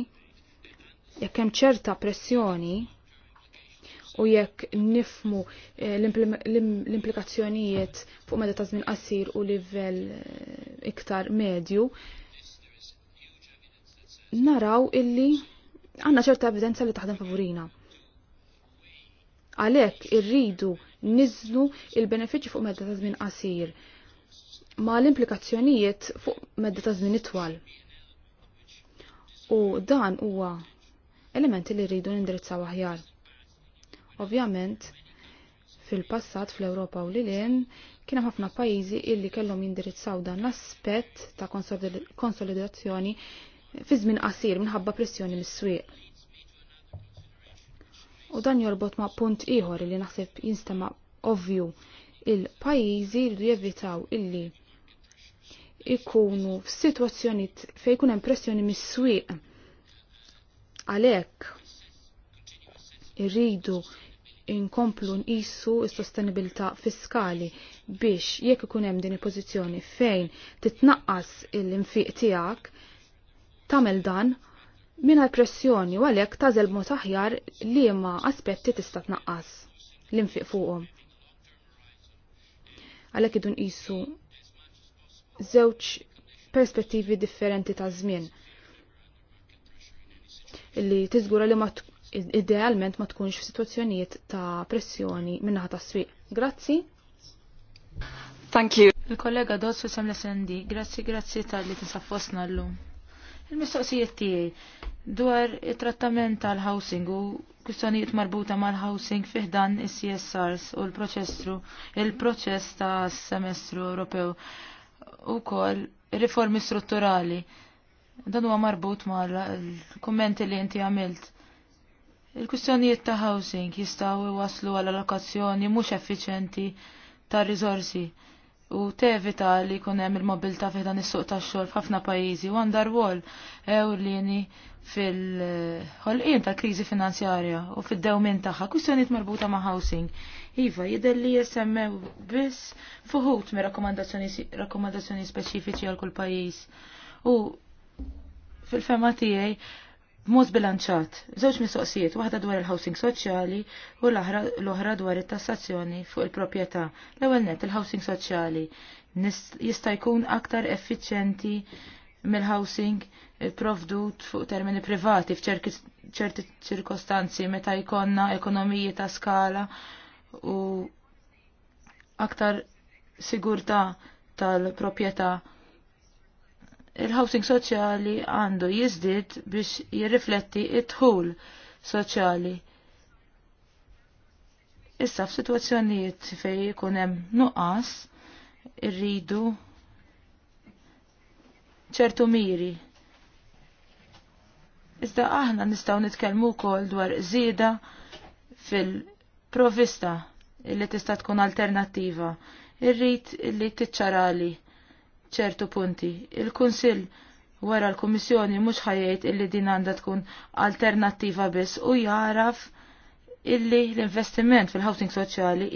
jekk hemm ċerta pressjoni u jekk nifmu eh, l-implikazzjonijiet fuq meta ta' żmien qasir u livell eh, iktar medju, naraw illi għandna ċerta evidenza li taħdem favorina. Għalhekk irridu niznu il-benefiċċji fuq medda ta' żmien qasir ma' l-implikazzjonijiet fuq medda ta' żmien itwal. U dan huwa elementi li rridu nindirizzaw aħjar. Ovvjament, fil-passat fl-Ewropa u l-Ilien kien hemm ħafna pajjiżi illi kellhom jindirizzaw dan l-aspett ta' konsolidazzjoni fi żmien qasir minħabba pressjoni mis-swieq. U dan jorbot ma' punt ieħor li naħseb jinstema' ovvju il-pajjiżi jridu jevitaw illi ikunu f'sitwazzjoni fejn ikun hemm pressjoni mis-swieq. Għalhekk irridu inkomplu nqisu s-sostenibilità fiskali biex jekk ikun hemm din il-pożizzjoni fejn titnaqqas l-infiq tiegħek tagħmel dan minna pressjoni u għalek tażel mod aħjar li ma aspetti tista' tnaqqas l-infiq fuqhom. Għalek idun qisu żewġ perspettivi differenti ta' żmien li tiżgura li ma idealment ma tkunx f'sitwazzjonijiet ta' pressjoni minnaħa ta' swieq. Grazzi. Thank you. Il-kollega Dossu sem l-SND, grazzi grazzi tal-li tinsaf fosna l-lum. Il-mistoqsijiet tiegħi dwar it-trattament tal-housing u kwistjonijiet marbuta mal-housing fih dan is-CSRs u l-proċessru, il-proċess ta' semestru Ewropew u kol riformi strutturali. Dan huwa marbut mal kummenti li inti għamilt. Il-kwistjonijiet ta' housing jistgħu waslu għal allokazzjoni mhux effiċenti ta' riżorsi u tevita li jkun hemm il-mobilta fi dan is-suq tax-xogħol f'ħafna pajjiżi u għandar wol ewlieni fil-ħolqien tal-kriżi finanzjarja u fid-dewmin tagħha kwistjonijiet marbuta ma' housing. Iva, jidher li jessemmew biss fuħut me rakkomandazzjoni speċifiċi għal kull pajjiż. U fil-fema tiegħi b'mod bilanċat, żewġ mistoqsijiet, waħda dwar il-housing soċjali u l-oħra dwar it-tassazzjoni fuq il-proprjetà. L-ewwel net il-housing soċjali jista' jkun aktar effiċjenti mill-housing provdut fuq termini privati f'ċerti ċirkostanzi meta jkollna ekonomiji ta' skala u aktar sigurtà tal-proprjetà il-housing soċjali għandu jizdid biex jirrifletti it-tħul soċjali. Issa f'sitwazzjonijiet fej kunem hemm nuqqas irridu ċertu miri. Iżda aħna nistgħu nitkellmu wkoll dwar żieda fil-provista illi tista' tkun alternattiva. Irrid illi tiċċarali. Il ċertu punti. Il-Kunsill wara l-Kummissjoni mhux ħajjejt illi din għandha tkun alternattiva biss u jaraf illi l-investiment fil-housing soċjali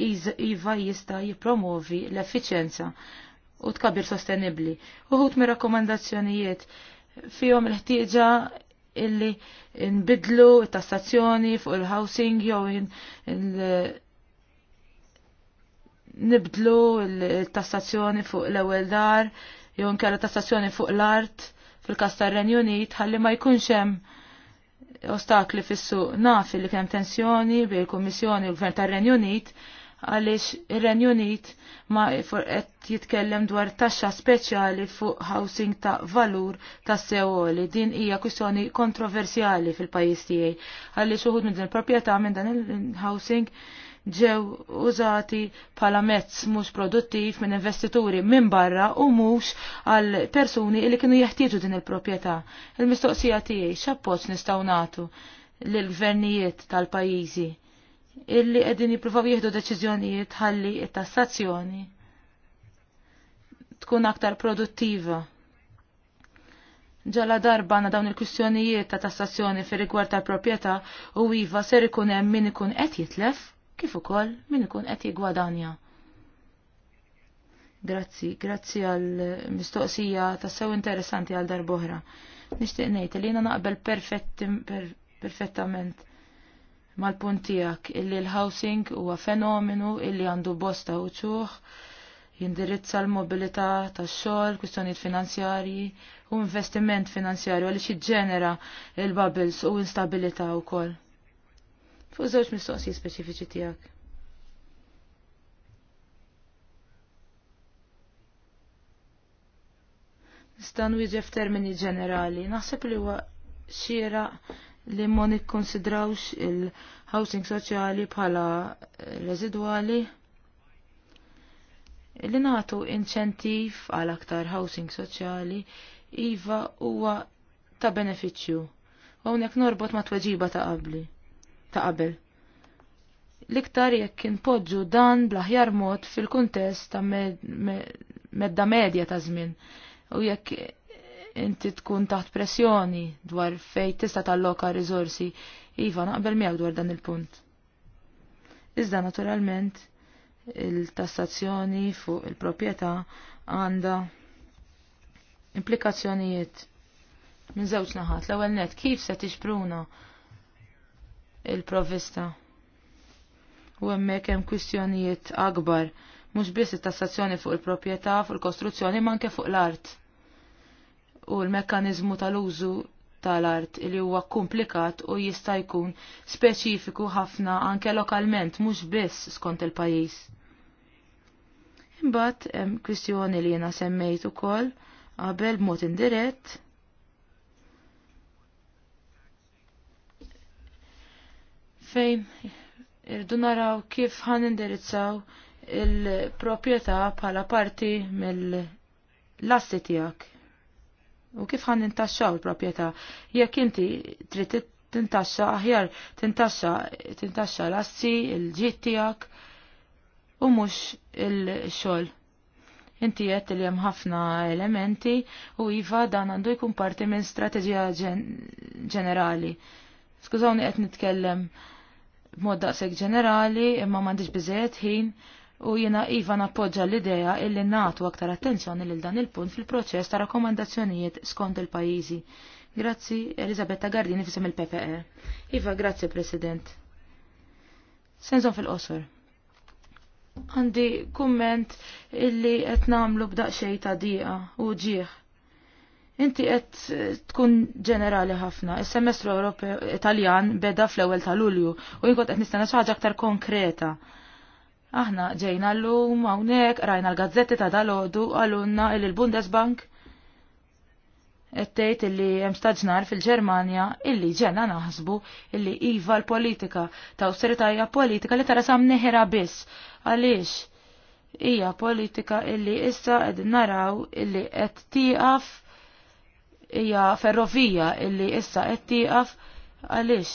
iva jista' jippromovi l-effiċjenza u tkabir sostenibli. Uħut mir rakkomandazzjonijiet fihom il-ħtieġa illi nbidlu it tassazzjoni fuq il-housing jew nibdlu l-tassazzjoni fuq l-ewwel dar jew nkella tassazzjoni fuq l-art fil-kas tar-Renju Unit ħalli ma jkunx hemm ostakli fis-suq li kemm tensjoni bejn l kummissjoni u l-Gvern tar-Renju Unit għaliex ir-Renju Unit ma qed jitkellem dwar taxxa speċjali fuq housing ta' valur ta' sewoli. Din hija kwistjoni kontroversjali fil-pajjiż tiegħi għaliex uħud minn din il-proprjetà minn dan il-housing il housing ġew użati bħala mezz mhux produttiv minn investituri minn barra u mhux għal persuni li kienu jeħtieġu din il-proprjetà. Il-mistoqsija tiegħi x'appoġġ nistgħu nagħtu lill-gvernijiet tal-pajjiżi illi qegħdin jippruvaw jieħdu deċiżjonijiet ħalli it-tassazzjoni tkun aktar produttiva ġala darba għana dawn il-kwistjonijiet ta' tassazzjoni fir rigward tal-propieta u iva ser ikun hemm min ikun qed jitlef kif ukoll min ikun qed jigwadanja. Grazzi, grazzi għal mistoqsija ta' sew interessanti għal darboħra. Nixtieq ngħid li jiena naqbel perfettament mal-punt tiegħek illi l-housing huwa fenomenu illi għandu bosta u ċuħ jindirizza l-mobilità tax-xogħol, kwistjonijiet finanzjarji u investiment finanzjarju għaliex jiġġenera l bubbles u instabilità wkoll fuq żewġ mistoqsijiet speċifiċi tiegħek. Nista' nwieġeb f'termini ġenerali, naħseb li huwa xiera li ma nikkonsidrawx il-housing soċjali bħala eh, residwali li nagħtu inċentiv għal aktar housing soċjali iva huwa ta' benefiċċju. Hawnhekk norbot ma' tweġiba ta' qabli ta' qabel. L-iktar jekk inpoġġu dan bl-aħjar mod fil-kuntest ta' med medda medja ta' żmien u jekk inti tkun taħt pressjoni dwar fej tista' talloka riżorsi, iva naqbel miegħek dwar dan il-punt. Iżda naturalment il-tassazzjoni fuq il-proprjetà għandha implikazzjonijiet minn żewġ naħat. L-ewwel net kif se tixpruna il-provista. U hemmhekk hemm kwistjonijiet akbar, mhux biss it-tassazzjoni fuq il-proprjetà, fuq il-kostruzzjoni, ma anke fuq l-art. U l-mekkaniżmu tal-użu tal-art li huwa komplikat u jista' jkun speċifiku ħafna anke lokalment mhux biss skont il-pajjiż. Imbagħad hemm kwistjoni li jiena semmejt ukoll qabel b'mod indirett fejn irdu naraw kif ħan indirizzaw il-propieta bħala parti mill-lassi tijak. U kif ħan intaxxaw il-propieta? Jekk inti trid tintaxxa aħjar, tintaxxa tintaxxa l-assi, il-ġit tijak u mhux il-xogħol. Inti qed li hemm ħafna elementi u iva dan għandu jkun parti minn strateġija ġenerali. Skużawni qed nitkellem b'mod daqshekk ġenerali imma m'għandix biżejjed ħin u jiena iva nappoġġa l-idea illi nagħtu aktar attenzjoni lil dan il-punt fil-proċess ta' rakkomandazzjonijiet skont il-pajjiżi. Grazzi Elisabetta Gardini fisem il-PPE. Iva, grazzi President. Senżon fil-qosor. Għandi kumment illi qed nagħmlu b'daqsxejn ta' dieqa u ġieħ Inti qed eh, tkun ġenerali ħafna. Is-semestru Ewropew Italjan beda fl-ewwel ta' Lulju u jkun qed nistenna xi aktar konkreta. Aħna ġejna llum hawnhekk rajna l-gazzetti ta' dalodu għalunna il il bundesbank qed tgħid illi hemm staġnar fil-Ġermanja illi ġena naħsbu illi iva l-politika ta' awsterità hija politika li tara sam neħera biss. Għaliex? Hija politika illi issa qed naraw illi qed tieqaf hija ferrovija illi issa qed tieqaf għaliex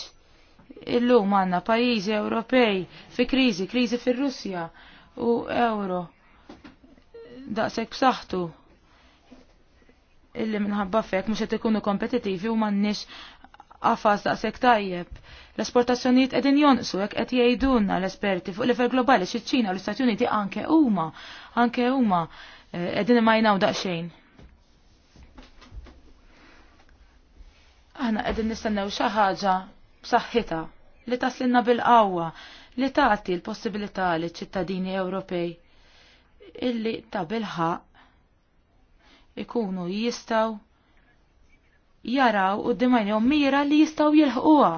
illum għandna pajizi Ewropej fi krizi, krizi fir russja u euro Daqshekk b'saħħtu illi minħabba fek mhux qed ikunu kompetittivi u m'għandniex qafas daqshekk tajjeb. L-esportazzjonijiet qegħdin jonqsu hekk qed jgħidulna l-esperti fuq livell globali xiċ ċina u l-Istati Uniti anke huma anke huma eh, qegħdin ma jnaw daqsxejn. Aħna qegħdin nistennew xi ħaġa b'saħħitha li taslinna bil-qawwa li tagħti l-possibilità liċ ċittadini Ewropej illi ta' bil-ħaq ikunu jistaw jaraw u d-dimajnjom mira li jistaw jilħquha.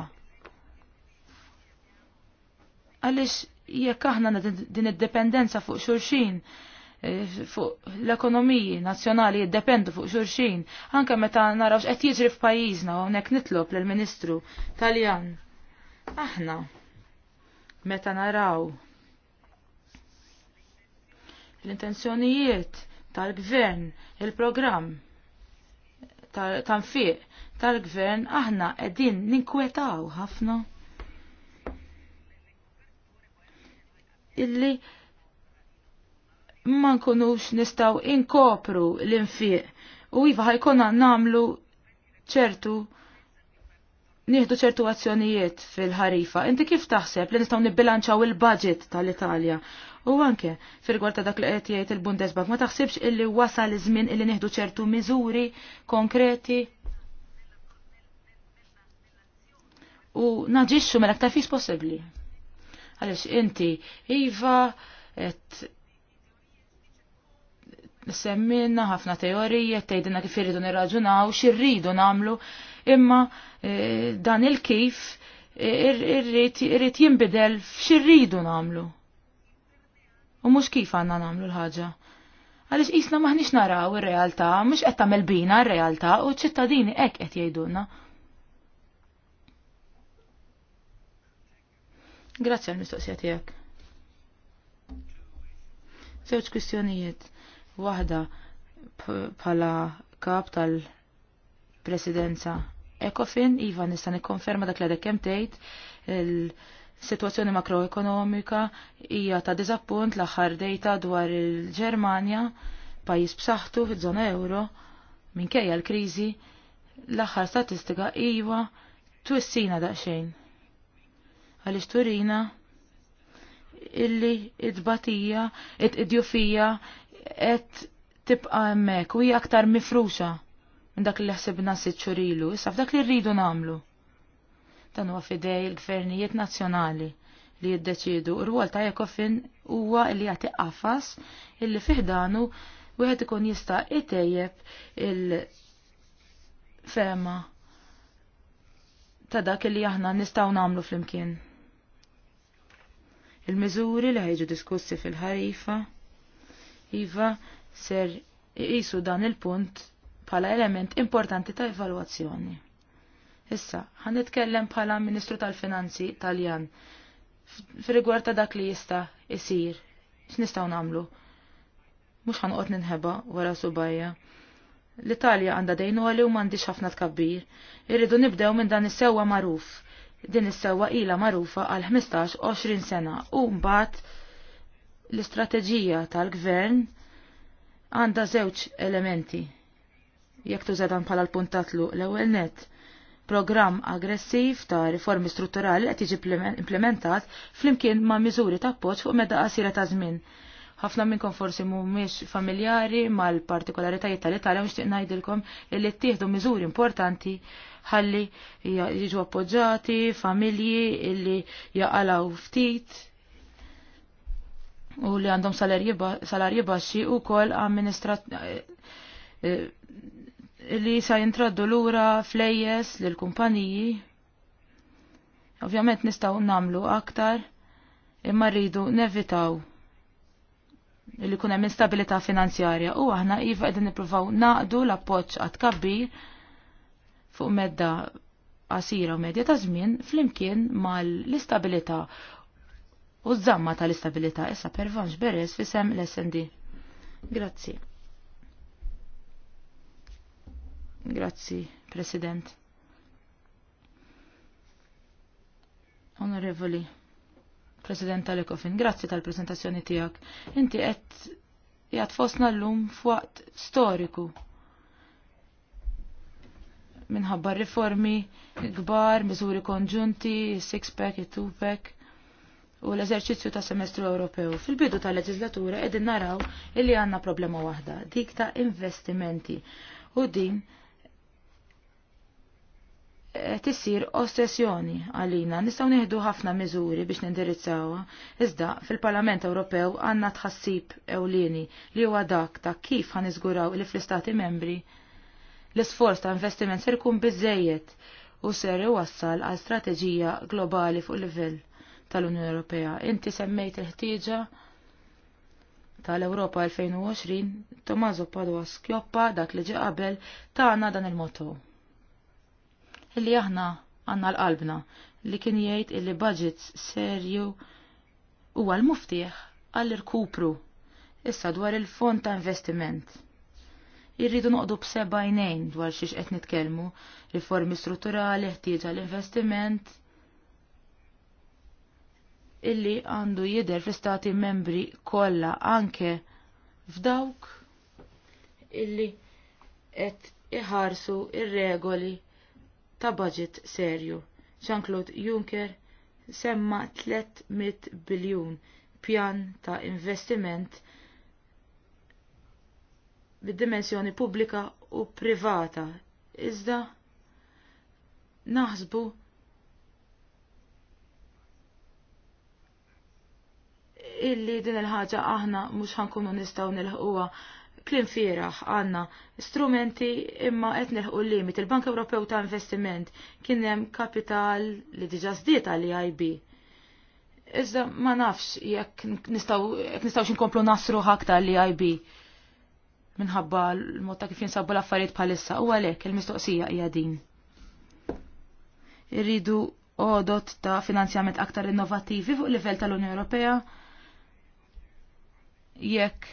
Għalix jekk aħna din id-dependenza fuq xurxin, fuq l-ekonomiji nazzjonali jiddependu fuq xurxin, anke meta naraw x'qed jiġri f'pajjiżna hawnhekk nitlob lill-Ministru Taljan. Aħna meta naraw l-intenzjonijiet tal-gvern, il-programm tal fiq tal-gvern aħna qegħdin ninkwetaw ħafna. Illi ma nkunux nistaw inkopru l-infiq u iva ħajkonna namlu ċertu nieħdu ċertu azzjonijiet fil-ħarifa. Inti kif taħseb li nistgħu nibbilanċaw il-budget tal-Italja? U anke fil gwarta dak li qed jgħid il-Bundesbank ma taħsibx illi wasal iż-żmien illi nieħdu ċertu miżuri konkreti u naġixxu mela aktar fis possibbli. Għaliex inti iva qed semmina ħafna teorija, tgħidilna kif irridu nirraġunaw, x'irridu nagħmlu, imma e, dan il-kif e, irrid jinbidel xirridu nagħmlu. U mhux kif għandna nagħmlu l-ħaġa. Għalix jisna maħniex naraw ir-realtà, mhux qed tagħmel bina r-realtà u ċ-ċittadini hekk qed jgħidulna. Grazzi għal mistoqsija tiegħek. Żewġ kwistjonijiet waħda bħala kap tal-presidenza Ekofin, Iva nista' nikkonferma dak li għadek kemm tgħid il-sitwazzjoni makroekonomika hija ta' diżappunt l-aħħar dejta dwar il-Ġermanja pajjiż b'saħħtu fiż-żona euro minkejja l-kriżi l-aħħar statistika iva twissina daqsxejn. Għaliex turina illi id-batija, id-djufija, qed tibqa' hemmhekk u hija aktar mifruxa minn dak li ħsibna sitt xurilu, issa f'dak li rridu nagħmlu. Dan huwa fidej il-gvernijiet nazzjonali li jiddeċiedu r-rwol ta' Ekofin huwa li jagħti qafas illi fiħdanu wieħed ikun jista' itejjeb il-fema ta' dak li aħna nistgħu nagħmlu flimkien. Il-miżuri li ħejġu diskussi fil-ħarifa Iva ser jisu dan il-punt bħala element importanti ta' evalwazzjoni. Issa, għan itkellem bħala Ministru tal-Finanzi Taljan f'rigward ta' dak li jista' isir, x'nistgħu nagħmlu. Mhux ħanqot ninħeba wara subajja. L-Italja għandha dejn għali u m'għandix ħafna tkabbir. Irridu nibdew minn dan is-sewwa magħruf. Din is-sewwa ilha magħrufa għal 15-20 sena u mbagħad L-istrateġija tal-gvern għandha żewġ elementi. Jekk tużadan bħala l-puntatlu l-ewwel net programm aggressiv ta' riformi strutturali qed jiġi implementat flimkien ma' miżuri ta' appoġġ fuq meda qasira ta' żmien. Ħafna minnkom forsi mhumiex familjari mal-partikolaritajiet tal-Italja nixtieq ngħidilkom li ttieħdu miżuri importanti ħalli jiġu appoġġati familji illi jaqalaw ftit u li għandhom salarji baxxi u kol amministrat eh, eh, li sa jintraddu lura flejjes l kumpaniji Ovvjament nistaw namlu aktar imma rridu nevitaw li kunem instabilità finanzjarja u aħna iva qegħdin nippruvaw naqdu l-appoġġ għad kabbir fuq medda qasira u medja ta' żmien flimkien mal-istabilità u żamma tal-istabilità issa pervanx beres fisem l-SND. Grazzi. Grazzi, President. Onorevoli, President Alekofin, grazzi tal presentazzjoni tijak. Inti qed jgħat fosna l-lum fuqt storiku minħabba riformi kbar, miżuri konġunti, six-pack, two-pack u l-eżerċizzju ta' semestru Ewropew. Fil-bidu ta' leġislatura edin naraw illi għanna problema waħda, dik ta' investimenti. U din tissir ossessjoni għalina. Nistaw neħdu ħafna miżuri biex nindirizzawa, iżda fil-Parlament Ewropew għanna tħassib ewlieni li huwa dak ta' kif ħan iżguraw li fl-istati membri l-isforz ta' investiment ser kun bizzejiet u ser iwassal għal strateġija globali fuq livell tal-Unjoni Ewropea. Inti semmejt il-ħtieġa tal ewropa 2020 Tommaso Padua skjoppa dak li ġi qabel tagħna dan il-motto. Illi aħna għandna l-qalbna li kien jgħid illi budgets serju huwa l-muftieħ għall-irkupru issa dwar il-fond ta' investiment. Irridu noqdu b'seba' jnejn dwar xiex qed nitkellmu, riformi strutturali, ħtieġa l-investiment, illi għandu jider fl-istati membri kollha anke f'dawk illi qed iħarsu ir-regoli ta' budget serju. Jean-Claude Juncker semma 300 biljun pjan ta' investiment bid-dimensjoni pubblika u privata. Iżda naħsbu illi din il-ħaġa aħna mhux ħankunu nistgħu nilħquha klim fieraħ għanna strumenti imma qed neħqu l-limit. Il-Bank Ewropew ta' Investiment kien hemm kapital li diġà żdiet għal e IB. Iżda ma nafx jekk nistgħu inkomplu nasru ħaktar li e IB minħabba l-mod ta' kif jinsabu l-affarijiet bħalissa u għalhekk il-mistoqsija hija din. Irridu għodot ta' finanzjament aktar innovattivi fuq livell tal-Unjoni Ewropea jekk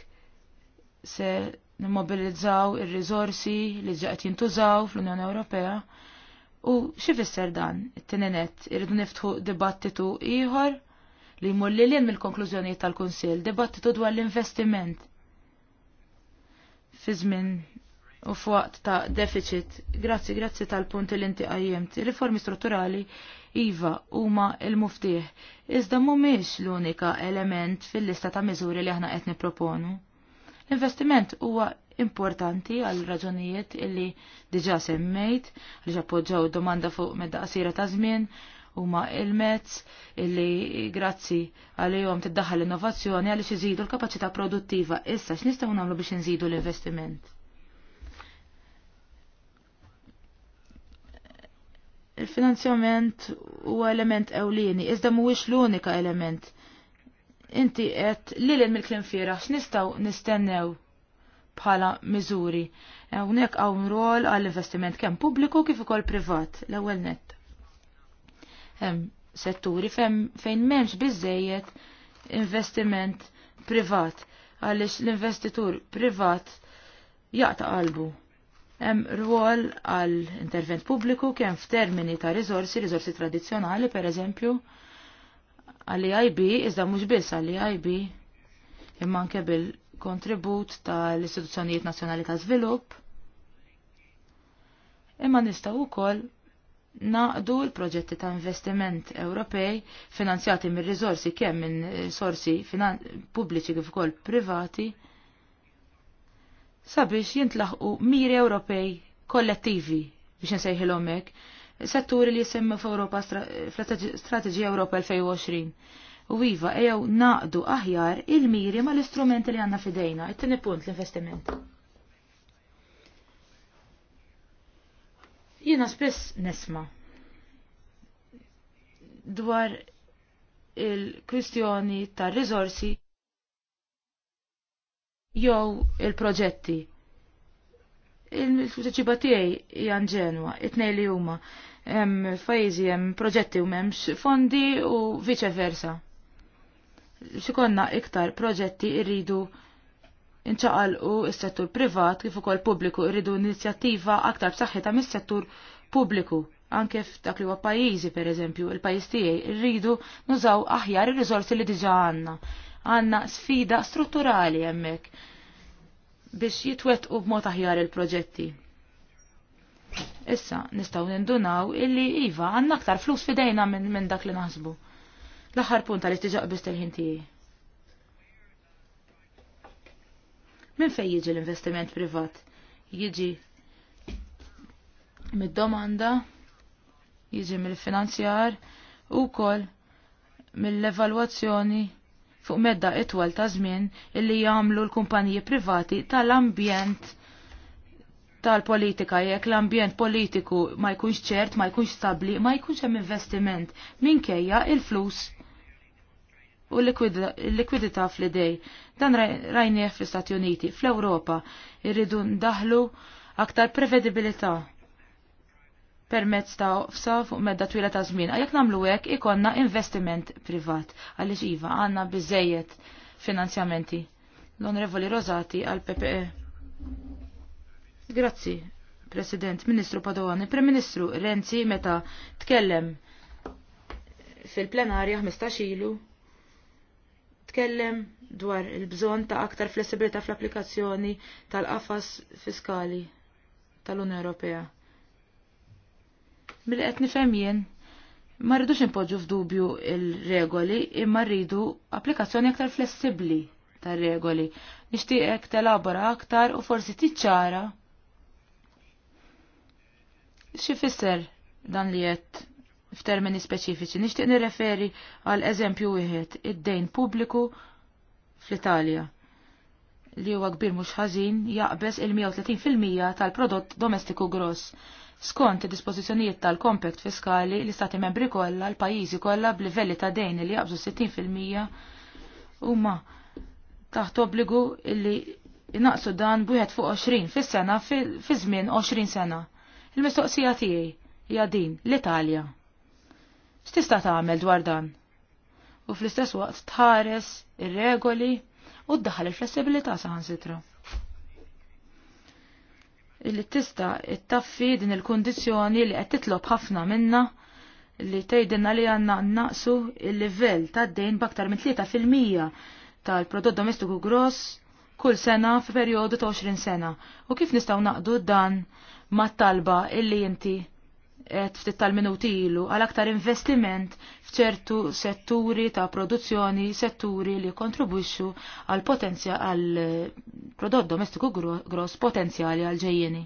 se nimmobilizzaw ir rizorsi li ġaqet jintużaw fl-Unjoni Ewropea. U xifisser dan, it-tininet, irridu niftħu dibattitu ieħor li jmur li mill-konklużjoni tal-Kunsill, dibattitu dwar l-investiment. Fi żmien u fuqt ta' deficit, grazzi grazzi tal-punti li inti qajjemt, riformi strutturali iva huma il muftih iżda mhumiex l-unika element fil-lista ta' miżuri li aħna qed nipproponu. L-investiment huwa importanti għal raġunijiet illi diġa semmejt, li ġappoġġaw domanda fuq medda qasira ta' żmien, huma il-mezz illi grazzi għalihom tiddaħħal l-innovazzjoni għaliex iżidu l-kapaċità produttiva issa x'nistgħu nagħmlu biex inżidu l-investiment. Il-finanzjament huwa element ewlieni, iżda mhuwiex l-unika element. Inti qed lilin mill-klim fieraħ x'nistgħu nistennew bħala miżuri. Hawnhekk hawn rol għall-investiment kemm pubbliku kif ukoll privat l-ewwel nett. Hemm setturi fejn m'hemmx biżejjed investiment privat għaliex l-investitur privat jaqta qalbu hemm rwol għal intervent pubbliku kemm f'termini ta' riżorsi, riżorsi tradizzjonali pereżempju għal e IB iżda mhux biss għal e IB imma anke bil-kontribut tal-Istituzzjonijiet Nazzjonali ta' Żvilupp. Imma nistgħu wkoll naqdu l-proġetti ta' investiment Ewropej finanzjati mir riżorsi kemm minn sorsi pubbliċi kif ukoll privati sabiex jintlaħqu miri Ewropej kollettivi biex nsejħilhom hekk, setturi li jisemmu f'Ewropa Strateġija Ewropa 2020. U iva ejjew naqdu aħjar il-miri mal istrumenti li għandna fidejna, it-tieni punt l-investiment. Jiena spiss nisma' dwar il-kwistjoni tar rizorsi jew il-proġetti. Il-ċiba tiegħi hija nġenwa, it-tnejn li huma hemm fajzi hemm proġetti u m'hemmx fondi u vice versa. Xikonna iktar proġetti irridu u s-settur privat kif ukoll pubbliku irridu inizjattiva aktar b'saħħitha mis-settur pubbliku anke f'dak li huwa pajjiżi pereżempju, il-pajjiż tiegħi rridu nużaw aħjar ir-riżorsi li diġà għandna għanna sfida strutturali hemmhekk biex u b'mod aħjar il-proġetti. Issa nistgħu nindunaw illi iva għandna aktar flus fidejna minn min dak li naħsbu. L-aħħar punta li tiġaq biss il tiegħi. Minn fejn jiġi l-investiment privat? Jiġi mid-domanda, jiġi mill-finanzjar u kol mill-evalwazzjoni fuq medda itwal ta' żmien illi jagħmlu l-kumpaniji privati tal-ambjent tal-politika jekk l-ambjent politiku ma jkunx ċert, ma jkunx stabli, ma jkunx hemm investiment minkejja il-flus u l-likwidità fl-idej. Dan rajnieh fl-Istati Uniti, fl-Ewropa, irridu ndaħlu aktar prevedibilità permezz ta' fsa fuq medda twila ta' zmin. Jekk nagħmlu hekk ikonna investiment privat għaliex iva għandna bizzejiet finanzjamenti. l onrevoli Rosati għal PPE. Grazzi, President, Ministru Padovani, Prim Ministru Renzi meta tkellem fil-plenarja 15 ilu tkellem dwar il-bżon ta' aktar flessibilità fl-applikazzjoni tal-qafas fiskali tal-Unjoni Ewropea mill qed nifhem jien ma rridux impoġġu f'dubju il-regoli imma rridu applikazzjoni aktar flessibbli tar-regoli. Nixtieqek telabora aktar u forsi tiċċara xi fisser dan li qed f'termini speċifiċi. Nixtieq nirreferi għal eżempju wieħed id-dejn pubbliku fl-Italja li huwa kbir mhux ħażin jaqbeż il-130% tal-prodott domestiku gross skont id-dispożizzjonijiet tal-Compact fiskali li stati membri kollha l-pajjiżi kollha b'livelli ta' dejn li jaqbżu 60% huma taħt obbligu li jnaqsu dan b'wieħed fuq 20 fis-sena fi żmien 20 sena. Il-mistoqsija tiegħi hija din l-Italja. X'tista' tagħmel dwar dan? U fl-istess waqt tħares ir-regoli u ddaħħal il-flessibilità saħansitra illi tista ttaffi din il-kondizjoni li qed titlob ħafna minna li tgħidilna li għandna naqsu il-livell ta' dejn b'aktar minn 3% tal-prodott domestiku gross kull sena f'perjodu ta' 20 sena. U kif nistgħu naqdu dan mat-talba illi inti qed ftit tal-minuti ilu għal aktar investiment f'ċertu setturi ta' produzzjoni, setturi li kontribwixxu għal potenzja għal eh, prodott domestiku gross potenzjali għal ġejjeni.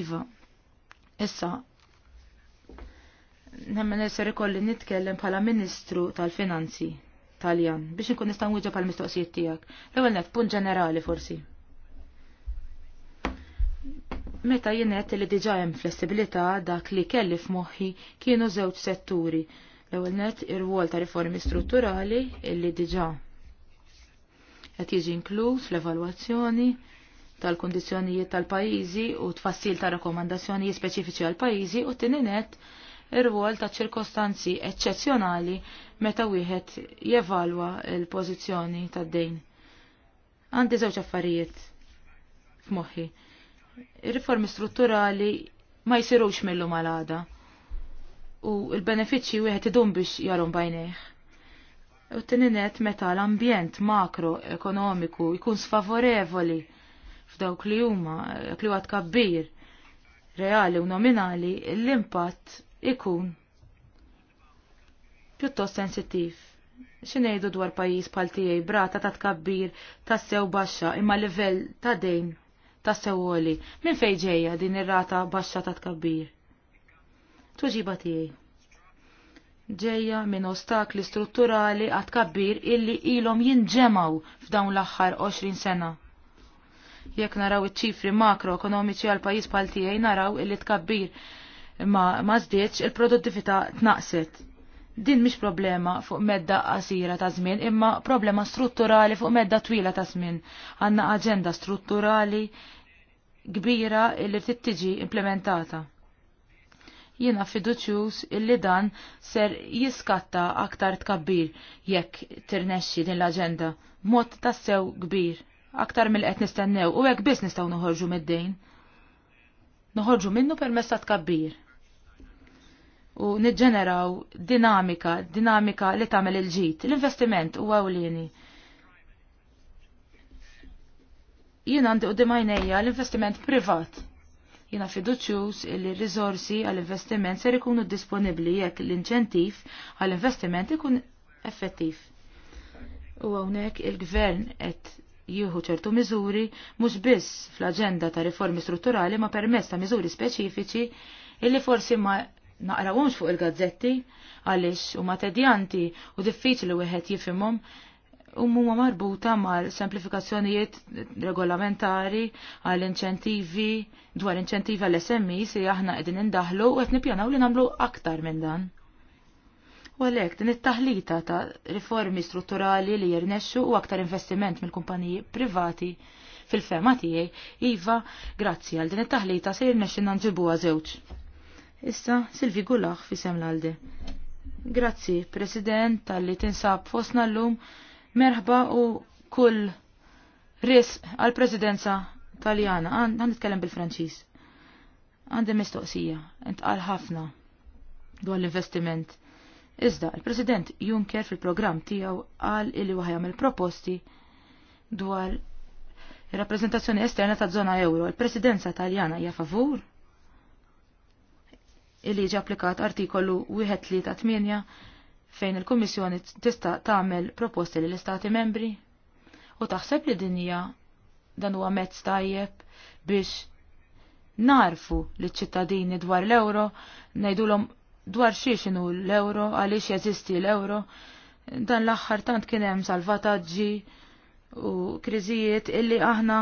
Iva, issa nemmen esser ikolli nitkellem bħala Ministru tal-Finanzi Taljan biex nkun nista' nwieġeb għal mistoqsijiet tiegħek. L-ewwel nett punt ġenerali forsi. Meta jenet li diġa hemm flessibilità dak li kelli f'moħħi kienu żewġ setturi. L-ewwel net ir-rwol ta' riformi strutturali illi diġa qed jiġi inkluż l-evalwazzjoni tal-kondizzjonijiet tal-pajjiżi u tfassil ta' rakkomandazzjonijiet speċifiċi għal pajjiżi u tieni net ir-rwol ta' ċirkostanzi eċċezzjonali meta wieħed jevalwa l-pożizzjoni tad-dejn. Għandi żewġ affarijiet f'moħħi ir-riformi strutturali ma jsirux millu mal-għada. U l-benefiċċji wieħed idum biex jarhom bajneħ. U t-tininet meta l-ambjent makroekonomiku jkun sfavorevoli f'dawk li huma li huwa tkabbir reali u nominali, l-impatt ikun pjuttost sensittiv xinejdu dwar pajis pal tijaj brata ta' tkabbir ta' sew baxxa imma livell ta' dejn ta' sewoli, Minn fejn ġejja din ir-rata baxxa ta' tkabbir? Tuġiba tiegħi. Ġejja minn ostakli strutturali għat tkabbir illi ilhom jinġemaw f'dawn l-aħħar 20 sena. Jekk naraw iċ-ċifri makroekonomiċi għal pajjiż bħal tiegħi naraw illi tkabbir ma, ma il-produttività tnaqset din mhix problema fuq medda qasira ta' żmien, imma problema strutturali fuq medda twila ta' żmien. Għandna aġenda strutturali kbira illi ftit tiġi implementata. Jiena fiduċjuż illi dan ser jiskatta aktar tkabbir jekk tirnexxi din l-aġenda b'mod tassew kbir, aktar mill qed nistennew u hekk biss nistgħu noħorġu mid-dejn. Noħorġu minnu permess ta' tkabbir. U niġġeneraw dinamika, dinamika li tagħmel il-ġid. L-investiment huwa ewlieni. jien għandi u dimajnejja l-investiment privat. Jina fiduċjus li r-rizorsi għall-investiment ser ikunu disponibli jekk l-inċentiv għall-investiment ikun effettiv. U hawnhekk il-gvern qed jieħu ċertu miżuri mhux biss fl-aġenda ta' riformi strutturali ma permezz ta' miżuri speċifiċi illi forsi ma naqrawhomx fuq il-gazzetti għaliex huma tedjanti u diffiċli wieħed jifimhom huma marbuta mal-semplifikazzjonijiet regolamentari għal inċentivi dwar inċentivi għal SMI si aħna qegħdin indaħlu u qed nippjanaw li nagħmlu aktar minn dan. U għalhekk din it-taħlita ta' riformi strutturali li jirnexxu u aktar investiment mill-kumpaniji privati fil-fema tiegħi, iva, grazzi għal din it-taħlita se jirnexxinna nġibuha żewġ. Issa Silvi Gulaħ fi sem l Grazzi, President, tal-li tinsab fosna l-lum Merħba u kull ris għal-presidenza taljana. Għan nitkellem bil-Franċis. Għandi mistoqsija, għal ħafna dwar l-investiment. Iżda, il-President Juncker fil-programm tiegħu qal illi għajam il-proposti dwar il-rappresentazzjoni esterna ta' zona euro. Il-Presidenza taljana hija favur? Illi ġa applikat artikolu 138 fejn il-Kummissjoni tista' tagħmel proposti lill istati membri u taħseb li dinja dan huwa mezz tajjeb biex narfu li ċittadini dwar l-euro, ngħidulhom dwar xiex inhu l-euro, għaliex jeżisti l-euro, dan l-aħħar tant kien hemm salvataġġi u kriżijiet illi aħna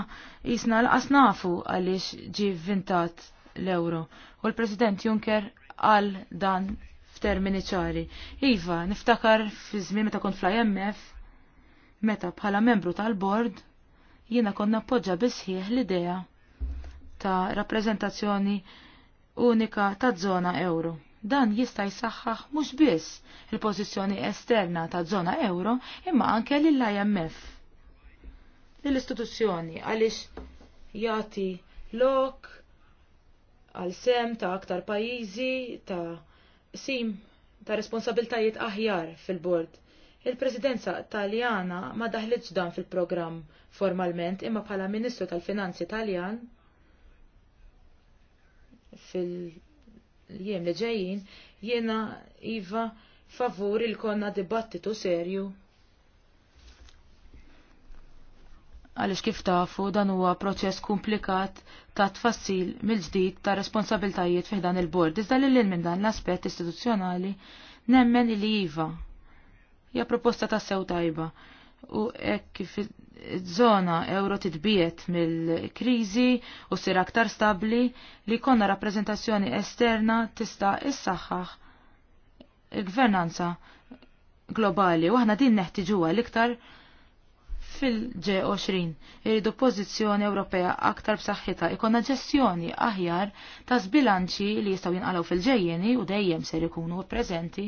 jisna l nafu għaliex ġi vintat l-euro. U l-President Juncker għal dan f'termini ċari. Iva, niftakar fi żmien meta kont fl-IMF, meta bħala membru tal-bord, jiena konna poġġa bisħieħ l-idea ta' rappreżentazzjoni unika ta' zona euro. Dan jista' jsaħħaħ mhux biss il-pożizzjoni esterna ta' zona euro, imma anke lill-IMF. l istituzzjoni għaliex jagħti lok għal sem ta' aktar pajjiżi ta' sim ta' responsabiltajiet aħjar fil-bord. Il-presidenza taljana ma daħlitx dan fil-programm formalment imma bħala ministru tal-finanzi taljan fil-jiem li ġejjin jiena iva favur il-konna dibattitu serju għaliex kif tafu dan huwa proċess komplikat ta' tfassil mill-ġdid ta' responsabiltajiet fi dan il-bord. Iżda li lil minn dan l-aspett istituzzjonali nemmen li iva. Ja proposta ta' sew tajba. U hekk kif zona żona euro titbiet mill-kriżi u sir aktar stabli li konna rappreżentazzjoni esterna tista' issaħħaħ gvernanza globali u aħna din neħtiġuha l-iktar fil-G20 irridu pożizzjoni Ewropea aktar b'saħħitha ikonna ġestjoni aħjar ta' sbilanċi li jistgħu jinqalgħu fil-ġejjeni u dejjem ser ikunu preżenti.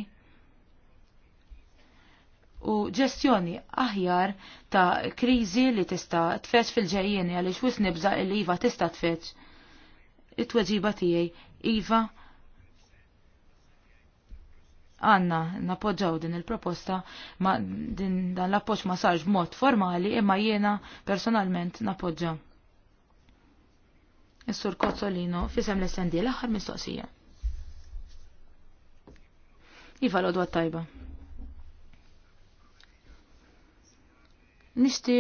U ġestjoni aħjar ta' kriżi li tista' tfeċ fil-ġejjeni għaliex wis nibża' li iva tista' tfeċ. It-tweġiba tiegħi iva għanna napoġġaw din il-proposta ma din dan l-appoġġ ma sarx b'mod formali imma jiena personalment napoġġa. Is-sur Kozzolino fisem l-SND l-aħħar mistoqsija. Iva l-odwa tajba. Nishti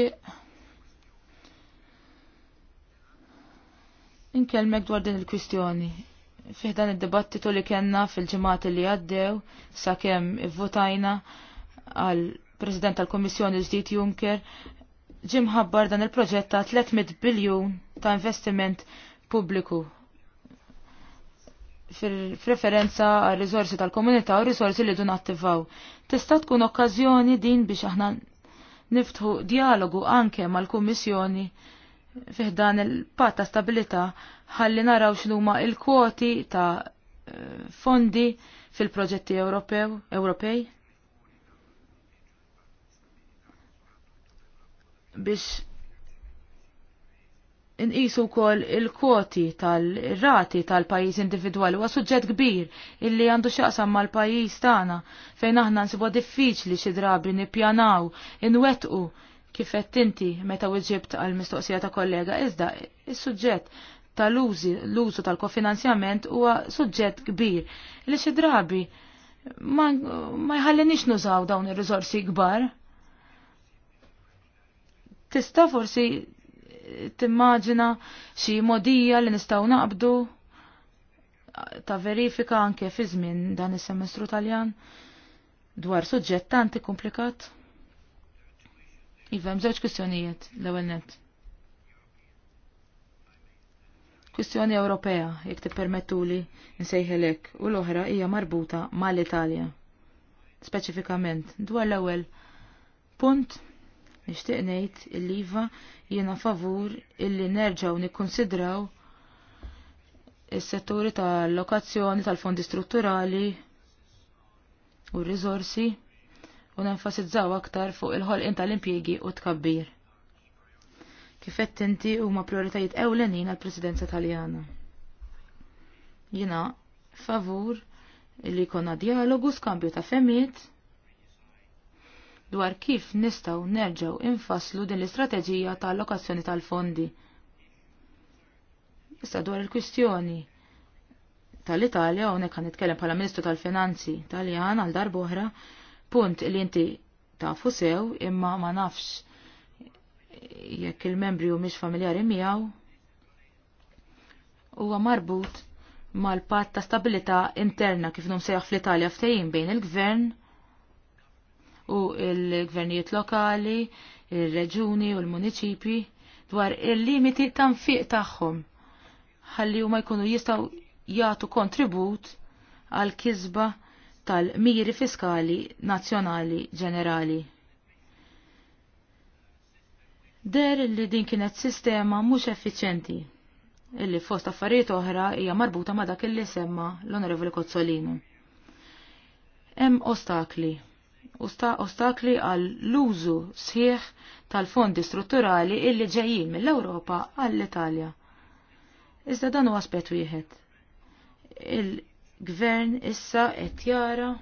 inkelmek dwar din il-kwistjoni fiħdan id-dibattitu li kena fil-ġemat li għaddew sakemm votajna għal President tal-Komissjoni ġdijt Juncker ġim ħabbar dan il-proġett ta' 300 biljun ta' investiment pubbliku fil-preferenza għal risorsi tal-komunità u risorsi li dun attivaw. Tista' tkun okkażjoni din biex aħna niftħu dialogu anke mal-Kummissjoni fiħdan il-pat ta' stabilita ħalli naraw x'luma il-kwoti ta' eh, fondi fil-proġetti Ewropew, Ewropej. Biex inqisu wkoll il-kwoti tal-rati tal-pajjiż individwali huwa suġġett kbir illi għandu x'jaqsam mal-pajjiż tagħna fejn aħna nsibu diffiċli xi drabi nippjanaw inwettqu kifet inti meta wieġibt għal mistoqsija ta' kollega iżda is-suġġett tal-użi l-użu tal-kofinanzjament huwa suġġett kbir li xi drabi ma, ma jħallinix nużaw dawn ir-riżorsi kbar. Tista' forsi timmaġina xi modija li nistgħu naqbdu ta' verifika anke fi żmien dan is-semestru Taljan dwar suġġett tanti komplikat. Iva, mżewġ kwistjonijiet l-ewwel net. Kwistjoni Ewropea, jekk tippermettuli nsejħelek, u l-oħra hija marbuta mal-Italja. Speċifikament, dwar l-ewwel punt nixtieq ngħid il-liva jiena favur illi nerġgħu nikkonsidraw is-setturi tal-lokazzjoni tal-fondi strutturali u r-riżorsi u nenfasizzaw aktar fuq il inta tal-impjiegi u tkabbir. Kifett inti huma prioritajiet ewlenin għall presidenza Taljana. Jina favur li konna dialogu skambju ta' femmiet dwar kif nistaw nerġaw infaslu din l-istrateġija ta' allokazzjoni tal-fondi. Issa dwar il-kwistjoni tal-Italja unek għan nitkellem bħala Ministru tal-Finanzi Taljan għal darboħra punt li inti tafu sew imma ma nafx jekk il-membri u mhix familjari miegħu huwa marbut mal-patt ta' stabilità interna kif num sejjaħ fl-Italja ftejin bejn il-gvern u il-gvernijiet lokali, il-reġuni u l municipi dwar il-limiti ta' nfiq tagħhom ħalli huma jkunu jistgħu jagħtu kontribut għal kisba tal-miri fiskali nazzjonali ġenerali. Der li din kienet sistema mhux effiċenti illi fost affarijiet oħra hija marbuta ma' dak li semma l-Onorevoli Kozzolino. Hemm ostakli. Ostakli għal l-użu sħiħ tal-fondi strutturali illi ġejjin mill-Ewropa għall-Italja. Iżda dan huwa aspett wieħed gvern issa qed jara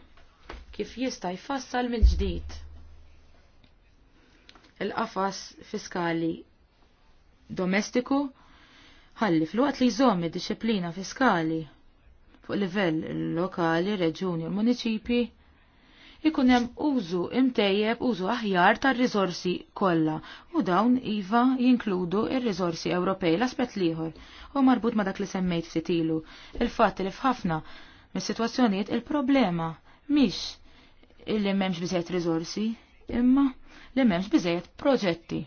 kif jista' jfassal mill-ġdid il-qafas fiskali domestiku ħalli fl waqt li jżomm id-disciplina fiskali fuq livell lokali, reġuni u municipi ikun hemm użu imtejjeb, użu aħjar tar-riżorsi kollha u dawn iva jinkludu ir-riżorsi Ewropej l-aspett lieħor u marbut ma' dak li semmejt ftit ilu. Il-fatt li f'ħafna mis-sitwazzjonijiet il-problema mhix illi m'hemmx biżejjed riżorsi, imma li m'hemmx biżejjed proġetti.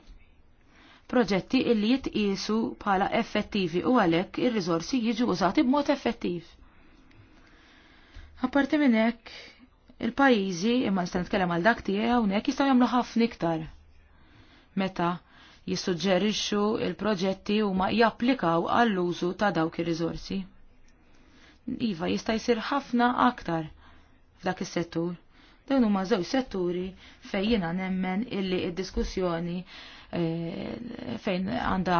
Proġetti illi jitqisu bħala effettivi u għalhekk ir-riżorsi jiġu użati b'mod effettiv. Apparti minn hekk, il-pajjiżi imma nista' nitkellem għal dak tiegħi hawnhekk jistgħu jagħmlu ħafna iktar. Meta jissuġġerixxu il-proġetti huma japplikaw għall-użu ta' dawk ir-riżorsi. Iva jista' jsir ħafna aktar f'dak is-settur. Dawn huma żewġ setturi fejn jiena nemmen illi id-diskussjoni eh, fejn għanda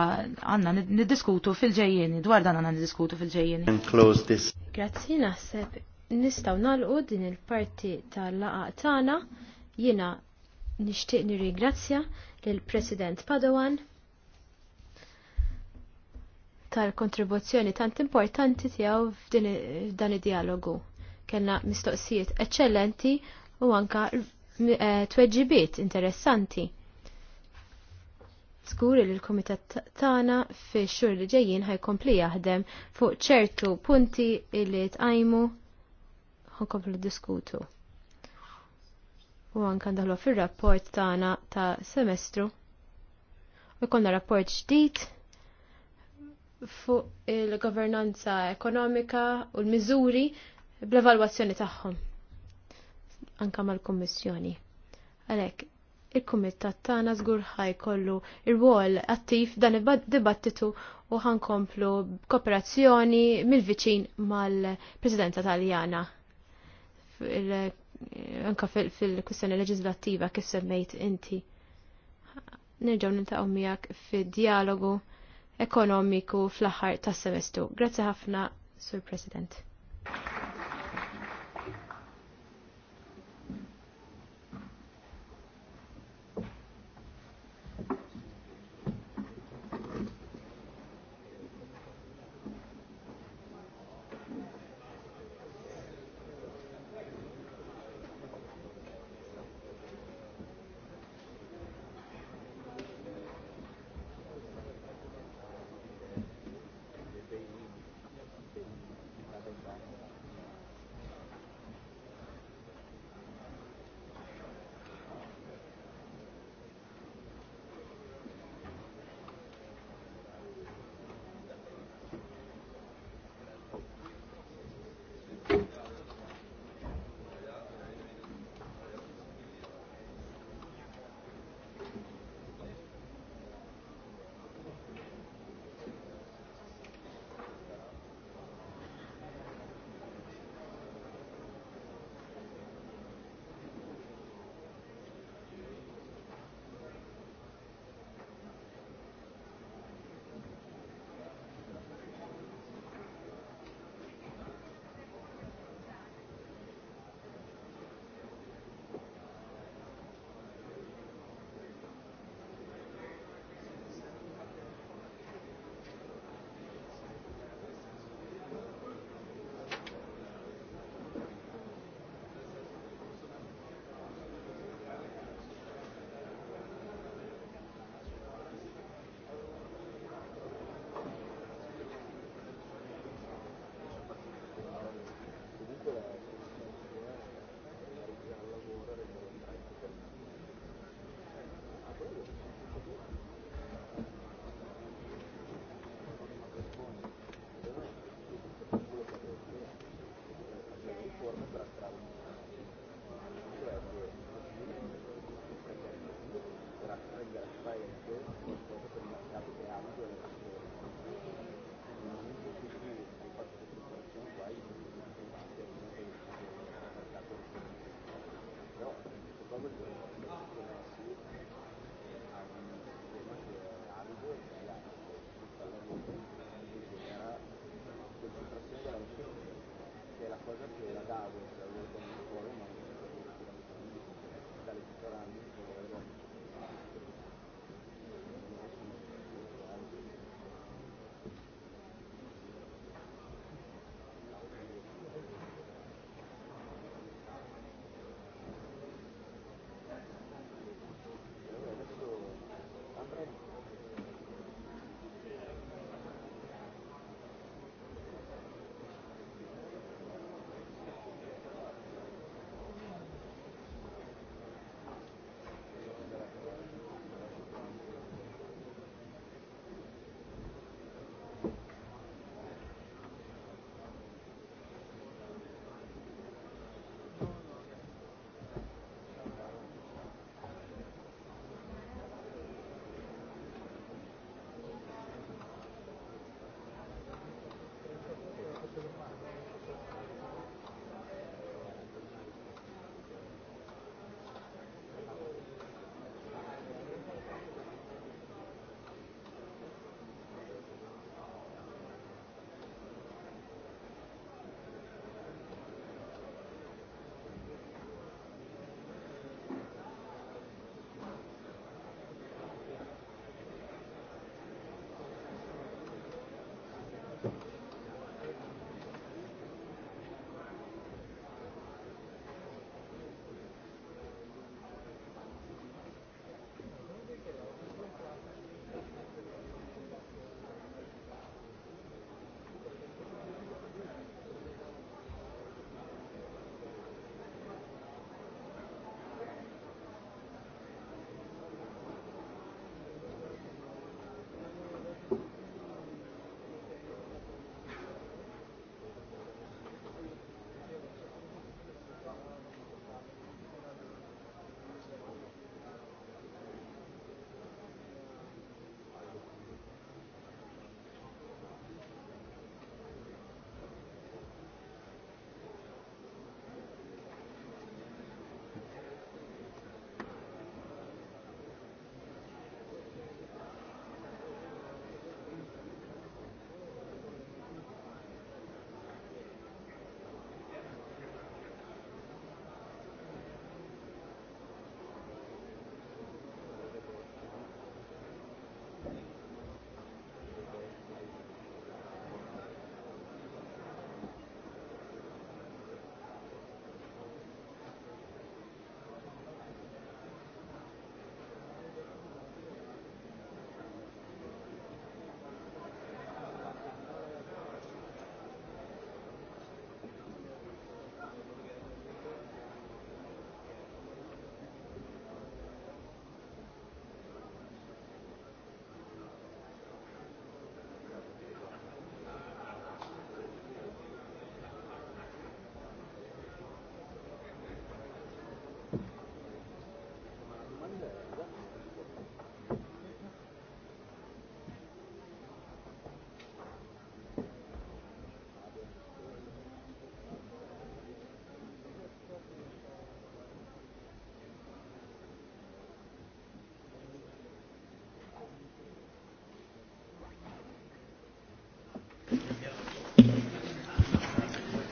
għanna niddiskutu fil-ġejjeni, dwar dan għanna niddiskutu fil-ġejjeni. Grazzi naħseb nistaw nalqu din il-parti tal-laqa tagħna jiena nixtieq nirringrazzja lil President Padawan tal-kontribuzzjoni tant importanti tiegħu f'dan id-dialogu. Kellna mistoqsijiet eċċellenti u anka e, tweġibiet interessanti. Skur li l-Komitat tagħna fi xhur li ġejjin ħajkompli jaħdem fuq ċertu punti li tqajmu ħankomplu diskutu. U anka daħlu fil-rapport tagħna ta' semestru. U konna rapport ġdid fuq il-governanza ekonomika u l-miżuri bl-evalwazzjoni tagħhom. Anka mal-Kummissjoni. Għalhekk, il-kumitat tagħna żgur kollu il wol attiv dan id-dibattitu u ħankomplu kooperazzjoni mill-viċin mal-Presidenza Taljana anka fil-kwistjoni leġislattiva kif semmejt inti. Nerġgħu nintaqgħu miegħek fid-dialogu ekonomiku fl-aħħar tas-semestru. Grazzi ħafna, Sur President.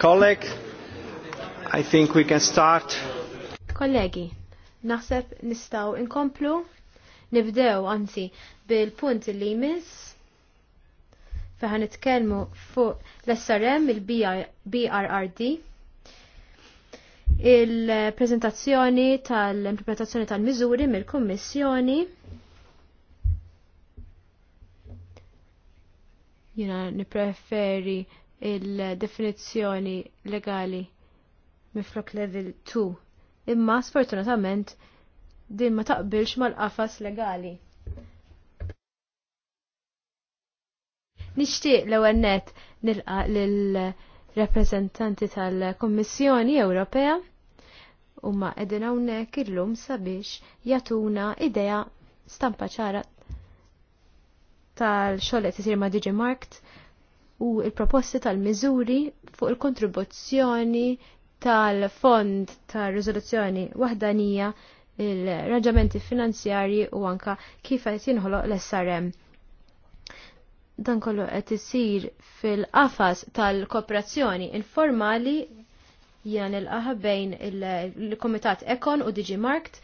colleague, I think we can start. Kollegi, naħseb nistaw inkomplu, nibdew anzi bil-punt li jmiss feħan nitkellmu fuq l-SRM, il-BRRD, il-prezentazzjoni tal-implementazzjoni tal-miżuri mill-Kommissjoni. Jina nipreferi il-definizzjoni legali miflok level 2. Imma sfortunatament din ma taqbilx mal-qafas legali. Nixtieq l-ewwel nett nilqa' lill-rappreżentanti tal-Kommissjoni Ewropea huma qegħdin hawnhekk illum sabiex jagħtuna idea stampa ċara tal-xogħol qed isir ma' Digimarkt u il-proposti tal-miżuri fuq il-kontribuzzjoni tal-fond tal rizoluzzjoni wahdanija il-raġamenti finanzjarji u anka kif qed jinħoloq l-SRM. Dan kollu qed isir fil-qafas tal-kooperazzjoni informali jan il-qaħa bejn il-Komitat Ekon u Digimarkt. Markt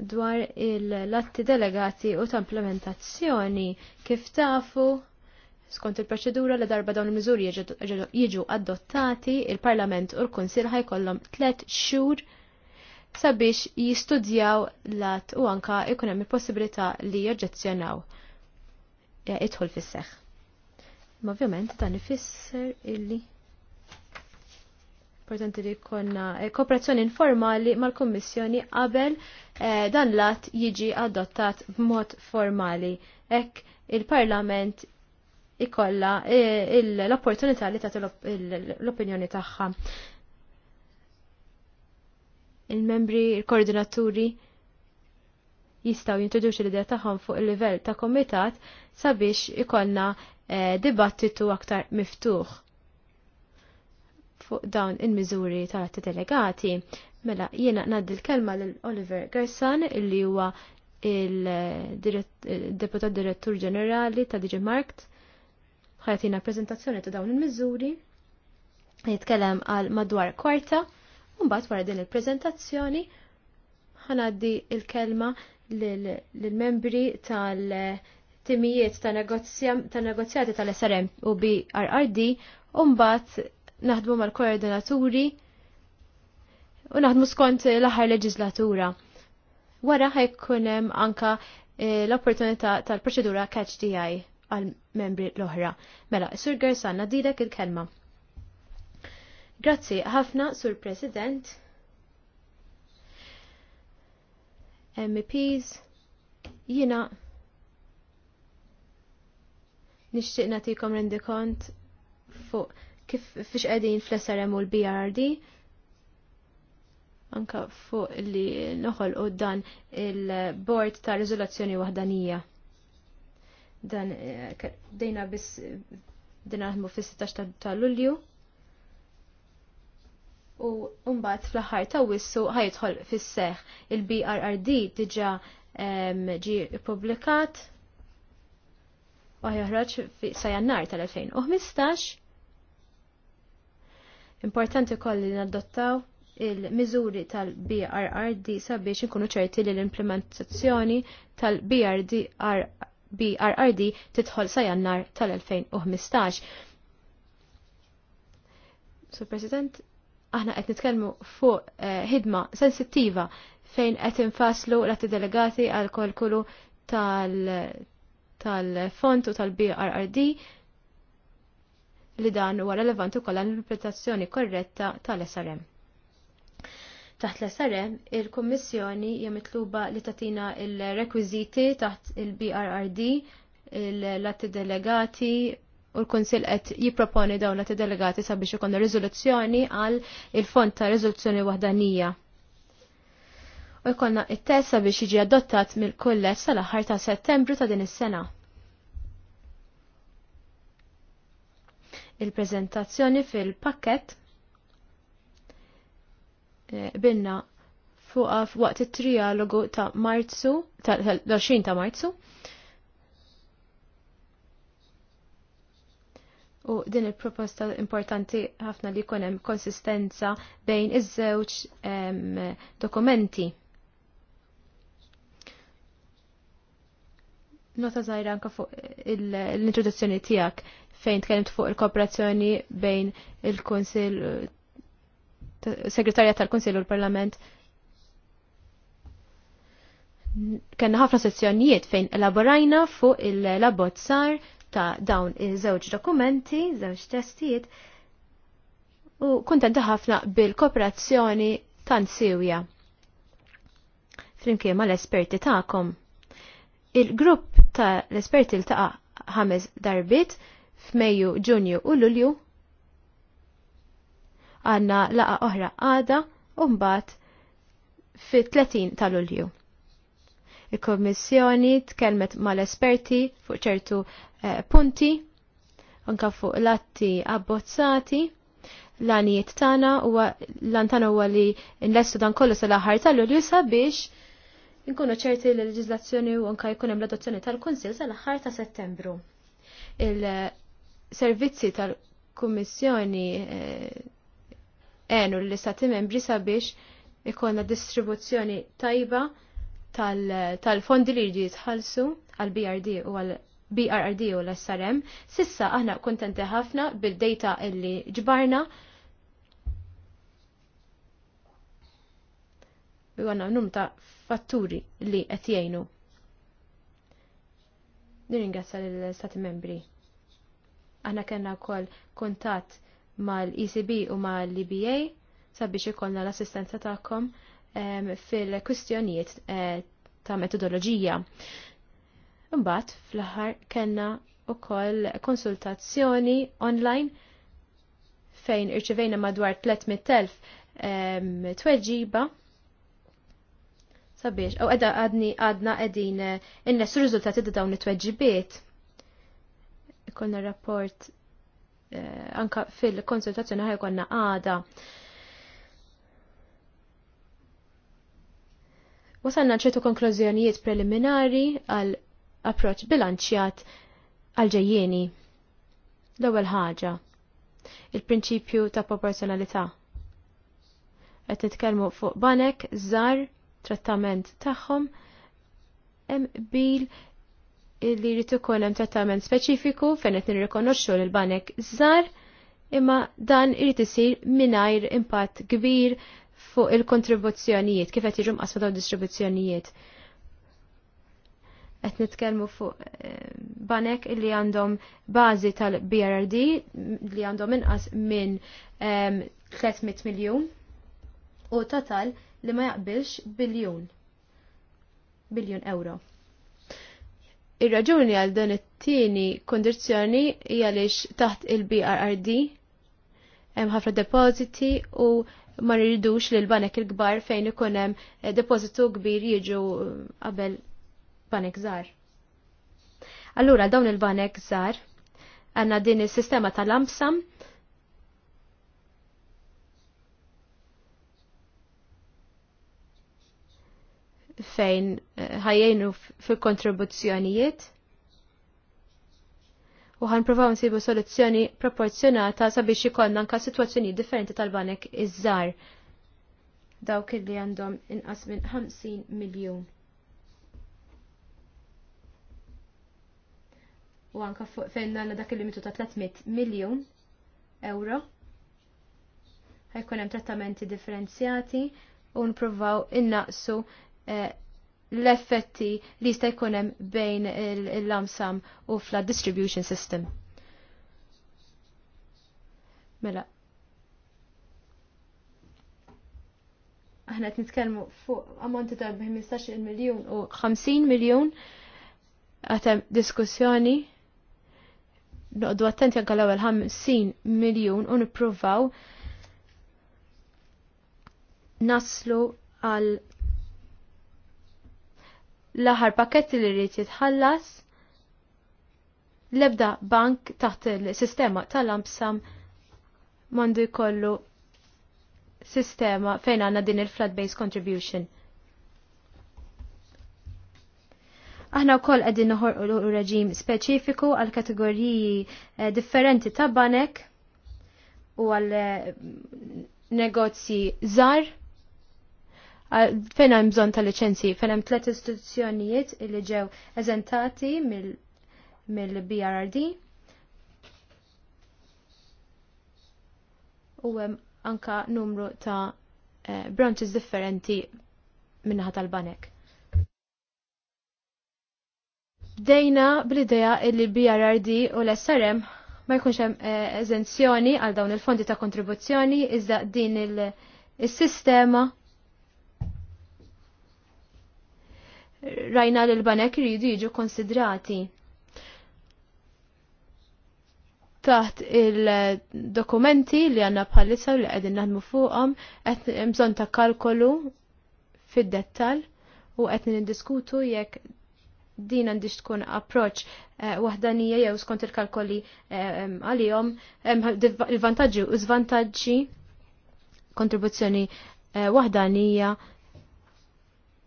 dwar il-latti delegati u ta' implementazzjoni kif tafu Skont il-proċedura li darba dawn il-miżuri jiġu adottati, il-Parlament u l-Kunsil ħajkollhom tliet xhur sabiex jistudjaw lat u anka ikun hemm il-possibilità li jaġġezzjonaw idħol fis-seħħ. Ma ovvjament dan ifisser illi Importanti li konna eh, kooperazzjoni informali mal-Kommissjoni qabel eh, dan lat jiġi adottat b'mod formali. Ek il-Parlament ikolla eh, l-opportunità li tagħti l-opinjoni tagħha. Il-membri, il-koordinaturi jistaw jintroduċi l-idea tagħhom fuq il-livell ta' komitat sabiex ikollna dibattitu aktar miftuħ fuq dawn il-miżuri ta' delegati. Mela jiena ngħaddi l-kelma lil Oliver Gerson illi huwa il-deputat direttur ġenerali ta' Digi Markt ħajatina prezentazzjoni ta' dawn il-miżuri. Jitkellem għal madwar kwarta, mbagħad wara din il-preżentazzjoni ħanaddi il-kelma lill-membri tal- timijiet ta' negozjati tal-SRM u BRRD mbagħad naħdmu mal-koordinaturi u naħdmu skont l-aħħar leġislatura. Wara ħajkun hemm anka eh, l-opportunità tal-proċedura catch DI għal membri l-oħra. Mela, Sur Gersan, nadilek il-kelma. Grazzi, ħafna, Sur President. MEPs, jina nixtieq natikom rendikont fuq kif fiex qegħdin fl-SRM u l-BRD anka fuq li noħol u dan il-bord ta' rizolazzjoni wahdanija. Dan eh, dejna bis dina naħdmu fis-16 ta' Lulju. U mbagħad fl-aħħar ta' wissu ħajtħol fis-seħ. Il-BRRD diġa' ġi publikat u ħjoħroġ sa' jannar tal-2015 Importanti kolli nadottaw il-miżuri tal-BRRD sabiex inkunu ċerti li l-implementazzjoni tal-BRRD titħol sa jannar tal-2015. Sur President, aħna qed nitkellmu fuq eh, ħidma sensittiva fejn qed infaslu l delegati għal kolkulu tal-font u tal-BRRD. tal font tal u tal brrd li dan huwa relevanti wkoll l-interpretazzjoni korretta tal-SRM. Taħt l-SRM, il-Kommissjoni hija mitluba li tatina il-rekwiżiti taħt il-BRRD, l-atti delegati u l kunsil qed jipproponi dawn l-atti delegati sabiex ikun riżoluzzjoni għal il-fond ta' riżoluzzjoni waħdanija u jkollna it-test sabiex jiġi adottat mill-kulleġġ sal-aħħar ta' Settembru ta' din is-sena. il-prezentazzjoni fil-pakket eh, binna fuqa waqt it-trialogu ta' Marzu, tal-20 ta' Marzu. U din il-proposta importanti ħafna li jkun hemm konsistenza bejn iż-żewġ dokumenti. Nota zaħira anka fuq l-introduzzjoni tijak fejn tkellimt fuq il-kooperazzjoni bejn il-Kunsil Segretarja tal-Kunsil u l-Parlament. Kenna ħafna sezzjonijiet fejn elaborajna fuq il-labozzar ta' dawn iż-żewġ dokumenti, żewġ testijiet, u kuntenta ħafna bil-kooperazzjoni tan Sirja. Flimkien ma l-esperti ta'kom. Il-grupp ta' l-esperti l-taqa ħames darbit f'Mejju, Ġunju u Lulju għanna laqa oħra għada u mbagħad fit-30 ta' Lulju. Il-Kommissjoni tkellmet mal-esperti fuq ċertu eh, punti anka fuq latti abbozzati l-għanijiet tagħna u l u huwa li nlestu dan kollu sal-aħħar tal-Lulju sabiex nkunu ċerti l-leġizlazzjoni u anka jkun hemm l-adozzjoni tal konsil sal-aħħar ta' Settembru servizzi tal-Kummissjoni għenu eh, l istati membri sabiex ikonna distribuzzjoni tajba tal-fondi li jridu jitħallsu għal-BRD u għal BRRD u l-SRM. Sissa aħna kontenti ħafna bil-data illi ġbarna. Għanna num ta' fatturi li qed jgħinu. Nirringrazzja l-Stati membri. Aħna kellna wkoll kuntatt mal-ECB u mal-EBA sabiex ikollna l-assistenza tagħkom fil-kwistjonijiet eh, ta' metodoloġija. Imbagħad fl-aħħar kellna wkoll konsultazzjoni online fejn irċivejna madwar 300.000 tweġiba sabiex, u għadna għadni għadna għedin eh, innessu rizultati da dawn it-tweġibiet konna rapport eh, anka fil-konsultazzjoni ħaj konna għada. Wasanna ċertu konklużjonijiet preliminari għal approċ bilanċjat għal ġejjeni. L-ewwel ħaġa, il-prinċipju ta' proporzjonalità. Qed titkellmu fuq banek, żar, trattament tagħhom, hemm bil li jrid ikun hemm trattament speċifiku fejn qed nirrikonoxxu lil banek żar, imma dan irid isir mingħajr impatt kbir fuq il-kontribuzzjonijiet kif qed jiġu mqasma distribuzzjonijiet. Qed nitkellmu fuq eh, banek li għandhom bażi tal-BRD li għandhom inqas minn 300 ehm, miljun u total li ma jaqbilx biljun biljun euro. Ir-raġuni għal dan it-tieni kondizzjoni hija għaliex taħt il-BRRD hemm ħafna depositi u ma rridux lil banek il-kbar fejn ikun hemm eh, depożitu kbir jiġu eh, qabel banek żgħar. Allura dawn il-banek żgħar għandna din is-sistema tal-amsam fejn eh, ħajjenu fil-kontribuzzjonijiet u provaw nsibu soluzzjoni proporzjonata sabiex ikonna anka situazzjoni differenti tal-banek iż-żar dawk li għandhom inqas minn 50 miljun. U anka fejn għandna dak il-limitu ta' 300 miljun euro ħajkun hemm trattamenti differenzjati u nprovaw innaqsu Eh, l-effetti li jista' jkun hemm bejn il-lamsam u fl distribution system. Mela. Aħna qed nitkellmu fuq ammonti ta' 15 miljun u 50 miljun għatem diskussjoni noqdu attenti anka l-ewwel 50 miljun u nippruvaw naslu għal l-aħar pakketti li rrit jitħallas l-ebda bank taħt il-sistema tal-amsam mandu jkollu sistema fejn għanna din il-flat-based contribution. Aħna u koll għedin u reġim speċifiku għal kategoriji eh, differenti ta' banek u għal eh, negozji zar fejn hemm bżonn ta' liċenzji, fejn hemm tliet istituzzjonijiet li ġew eżentati mill-BRRD. u hemm anka numru ta' eh, branches differenti minnaħat tal-banek. Dejna bl-idea li BRRD u l-SRM ma jkunx hemm eh, eżenzjoni għal dawn il-fondi ta' kontribuzzjoni iżda din il-sistema il sistema rajna l-banek jridu jiġu konsidrati taħt il-dokumenti li għanna bħalissa u li għedin naħdmu fuqom, għed mżon ta' kalkolu fid-dettal u għed nindiskutu jekk din għandix tkun approċ eh, wahdanija jew skont il-kalkoli eh, għalihom il-vantaġġi u żvantaġġi kontribuzzjoni eh, wahdanija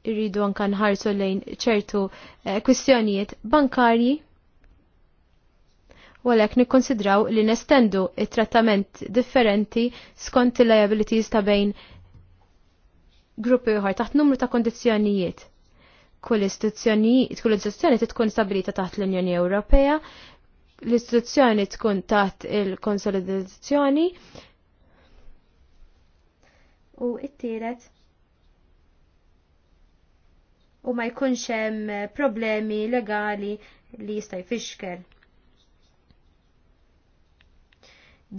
irridu anka nħarsu lejn ċertu eh, kwistjonijiet bankarji u għalhekk nikkonsidraw li nestendu il trattament differenti skont il-liabilities ta' bejn gruppi uħar taħt numru ta' kondizjonijiet. Kull istituzzjonijiet, kull istituzzjoni tkun stabilita taħt l-Unjoni Ewropea, l-istituzzjoni tkun taħt il-konsolidazzjoni u it-tielet u ma jkunx hemm eh, problemi legali li jista' jfixker.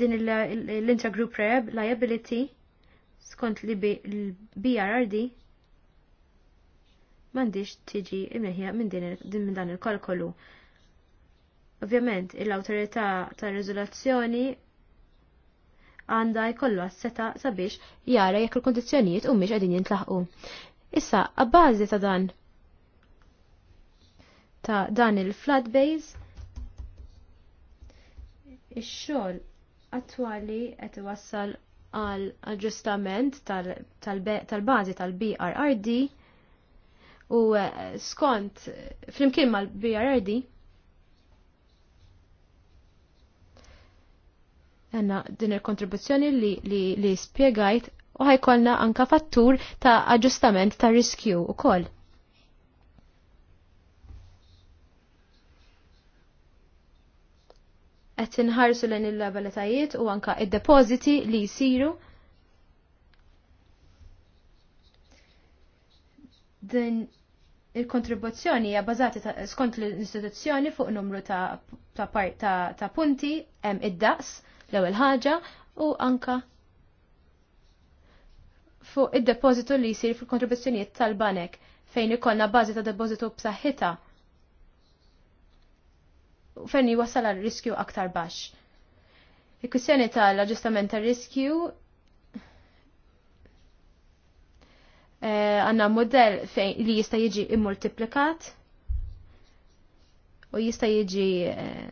Din l-intergroup liability skont li l-BRRD m'għandix tiġi imneħja minn din dan il-kalkolu. Ovvjament, l-autorità tar rizolazzjoni għanda jkollu s-seta sabiex jara jekk il-kondizjonijiet u miex għadin jintlaħqu. Issa, għabbażi ta' dan ta' dan il-flat base il xogħol attwali qed iwassal għal aġġustament tal-bażi tal-BRRD u eh, skont flimkien mal-BRRD għanna din il-kontribuzzjoni li, li, li spiegajt u ħajkolna anka fattur ta' aġustament ta' riskju u koll. Qed inħarsu lejn il-labaletajiet u anka id depositi li jsiru. Din il-kontribuzzjoni hija bażati skont l-istituzzjoni fuq numru ta', ta, ta, ta punti hemm id-daqs l-ewwel ħaġa u anka fuq id-depozitu li jisir fil-kontribuzzjonijiet tal-banek fejn ikollna bażi ta' depozitu b'saħħitha fejn jwassal għal riskju aktar baxx. Il-kwistjoni tal-aġġustament tar-riskju eh, għanna e, modell fejn li jista' jiġi immultiplikat u jista' jiġi eh,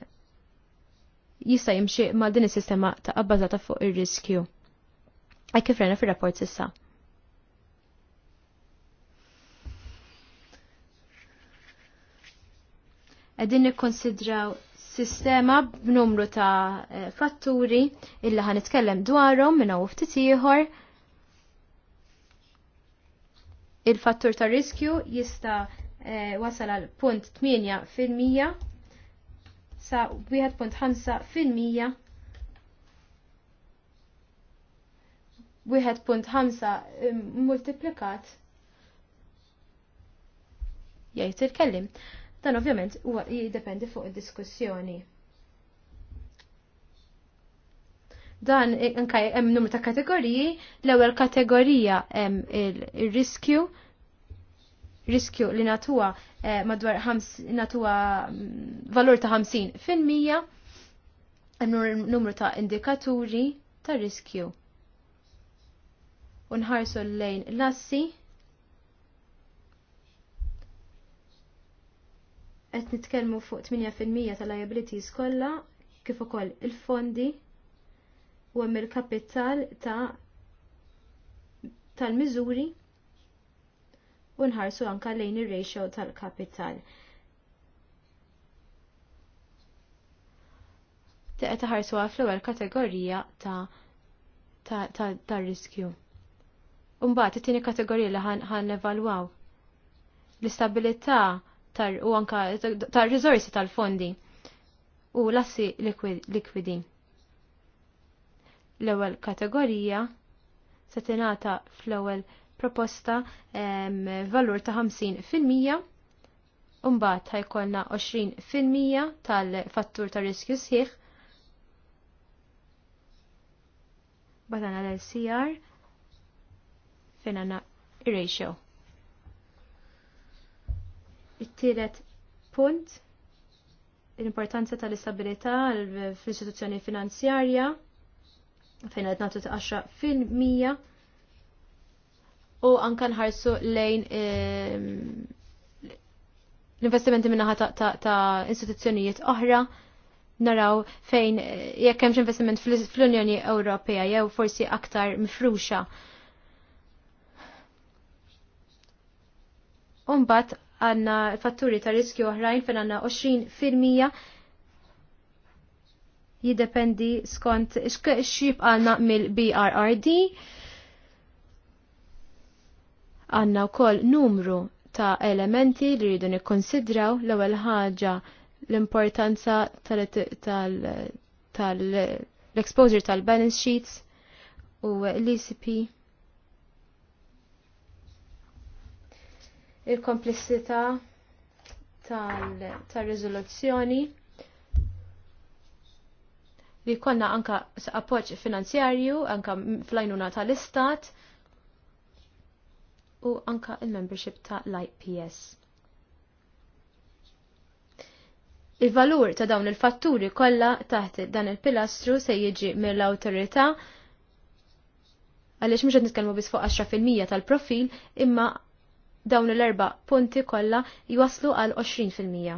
jista' jimxi ma' din is-sistema ta' abbażata fuq ir-riskju. Għaj kif rena fil-rapport sissa. Qegħdin nikkonsidraw sistema b'numru ta' eh, fatturi illa ħan nitkellem dwarhom minn hawn ftit ieħor. Il-fattur ta' riskju jista' eh, wasal għal punt 8% sa 1.5% 1.5 eh, multiplikat jgħid il-kellim Dan ovvjament huwa jiddependi fuq id-diskussjoni. Dan anke hemm numru ta' kategoriji, l-ewwel kategorija hemm ir-riskju riskju li natuwa eh, madwar natuwa mm, valur ta' 50 fil-mija numru ta' indikaturi ta' riskju. Unħarsu lejn lassi qed nitkellmu fuq 8% tal-liabilities kollha kif ukoll il-fondi u hemm il-kapital ta' tal-miżuri u nħarsu anka lejn ir-ratio tal-kapital. Teqgħet taħarsu fl-ewwel kategorija ta' tar-riskju. Umbagħad it-tieni kategorija li ħan evalwaw l-istabilità tar u anka tar-riżorsi tal-fondi u lassi likwidi. L-ewwel kategorija se tingħata fl-ewwel proposta valur ta' 50 fil-mija Umbat ħajkolna 20% tal-fattur ta' riskju sħiħ. Batana l-LCR fejn għandna ratio. It-tielet punt l-importanza tal-istabilità fl-istituzzjoni finanzjarja fejn qed nagħtu ta' fil-mija u anka nħarsu lejn ehm, l-investimenti minnaħa ta' istituzzjonijiet oħra naraw fejn jekk hemmx investiment fl-Unjoni Ewropea jew forsi aktar mifruxa. Umbat għanna fatturi ta' riskju oħrajn fejn għanna 20% jiddependi skont x'jib għanna mill-BRRD. Għanna wkoll numru ta' elementi li rridu nikkonsidraw l-ewwel ħaġa l-importanza tal-exposure tal-balance sheets u l-ECP il-komplessità tal-rizoluzzjoni li konna anka appoċ finanzjarju, anka flajnuna tal-istat u anka il-membership ta' l-IPS. Il-valur ta' dawn il-fatturi kollha taħt dan il-pilastru se jiġi mill-awtorità għaliex mhux qed nitkellmu bis fuq 10% tal-profil imma dawn l-erba' punti kollha jwaslu għal 20%.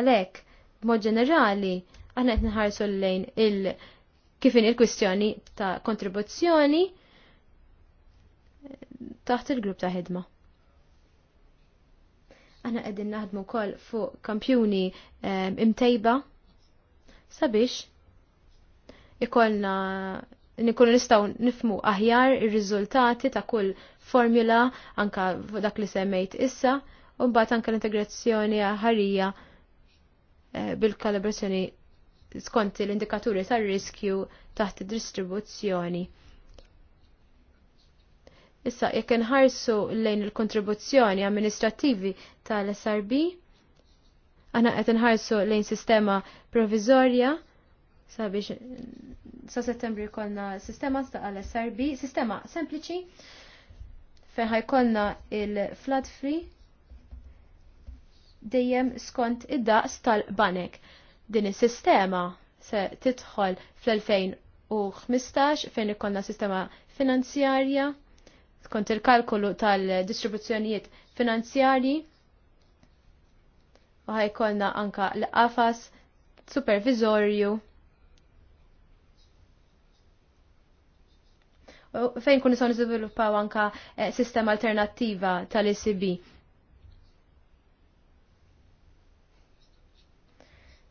Għalhekk, b'mod ġenerali, aħna qed nħarsu lejn il- kif il-kwistjoni ta' kontribuzzjoni taħt il-grupp ta' ħidma. Aħna qegħdin naħdmu wkoll fuq kampjuni eh, imtejba sabiex ikollna nikun nistgħu nifmu aħjar ir-riżultati ta' kull formula anka dak li semmejt issa u mbagħad anka l-integrazzjoni ħarija eh, bil-kalibrazzjoni skont l-indikaturi tar-riskju taħt id-distribuzzjoni. Issa jekk inħarsu lejn il-kontribuzzjoni amministrattivi tal-SRB, aħna qed inħarsu lejn sistema provizorja sabiex sa settembru jkollna sistema għal SRB, sistema sempliċi fejn ħajkollna il-flood free dejjem skont id-daqs tal-banek. Din is-sistema se tidħol fl-2015 fejn ikollna sistema finanzjarja skont il-kalkolu tal-distribuzzjonijiet finanzjarji u ħajkollna anka l-qafas supervizorju fejn kun nisaw niżviluppaw anka eh, sistema alternattiva tal-ECB.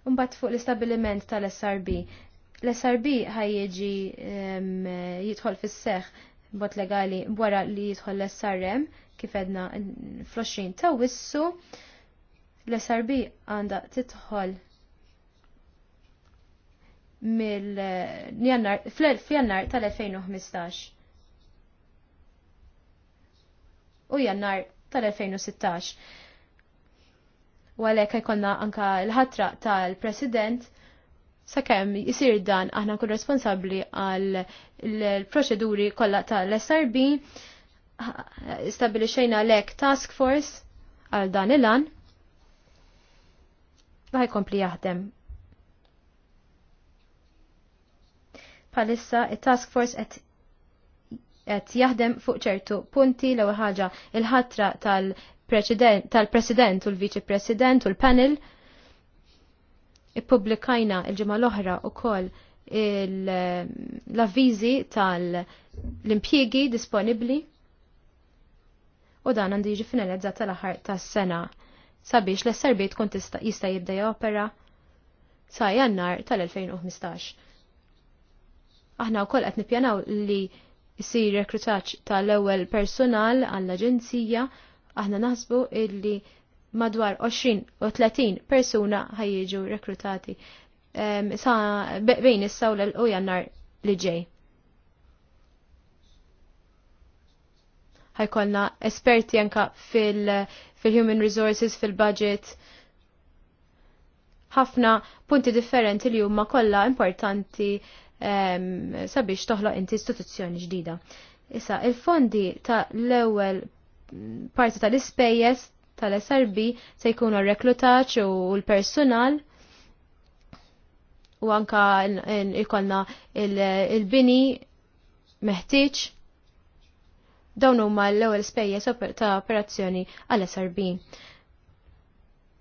Umbat fuq l-istabiliment tal-SRB. L-SRB ħajjeġi jidħol fis seħ bot legali wara li jidħol l-SRM kif edna fl-20 ta' wissu l-SRB għanda titħol mill-jannar, fl-jannar tal-2015. U jannar tal-2016. U għalek jkollna anka l-ħatra tal-President sakemm jisir dan aħna kun responsabli għal l-proċeduri kollha tal-SRB xejna lek task force għal dan il-an ħajkompli jaħdem palissa il-task force et qed jaħdem fuq ċertu punti l ħaġa il-ħatra tal-president u l-viċi president u l-panel ippubblikajna il-ġimgħa l-oħra ukoll l-avviżi tal-impjiegi disponibbli u dan għandu jiġi finalizzat tal-aħħar tas-sena sabiex l-SRB tkun jista' jibda jopera sa jannar tal-2015. Aħna wkoll qed nippjanaw li jsir rekrutaċ tal-ewwel personal għall-aġenzija, aħna naħsbu illi madwar 20 u 30 persuna ħajġu rekrutati um, sa bejn is-sawla u jannar li ġej. Ħajkolna esperti anka fil-human fil resources, fil-budget, ħafna punti differenti li huma kollha importanti sabiex toħloq inti istituzzjoni ġdida. Issa, il-fondi ta' l-ewwel parti tal-ispejjeż tal-SRB se jkunu r-reklutaċ u l-personal u anka ikolna il-bini meħtieġ dawn huma l-ewwel spejjeż ta' operazzjoni għall-SRB.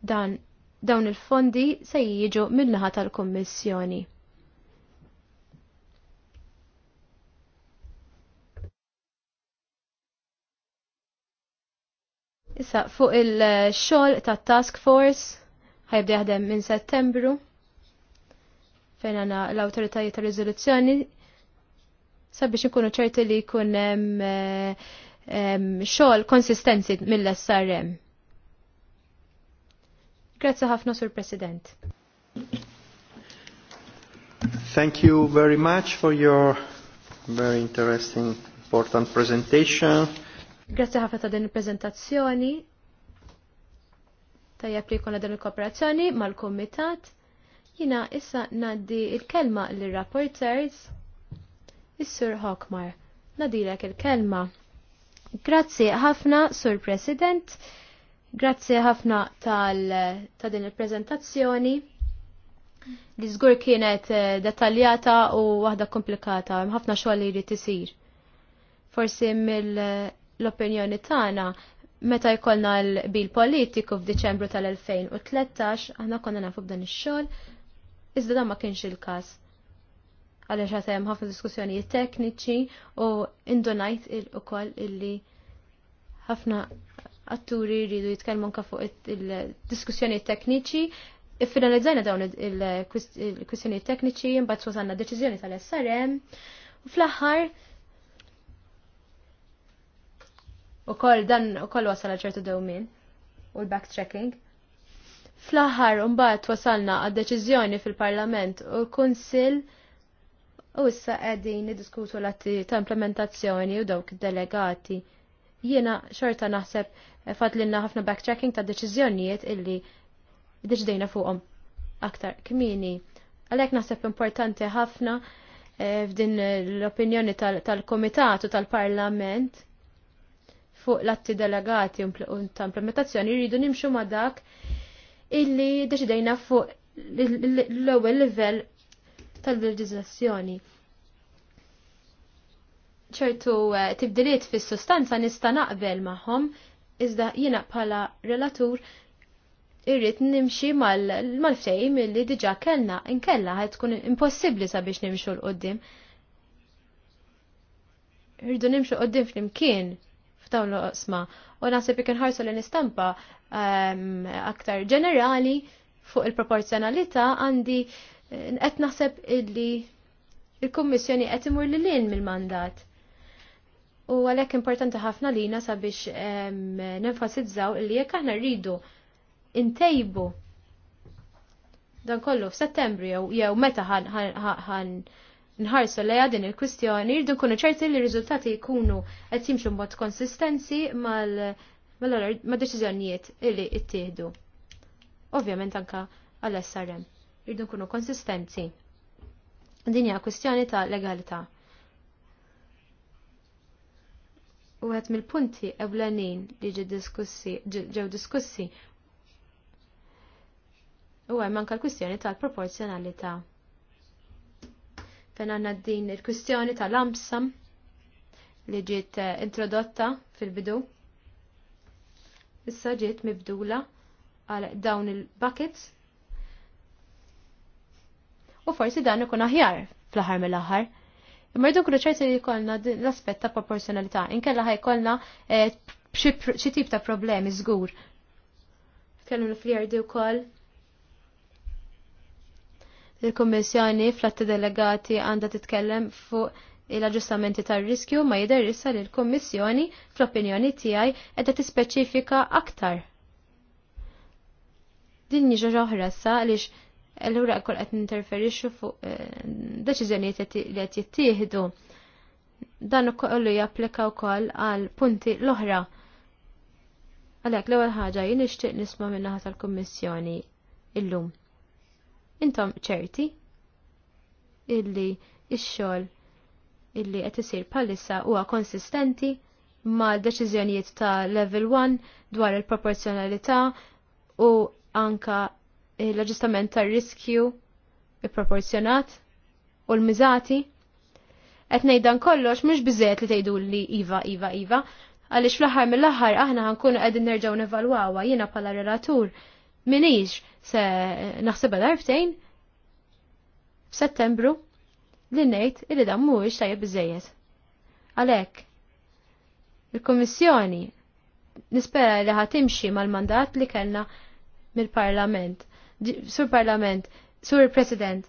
Dan dawn il-fondi se jiġu min-naħa tal-Kummissjoni. Issa, fuq il-xol ta' task force, ħajbda jaħdem minn settembru, fejn għana l-autoritajiet ta' rizoluzzjoni, sabiex ikunu ċerti li jkun xol konsistenzi mill-SRM. Grazie ħafna, Sur President. Thank you very much for your very interesting, important presentation. Grazzi ħafna ta' din il-prezentazzjoni. Tajjeb li jkollna din il-kooperazzjoni mal-Kumitat. Jina issa naddi il-kelma lir-rapporters is-Sur Hokmar. Nadilek il-kelma. Grazzi ħafna, Sur President. Grazzi ħafna tal ta' din il-prezentazzjoni. Li żgur kienet eh, dettaljata u waħda komplikata, hemm ħafna xogħol li jrid isir. Forsi mill l-opinjoni tagħna meta jkollna l-bil politiku f'Diċembru tal-2013 aħna konna nafu b'dan ix-xogħol iżda dan ma kienx il-każ għaliex għat hemm ħafna diskussjonijiet tekniċi u indunajt ukoll illi ħafna atturi jridu jitkellmu nka fuq il-diskussjonijiet tekniċi Iffinalizzajna dawn il-kwistjonijiet tekniċi, mbagħad wasanna deċiżjoni tal-SRM u fl-aħħar U koll dan u koll wasal ċertu dewmin u l-backtracking. Fl-aħħar mbagħad wasalna għad-deċiżjoni fil-Parlament u l-Kunsill u issa qegħdin niddiskutu l-atti ta' implementazzjoni u dawk delegati. Jiena xorta naħseb fadlilna ħafna backtracking ta' deċiżjonijiet illi deċdejna fuqhom aktar kmini. Għalhekk naħseb importanti ħafna eh, f'din l-opinjoni tal-Komitatu tal-Parlament. tal komitatu tal parlament fuq l-atti delegati u ta' implementazzjoni rridu nimxu ma' dak illi deċidejna fuq l-ewwel livell tal-leġiżlazzjoni. ċertu eh, tibdiliet fis-sustanza nista' naqbel magħhom, iżda jiena bħala relatur irrid nimxi mal fejm illi diġà kellna inkella ħed tkun impossibbli sabiex nimxu l-qoddim. Irridu nimxu qoddim flimkien f'dawn l-osma. U naħseb ikin ħarsu li nistampa ehm, aktar ġenerali fuq il-proporzjonalità għandi eh, qed naħseb illi il-Kummissjoni qed imur lil mill-mandat. U għalhekk importanti ħafna lina sabiex ehm, nenfasizzaw illi jekk aħna rridu intejbu dan kollu f'Settembru jew jew meta ħan nħarsu li din il-kwistjoni, rridu nkunu ċerti li r-riżultati jkunu qed jimxu mod konsistenzi mal-deċiżjonijiet li ttieħdu. Ovvjament anka għall-SRM. Rridu nkunu konsistenzi. Din hija kwistjoni ta' legalità. U għet mill-punti ewlenin li ġew diskussi, diskussi u għem anka l-kwistjoni tal-proporzjonalità. Ta fejn għanna din il-kwistjoni tal-amsam li ġiet eh, introdotta fil-bidu. Issa ġiet mibdula għal dawn il-buckets. U forsi dan ikun aħjar fl-aħħar mill-aħħar. Imma jdu kullu ċerti li jkollna l-aspett ta' proporzjonalità. Inkella ħajkollna eh, xi tip ta' problemi żgur. Kellu fl-jardi wkoll il-Kommissjoni fl-atti delegati għandha titkellem fuq il-aġġustamenti tar-riskju ma jidher issa li l-Kommissjoni fl-opinjoni tiegħi qiegħda tispeċifika aktar. Din jiġu oħra sa għaliex allura kol qed ninterferixxu fuq eh, deċiżjonijiet li qed jittieħdu. Dan ukollu japplika wkoll għal punti l-oħra. Għalhekk l-ewwel ħaġa jien nixtieq nisma' min-naħa tal-Kummissjoni illum. Intom ċerti illi ix-xogħol illi qed isir bħalissa huwa konsistenti mal deċiżjonijiet ta' level 1 dwar il-proporzjonalità u anka l-aġġustament tar-riskju il-proporzjonat u l-miżati. Qed ngħidan kollox mhux biżejjed li tgħidu li iva iva iva, għaliex fl-aħħar mill-aħħar aħna ħankunu qegħdin nerġgħu nevalwawha jiena bħala relatur minix se naħsibha darftejn f'Settembru li ngħid illi dan mhuwiex tajjeb biżejjed. Għalhekk il-Kummissjoni nispera li ħatimxi mal-mandat li kellna mill-Parlament. Sur Parlament, Sur President,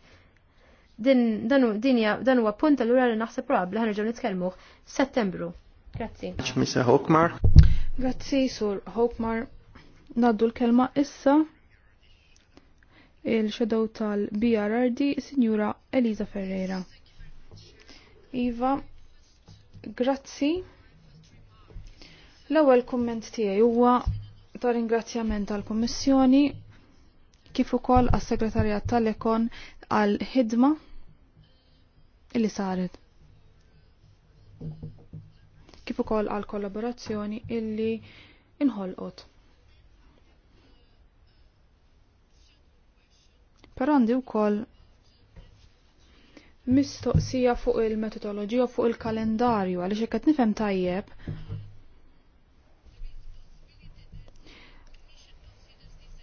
din dan huwa punt allura li naħseb probabbli ħanerġgħu nitkellmu Settembru. Grazzi. Mr. Hokmar. Grazzi Sur Hokmar. Naddu l-kelma issa il xedow tal-BRRD, Signora Elisa Ferreira. Iva, grazzi. L-ewwel kumment tiegħi huwa ta' ringrazzjament tal-Kummissjoni kif ukoll għas-Segretarjat tal-Ekon għal ħidma illi saret. Kif ukoll għal kollaborazzjoni illi inħolqot. però għandi wkoll mistoqsija fuq il-metodoloġija fuq il-kalendarju għaliex hekk qed nifhem tajjeb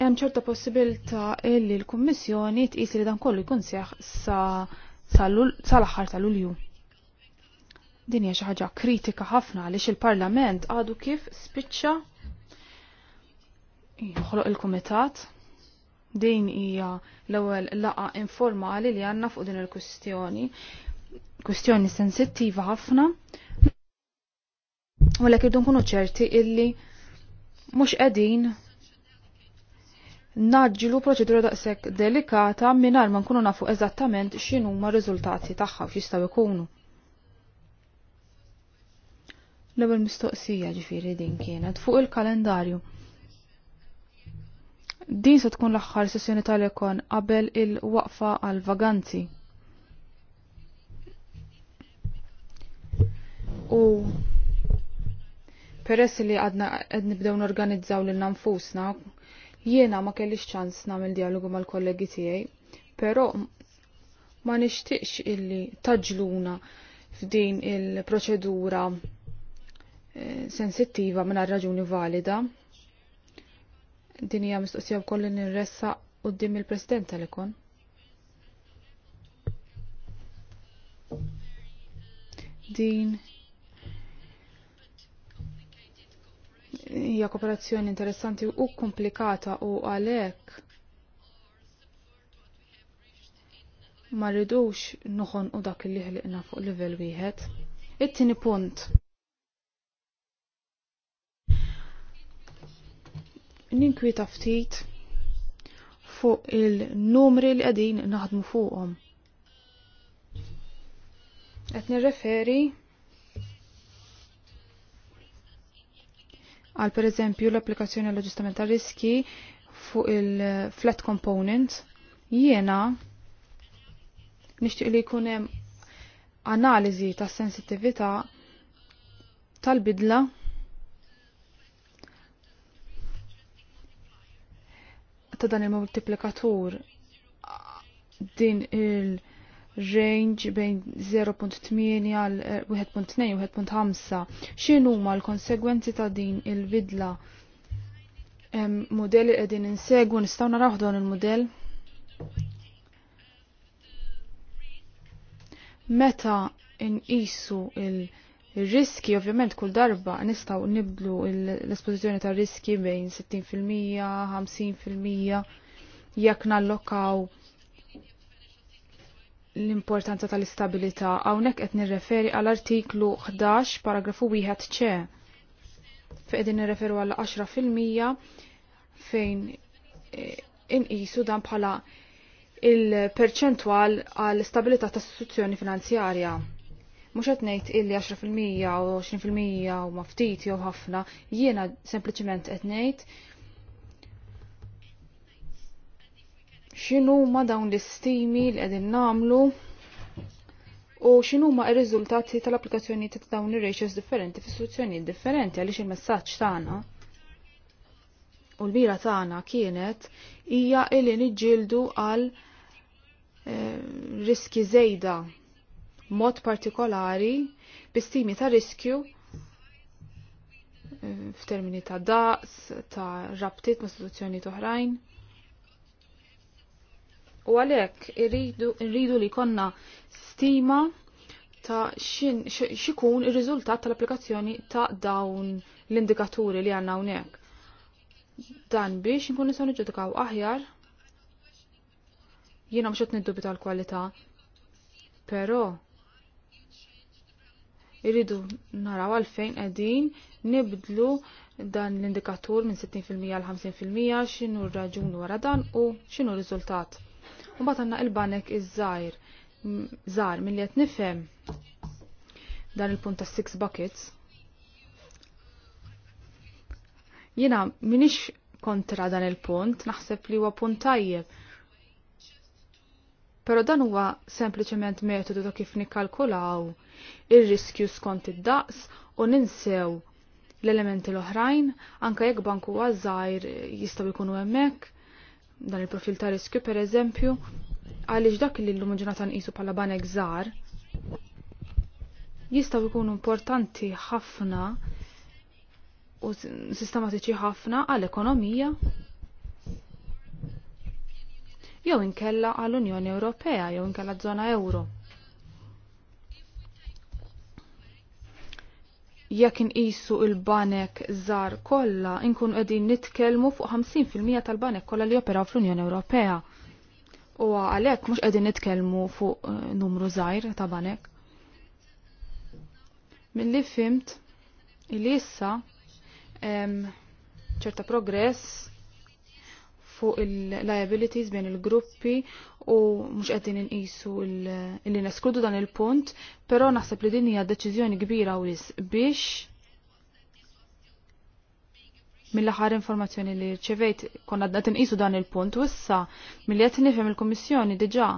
hemm ċerta possibilità illi l-Kummissjoni tqis li dan kollu jkun seħħ sa sal-aħħar tal-Ulju. Din hija xi ħaġa kritika ħafna għaliex il-Parlament għadu kif spiċċa joħloq il-Kumitat Din hija l-ewwel laqa informali li għandna fuq din il-kwistjoni. Kwistjoni sensittiva ħafna. Walek irdu nkunu ċerti illi mhux qegħdin naġġlu proċedura daqshekk delikata mingħajr ma nkunu nafu eżattament x'inhuma r-riżultati tagħha x'jistgħu jkunu. L-ewwel mistoqsija ġifieri din kienet fuq il-kalendarju. Din se tkun l-aħħar sessjoni tal-ekon qabel il-waqfa għal vaganzi. U peress li għadna għed nibdew n-organizzaw l nanfusna, jiena ma kellix ċans nagħmel dialogu mal-kollegi tiegħi, però ma nixtieqx illi taġluna f'din il-proċedura eh, sensittiva minn raġuni valida din hija mistoqsija wkoll li nirressa qudiem il-President tal-ikun. Din hija kooperazzjoni interessanti u komplikata u għalhekk ma rridux noħon u dak li ħliqna fuq livell wieħed. It-tieni punt. ninkwita ftit fuq il-numri li qegħdin naħdmu fuqhom. Qed nirreferi għal pereżempju l-applikazzjoni għall ġustament ta' riski fuq il-flat component, jiena nixtieq li jkun hemm analiżi ta' sensittività tal-bidla ta' dan il-multiplikatur din il-range bejn 0.8 għal 1.2 u 1.5 xinu ma l-konsegwenzi ta' din il-bidla modelli edin insegu nistawna naraw dan il modell meta in-isu il-model Ir-riski ovvjament kull darba nistgħu nibdlu l-espożizzjoni ta' riski bejn 60%, 50% jekk nallokaw l-importanza tal-istabilità hawnhekk qed nirreferi għal artiklu 11 paragrafu wieħed ċe. Fejn nirreferu għal 10% fejn e, inqisu dan bħala il-perċentwal għall istabilità tas-istituzzjoni finanzjarja. Mhux qed ngħid illi 10% u 20% u maftiti ftit jew ħafna, jiena sempliċement qed ngħid x'inhu ma dawn l-istimi li qegħdin nagħmlu u xinu ma r-riżultati tal-applikazzjoni ta' dawn ir-ratios differenti fi soluzzjonijiet differenti għaliex il-messaġġ tagħna u l-mira tagħna kienet hija illi niġġieldu għal eh, riski żejda mod partikolari bistimi ta' riskju eh, f'termini ta' daqs, ta' rabtiet ma' situazzjoni toħrajn. U għalhekk irridu li konna stima ta' xikun ir-riżultat tal-applikazzjoni ta' dawn l-indikaturi li għanna hawnhekk. Dan biex nkun nistgħu niġġudikaw aħjar jiena mxot niddubita tal kwalità però Irridu naraw għalfejn qegħdin nibdlu dan l-indikatur minn 60% għal 50% x'inhu r-raġun wara dan u x'inhu r-riżultat. U mbagħad għandna il-banek iż-żgħir żgħar milli qed nifhem dan il-punt ta' six buckets. Jiena minix kontra dan il-punt, naħseb li huwa punt tajjeb pero dan huwa sempliċement metodu ta' kif nikkalkulaw ir-riskju skont id-daqs u ninsew l-elementi l-oħrajn, anka jekk banku għazzajr jistaw ikunu hemmhekk, dan il-profil ta' riskju per eżempju, għaliex dak li l-lum ġurnata nqisu bħala banek żgħar, jistaw ikunu importanti ħafna u sistematiċi ħafna għall-ekonomija jew inkella għall-Unjoni Ewropea jew inkella żona euro. Jekk inqisu il-banek żar kollha inkun qegħdin nitkellmu fuq 50% tal-banek kollha li operaw fl-Unjoni Ewropea. U għalhekk mhux qegħdin nitkellmu fuq eh, numru żgħir ta' banek. Milli fimt li issa ċerta progress fuq il-liabilities bejn il-gruppi u mhux qegħdin inqisu li neskludu dan il-punt, però naħseb li din hija deċiżjoni kbira u biex mill-aħħar informazzjoni li rċevejt konna qed inqisu dan il-punt u issa milli qed nifhem il-Kummissjoni diġà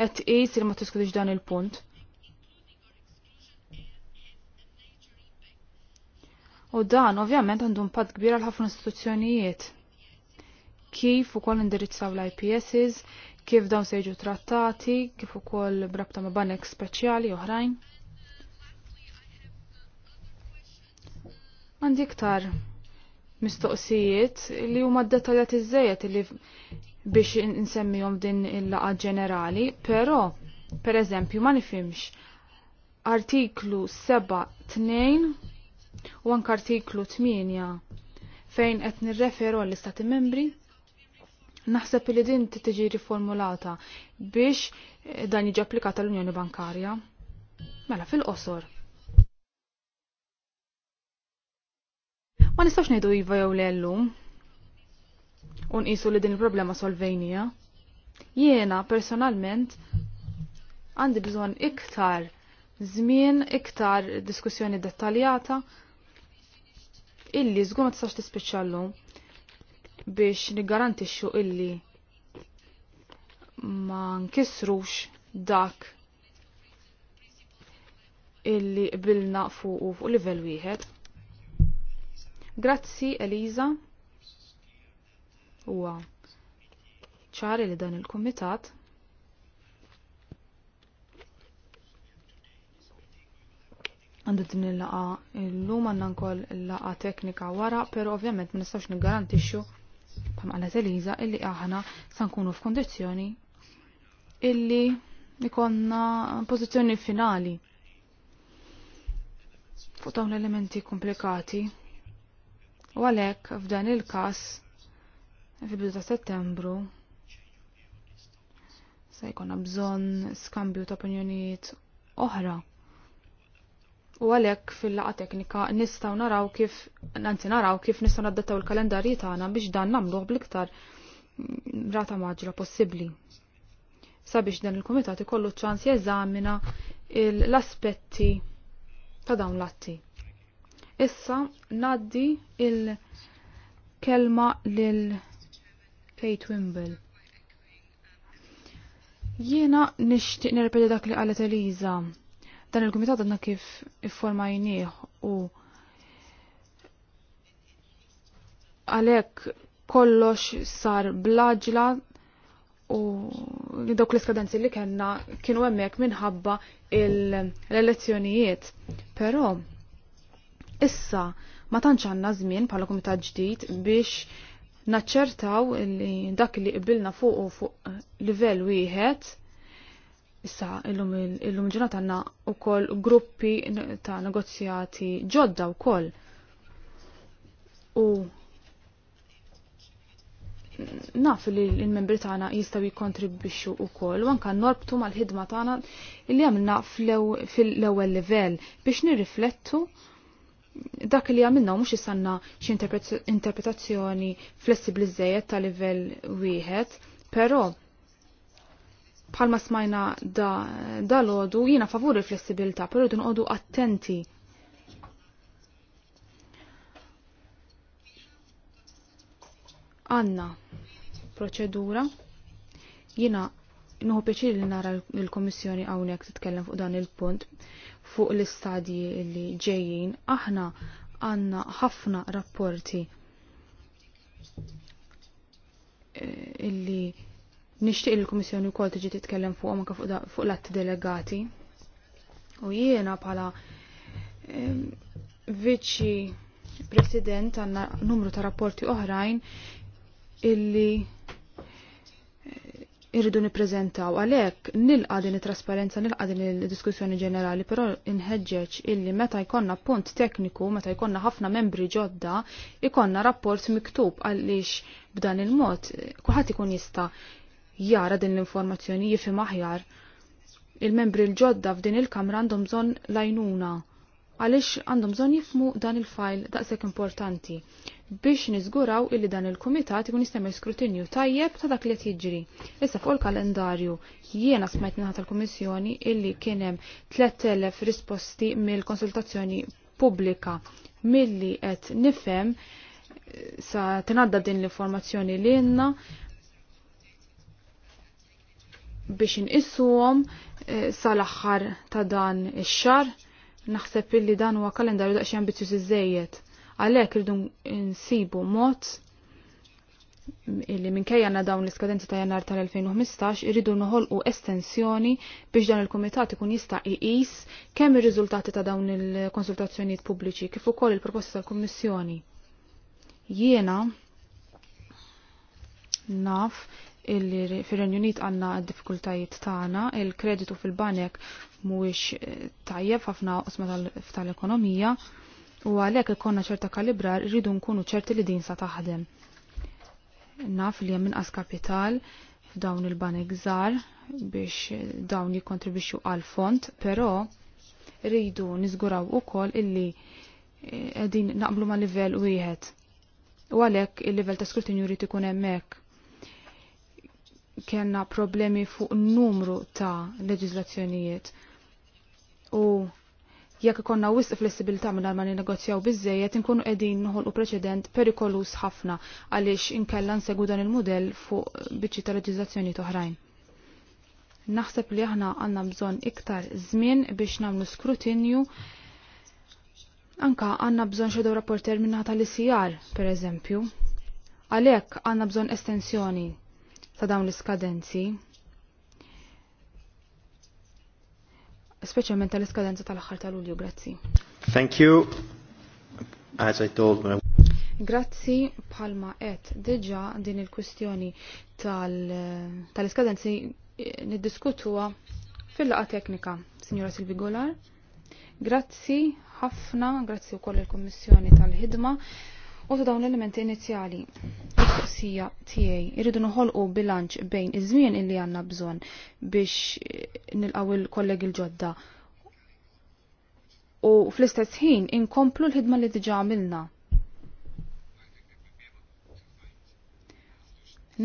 qed tqis li ma tiskudix dan il-punt. U dan ovvjament għandu impatt kbir għal ħafna istituzzjonijiet. Kif ukoll indirizzaw l-IPSs, kif dawn se jiġu trattati, kif ukoll brabta ma' banek speċjali oħrajn. Għandi iktar mistoqsijiet li huma dettaljati iżejjed li biex insemmihom din il-laqa ġenerali, però per eżempju ma nifhimx artiklu 7 2 u anke artiklu 8 fejn qed nirreferu għall-Istati Membri naħseb li din tiġi riformulata biex eh, dan jiġi applikata l-Unjoni Bankarja. Mela fil-qosor. Ma nistax ngħidu iva jew lellum u nqisu li din il-problema solvejnija. Jiena personalment għandi bżonn iktar żmien iktar diskussjoni dettaljata illi żgur ma tistax tispiċċallu biex niggarantixxu illi ma nkissrux dak illi bilna fuq fuq livell wieħed. Grazzi Eliza. Huwa ċari li dan il-kumitat Għandu din il-laqa illum għandna nkoll il-laqa teknika wara, pero ovvjament ma nistax niggarantixxu bħam għala Eliza illi aħna sankunu nkunu f'kondizzjoni illi ikonna pożizzjoni finali fuq dawn l-elementi komplikati. U għalhekk f'dan il-każ fil-bidu ta' Settembru se jkollna bżonn skambju ta' opinjonijiet oħra U għalhekk fil-laqa teknika nistgħu naraw kif nanti naraw kif nistgħu naddattaw il-kalendarji tagħna biex dan namluħ bl-iktar rata maġra possibbli. Sabiex dan il-kumitat ikollu ċans jeżamina l-aspetti ta' dawn l-atti. Issa naddi il-kelma lil Kate Wimble. Jiena nixtieq nirpedi dak li qalet Eliza Dan il-kumitat għadna kif iffurmajnieh u għalhekk kollox sar blaġla u dawk l-iskadenzi li kellna kienu hemmhekk minħabba l-elezzjonijiet. Però issa ma tantx għandna żmien bħala kumitat ġdid biex naċċertaw li dak li qbilna fuq u fuq livell wieħed Issa, illum il-ġurnata għanna u koll gruppi ta' negozjati ġodda u koll. U naf li l-membri tagħna jistgħu jikkontribwixxu wkoll u anke norbtu mal-ħidma tagħna li għamilna fil-ewwel livell biex nirriflettu dak li għamilna mhux jissanna xi interpretazzjoni flessibbli żejjed ta' livell wieħed, però bħalma smajna da l ħodu jina il flessibilta, pero din ħodu attenti. Għanna proċedura jina nħu pieċir li nara l-Komissjoni għawnek titkellem fuq dan il-punt fuq l-istadji li ġejjin. Aħna għanna ħafna rapporti eh, illi Nixtieq il-Kummissjoni wkoll tiġi titkellem fuq anke fuq l-att delegati. U jiena bħala viċi President għandna numru ta' rapporti oħrajn illi eh, irridu niprezentaw għalek nilqa din it-trasparenza nilqa din il-diskussjoni ġenerali però inħeġġeġ illi meta jkonna punt tekniku meta jkonna ħafna membri ġodda ikonna rapport miktub għaliex b'dan il-mod eh, kuħat ikun jista' jara din l-informazzjoni jifim aħjar. Il-membri l-ġodda f'din il-kamra għandhom bżon lajnuna għalix għandhom bżon jifmu dan il-fajl daqshekk importanti biex niżguraw illi dan il-kumitat ikun jistema' skrutinju tajjeb ta' dak li qed jiġri. Issa fuq il-kalendarju jiena smajt minħat tal-Kummissjoni illi kien hemm 3000 risposti mill-konsultazzjoni pubblika milli qed nifhem sa tinadda din l-informazzjoni li jenna biex inqissuhom e, sal-aħħar ta' dan ix-xar. Naħseb illi dan huwa kalendarju daqsxejn ambizzjuż iżejjed. Għalhekk irdu nsibu mod illi minkejja għandna dawn l iskadenza ta' jannar tal-2015 irridu noħolqu estensjoni biex dan il-kumitat ikun jista' iqis kemm ir-riżultati ta' dawn il-konsultazzjonijiet pubbliċi kif ukoll il-proposti tal-Kummissjoni. Jiena naf illi fir-Renju Unit għandna d-diffikultajiet tagħna, il-kreditu fil-banek mhuwiex eh, tajjeb ħafna qosma tal-ekonomija u għalhekk ikonna ċerta kalibra rridu nkunu ċerti li din sa taħdem. Naf li hemm inqas kapital f'dawn il-banek żgħar biex eh, dawn jikkontribwixxu għal fond, però rridu niżguraw ukoll illi eh, qegħdin naqblu ma' livell wieħed. U għalhekk il-livell ta' skrutinju jrid ikun hemmhekk kena problemi fuq numru ta' leġizlazzjonijiet u jekk ikonna wisq flessibilità minn ma ninegozjaw biżejjed inkunu qegħdin noħolqu preċedent perikolus ħafna għaliex inkella nsegwu dan il-mudell fuq biċċi ta' leġiżlazzjoni oħrajn. Naħseb li aħna għandna bżonn iktar żmien biex nagħmlu skrutinju anka għandna bżonn xedew rapporter minna tal-ICR, pereżempju. Għalhekk għandna bżonn estensjoni ta' dawn l-iskadenzi. Speċjalment tal-iskadenza tal-aħħar ta' Lulju, grazzi. Thank you. As I told my Grazzi palma et diġa din il-kustjoni tal-iskadenzi tal eh, niddiskutuwa fil-laqa teknika, Signora Silvi Golar. Grazzi ħafna, grazzi u koll il-Kommissjoni tal-ħidma. U dawn l-elementi inizjali il-foqsija tiegħi irridu noħolqu bilanċ bejn iż-żmien illi għandna bżonn biex eh, nilqaw il-kollegi l-ġodda. U fl-istess ħin inkomplu l-ħidma li diġà għamilna.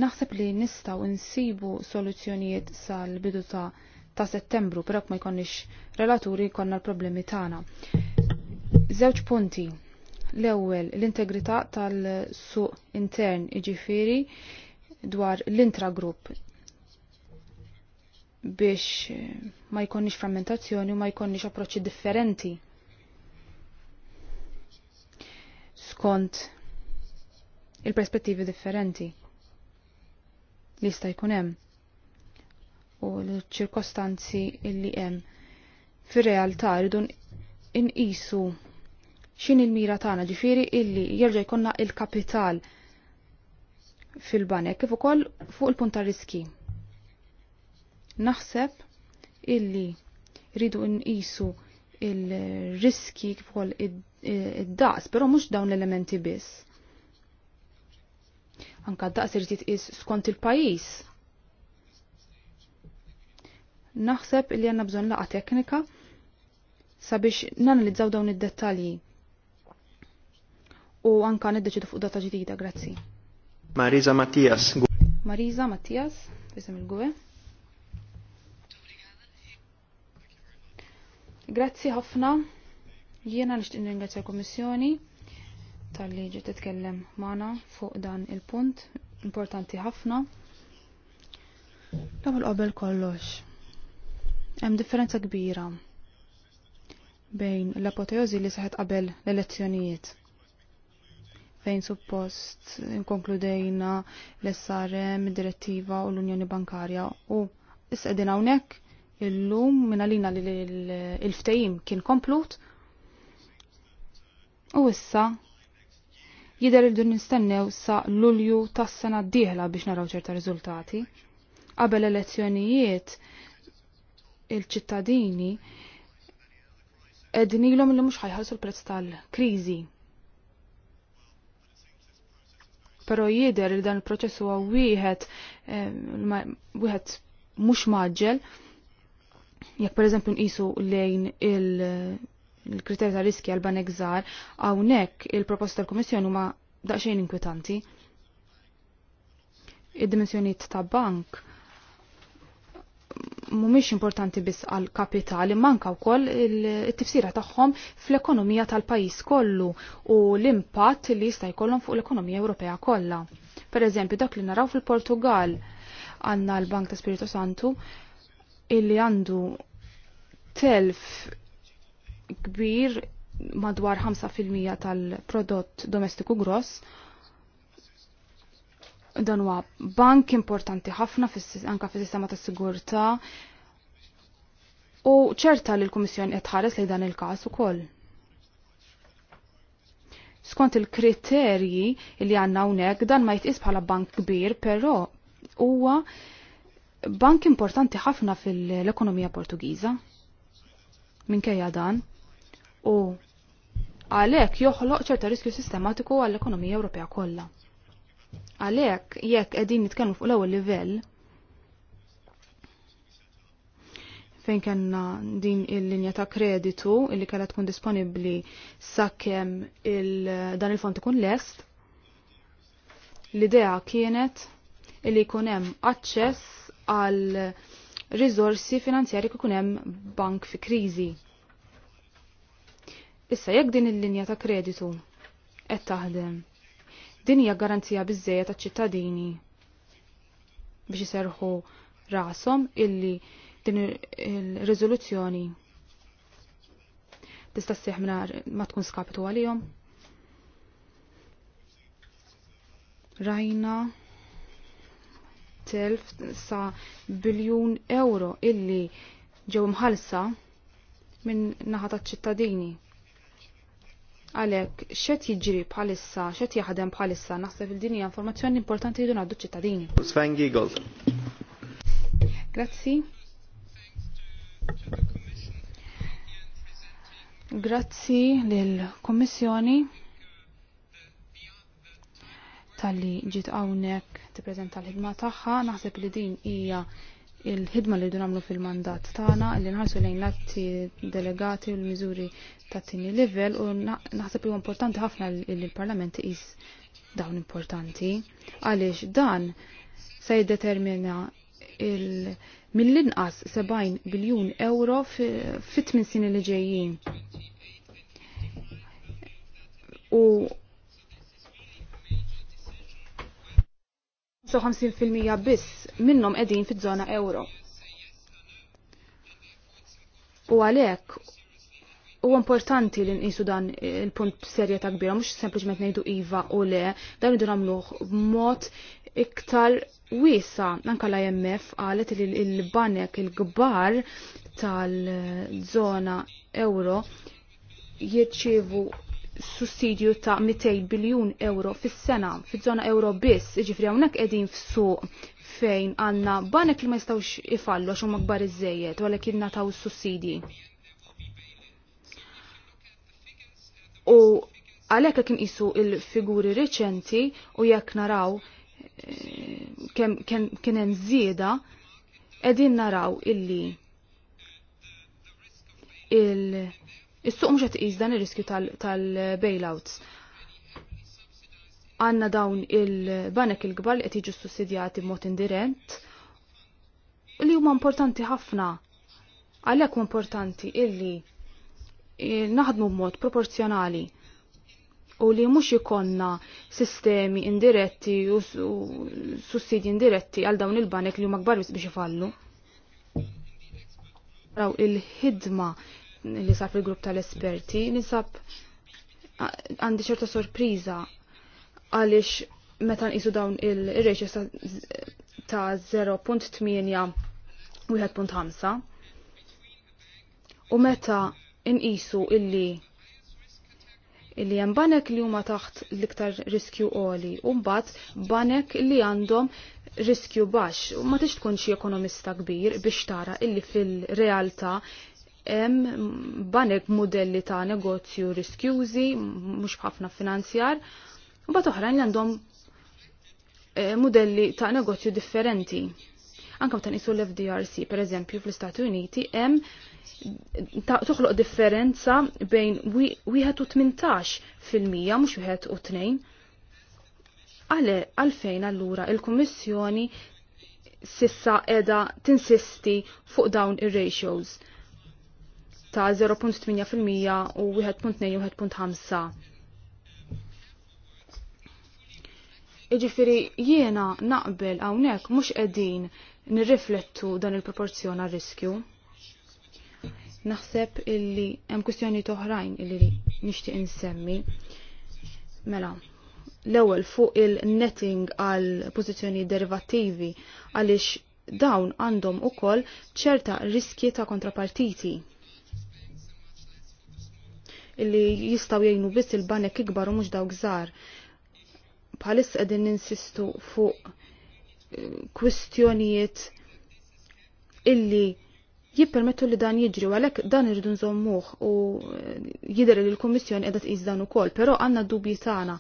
Naħseb li nistgħu insibu soluzzjonijiet sal-bidu ta' ta' settembru, perak ma jkonnix relaturi konna l-problemi tagħna. Żewġ punti L-ewwel l-integrità tal-suq intern jiġifieri dwar l-intragrupp biex ma jkonniex frammentazzjoni u ma jkonniex approċċi differenti skont il-perspettivi differenti li sta jkun hemm u l-ċirkostanzi li hemm fir-realtà rridu nqisu in xin il-mira tagħna ġifieri illi jerġa' jkollna il-kapital fil-banek kif ukoll fuq il-punt tar riski. Naħseb illi rridu nqisu il-riski kif ukoll id-daqs, però mhux dawn l-elementi biss. Anka d-daqs irid jitqis skont il-pajjiż. Naħseb illi għandna bżonn laqa teknika sabiex nanalizzaw dawn id-dettalji u anka niddeċidu fuq data ġdida, grazzi. Marisa Mattias. Marisa Mattias, isem il-gwe. Grazzi ħafna. Jiena nixtieq ningrazzja l-Kummissjoni tal-li ġiet titkellem magħna fuq dan il-punt importanti ħafna. L-ewwel qabel kollox. Hemm differenza kbira bejn l-apoteożi li saħet qabel l-elezzjonijiet fejn suppost inkonkludejna l-SRM, direttiva u l-Unjoni Bankarja u isqedin hawnhekk illum minn għalina li l ftejim kien komplut u issa jider il-dun nistennew sa lulju tas-sena d-dieħla biex naraw ċerta riżultati. Qabel elezzjonijiet il-ċittadini ednilhom li mhux ħajħallsu l-prezz tal-kriżi. pero jider li dan il-proċess huwa wieħed wieħed mhux maġġel jekk pereżempju nqisu lejn il kriterju ta' riski għal banek żgħar hawnhekk il-proposta tal-Kummissjoni huma daqsxejn inkwetanti. Id-dimensjonijiet ta' bank mhumiex importanti biss għal kapitali manka wkoll it-tifsira tagħhom fl-ekonomija tal-pajjiż kollu u l-impatt li jista' jkollhom fuq l-ekonomija Ewropea kollha. Pereżempju dak li naraw fil-Portugal għandna l-Bank ta' Spiritu Santu illi għandu telf kbir madwar 5% tal-prodott domestiku gross dan huwa bank importanti ħafna anka fis-sistema tas-sigurtà u ċerta li l-Kummissjoni qed tħares li dan il-każ ukoll. Skont il-kriterji li għandna hawnhekk dan ma jitqis bħala bank kbir, però huwa bank importanti ħafna fil-ekonomija Portugiża. Minkejja dan u għalhekk joħloq ċerta riskju sistematiku għall-ekonomija Ewropea kollha. Għalhekk jekk qegħdin nitkellmu fuq l-ewwel livell fejn kellna din il-linja ta' kreditu illi kellha tkun disponibbli sakemm il dan il-fond ikun lest. L-idea kienet illi jkun hemm aċċess għal rizorsi finanzjari kikun hemm bank fi kriżi. Issa jekk din il-linja ta' kreditu qed taħdem Din hija garanzija biżejja taċ ċittadini biex iserħu rashom illi din ir riżoluzzjoni tista' ssieħ ma tkun skapitu għalihom. Rajna telf sa biljun euro illi ġew mħalsa minn naħa taċ-ċittadini. Għalek, xet jiġri bħalissa, xet jaħdem bħalissa, naħseb il-dinja informazzjoni importanti jidun għaddu ċittadini. Sven Giegold. Grazzi. Grazzi lill-Kommissjoni tal-li ġiet hawnhekk tippreżenta l-ħidma tagħha, naħseb li din hija il-ħidma li dunamlu fil-mandat tagħna li nħarsu lejn l-atti delegati u l-miżuri ta' tini level u naħseb li importanti ħafna li l-Parlament is dawn importanti għaliex dan se jiddetermina mill-inqas 70 biljun euro fit-8 snin li ġejjin. U 55% biss minnhom qegħdin fiż-żona euro. U għalhekk u importanti li nqisu dan il-punt serja ta' kbira, mhux sempliċement ngħidu iva u le, dan idu nagħmluh b'mod iktar wiesa. nanka l-IMF qalet li l-banek il-kbar tal zona euro jirċievu sussidju ta' 200 biljun euro fis-sena fiż-żona euro biss, jiġifieri hawnhekk qegħdin f'suq fejn għandna banek li ma jistgħux ifallu għax huma kbar iżejjed għalhekk jingħataw is-sussidji. U għalhekk jekk jisu il-figuri riċenti u jekk naraw eh, kemm kien hemm żieda qegħdin naraw illi il- Is-suq mhux qed dan ir-riskju tal-bailouts. Għanna dawn il-banek il-kbar li qed jiġu sussidjati b'mod indirett li huma importanti ħafna. Għalhekk importanti illi naħdmu b'mod proporzjonali u li mhux ikonna sistemi indiretti u sussidji indiretti għal dawn il-banek li huma kbar biex ifallu. Raw il-ħidma li sa fil-grupp tal-esperti, nisab għandi ċerta sorpriża għaliex meta nqisu dawn il-reċis ta' 0.8 1.5 u meta nqisu illi illi hemm banek li huma taħt l-iktar riskju għoli u mbagħad banek li għandhom riskju baxx u ma tix tkun xi ekonomista kbir biex tara illi fil-realtà hemm banek modelli ta' negozju riskjużi, mhux ħafna finanzjar, u bat oħrajn li għandhom eh, modelli ta' negozju differenti. Anka ta' nisu l-FDRC, per eżempju, fl-Istati Uniti, hemm toħloq differenza bejn wieħed u tmintax fil-mija, mhux wieħed u tnejn. Għale, għalfejn allura il-Kummissjoni sissa edha tinsisti fuq dawn ir-ratios ta' 0.8% u 1.2 u 1.5. Iġifiri jiena naqbel hawnhekk mhux qegħdin nirriflettu dan il-proporzjon għal riskju. Naħseb illi hemm kustjoni oħrajn illi nixtieq insemmi. Mela, l-ewwel fuq il-netting għal pożizzjoni derivattivi għaliex dawn għandhom ukoll ċerta riskji ta' kontrapartiti illi jistaw jgħinu biss il-banek ikbar u mhux dawk żgħar. Bħalissa qegħdin ninsistu fuq eh, kwistjonijiet illi jippermettu li dan jiġri għalhekk dan irridu nżommuh u eh, jidher li l-Kummissjoni qiegħda tqis dan ukoll, però għandna dubji tagħna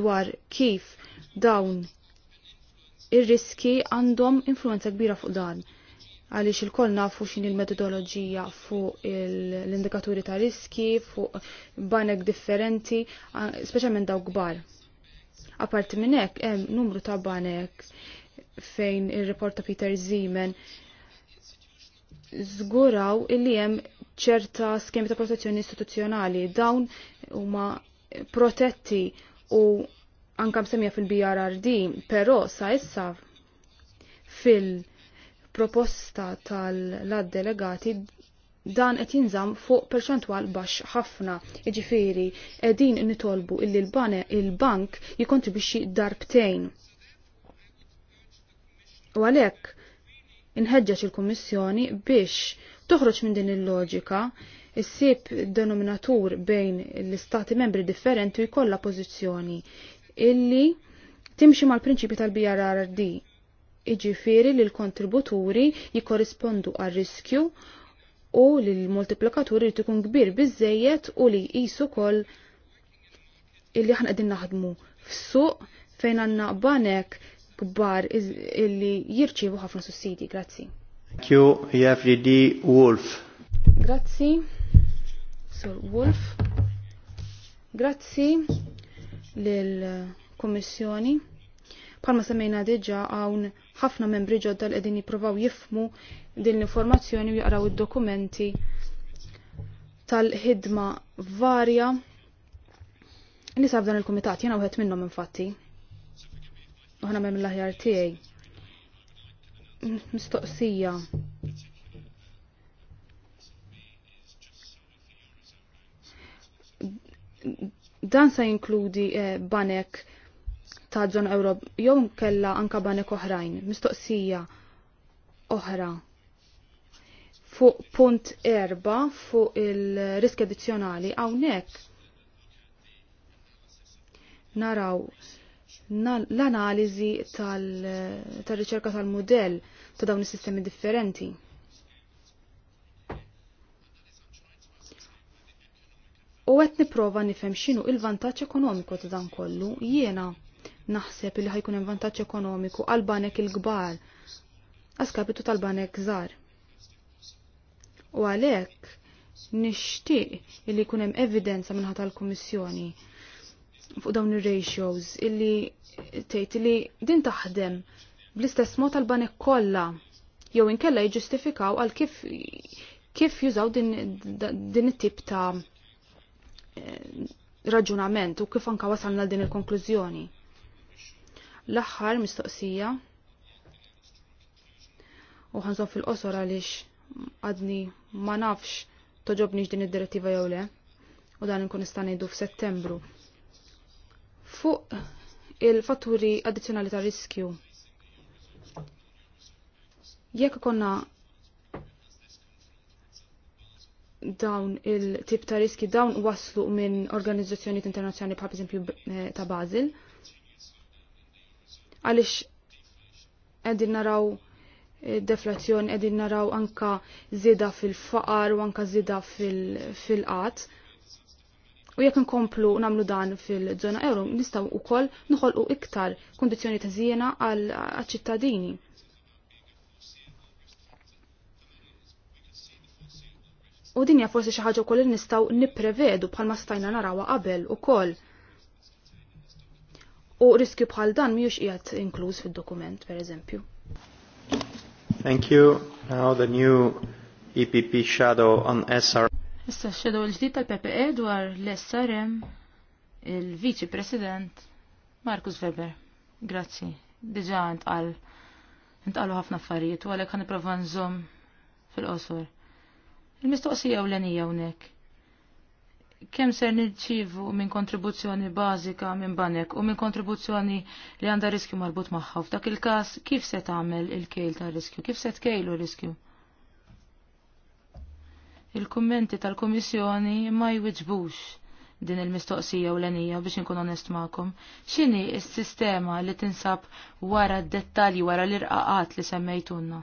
dwar kif dawn ir-riski għandhom influenza kbira fuq dan għaliex il-koll nafu xin il-metodoloġija fuq l-indikaturi ta' riski, fuq banek differenti, speċjalment daw kbar. Apart minn hekk hemm numru ta' banek fejn ir reporta Peter Zeman żguraw illi hemm ċerta skemi ta' protezzjoni istituzzjonali dawn huma protetti u anka msemmija fil-BRRD, però sa issa fil- proposta tal-lad delegati dan qed jinżamm fuq perċentwal baxx ħafna. Jiġifieri qegħdin nitolbu illi l-bank jikkontribwixxi darbtejn. U għalhekk inħeġġeġ il-Kummissjoni biex toħroġ minn din il-loġika issib denominatur bejn l-istati membri differenti u jkollha pożizzjoni illi timxi mal-prinċipju tal-BRRD iġifiri li l-kontributuri jikorrispondu għal riskju u li l-multiplikaturi li tkun kbir biżejjed u li jisu kol illi ħan għedin naħdmu f'suq fejn għandna banek kbar illi jirċievu ħafna sussidi. Grazzi. Thank you, Jafridi e Wolf. Grazzi, Sir Wolf. Grazzi lill-Kommissjoni bħalma semmejna diġa għawn ħafna membri ġodda li qegħdin jippruvaw jifmu din l-informazzjoni u jaqraw id-dokumenti tal-ħidma varja Nisab dan il-komitat jena uħet minnom infatti. Uħna mem l-ħjar tiegħi. Mistoqsija. Dan sa jinkludi eh, banek ta' John Europe jew kella anka banek oħrajn, mistoqsija oħra fuq punt erba fuq il-risk addizzjonali hawnhekk naraw l-analiżi tal-riċerka tal tal-modell ta' dawn is-sistemi differenti. U qed nipprova nifhem x'inhu il-vantaġġ ekonomiku ta' dan kollu jiena naħseb li ħajkun hemm vantaġġ ekonomiku għal banek il-kbar kapitu tal-banek żgħar. U għalhekk nixtieq li jkun hemm evidenza minħa tal-Kummissjoni fuq dawn ir-ratios illi tgħid li din taħdem bl-istess mod tal-banek kollha jew inkella jiġġustifikaw għal kif kif jużaw din it-tip ta' eh, raġunament u kif anka wasalna din il-konklużjoni. L-aħħar mistoqsija u ħanżon fil-qosor għaliex għadni ma nafx toġobni din id-direttiva jew le u dan nkun nista' ngħidu f'Settembru. Fuq il-fatturi addizzjonali ta' riskju. Jekk konna dawn il-tip ta' riski dawn waslu minn organizzazzjoni internazzjonali bħal eżempju eh, ta' Basil, għaliex qegħdin naraw eh, deflazzjoni, qegħdin naraw anka żieda fil-faqar u anka zida fil qat U jekk nkomplu nagħmlu dan fil-żona euro, nistgħu wkoll noħolqu iktar kundizzjoni ta' żiena għall-ċittadini. U dinja forsi xi ħaġa wkoll nistgħu nipprevedu bħalma stajna narawha qabel ukoll u riski bħal dan mhijiex qiegħed inkluż fid-dokument pereżempju. Thank you. Now the new EPP shadow on SR. Issa shadow l-ġdid tal-PPE dwar l-SRM il-Viċi President Markus Weber. Grazzi. Diġa ntqal ntqalu ħafna affarijiet u għalhekk ħaniprofa nżomm fil-qosor. Il-mistoqsija u l-enija hawnhekk kem ser nirċivu minn kontribuzzjoni bażika minn banek u minn kontribuzzjoni li għandha riskju marbut magħha. F'dak il-każ kif se tagħmel il-kejl ta' riskju? Kif se tkejlu riskju? Il-kummenti tal-Kummissjoni ma jwiġbux din il-mistoqsija u l-enija biex nkun onest ma'kom. X'inhi s-sistema li tinsab wara d-dettalji wara l-irqaqat li semmejtunna?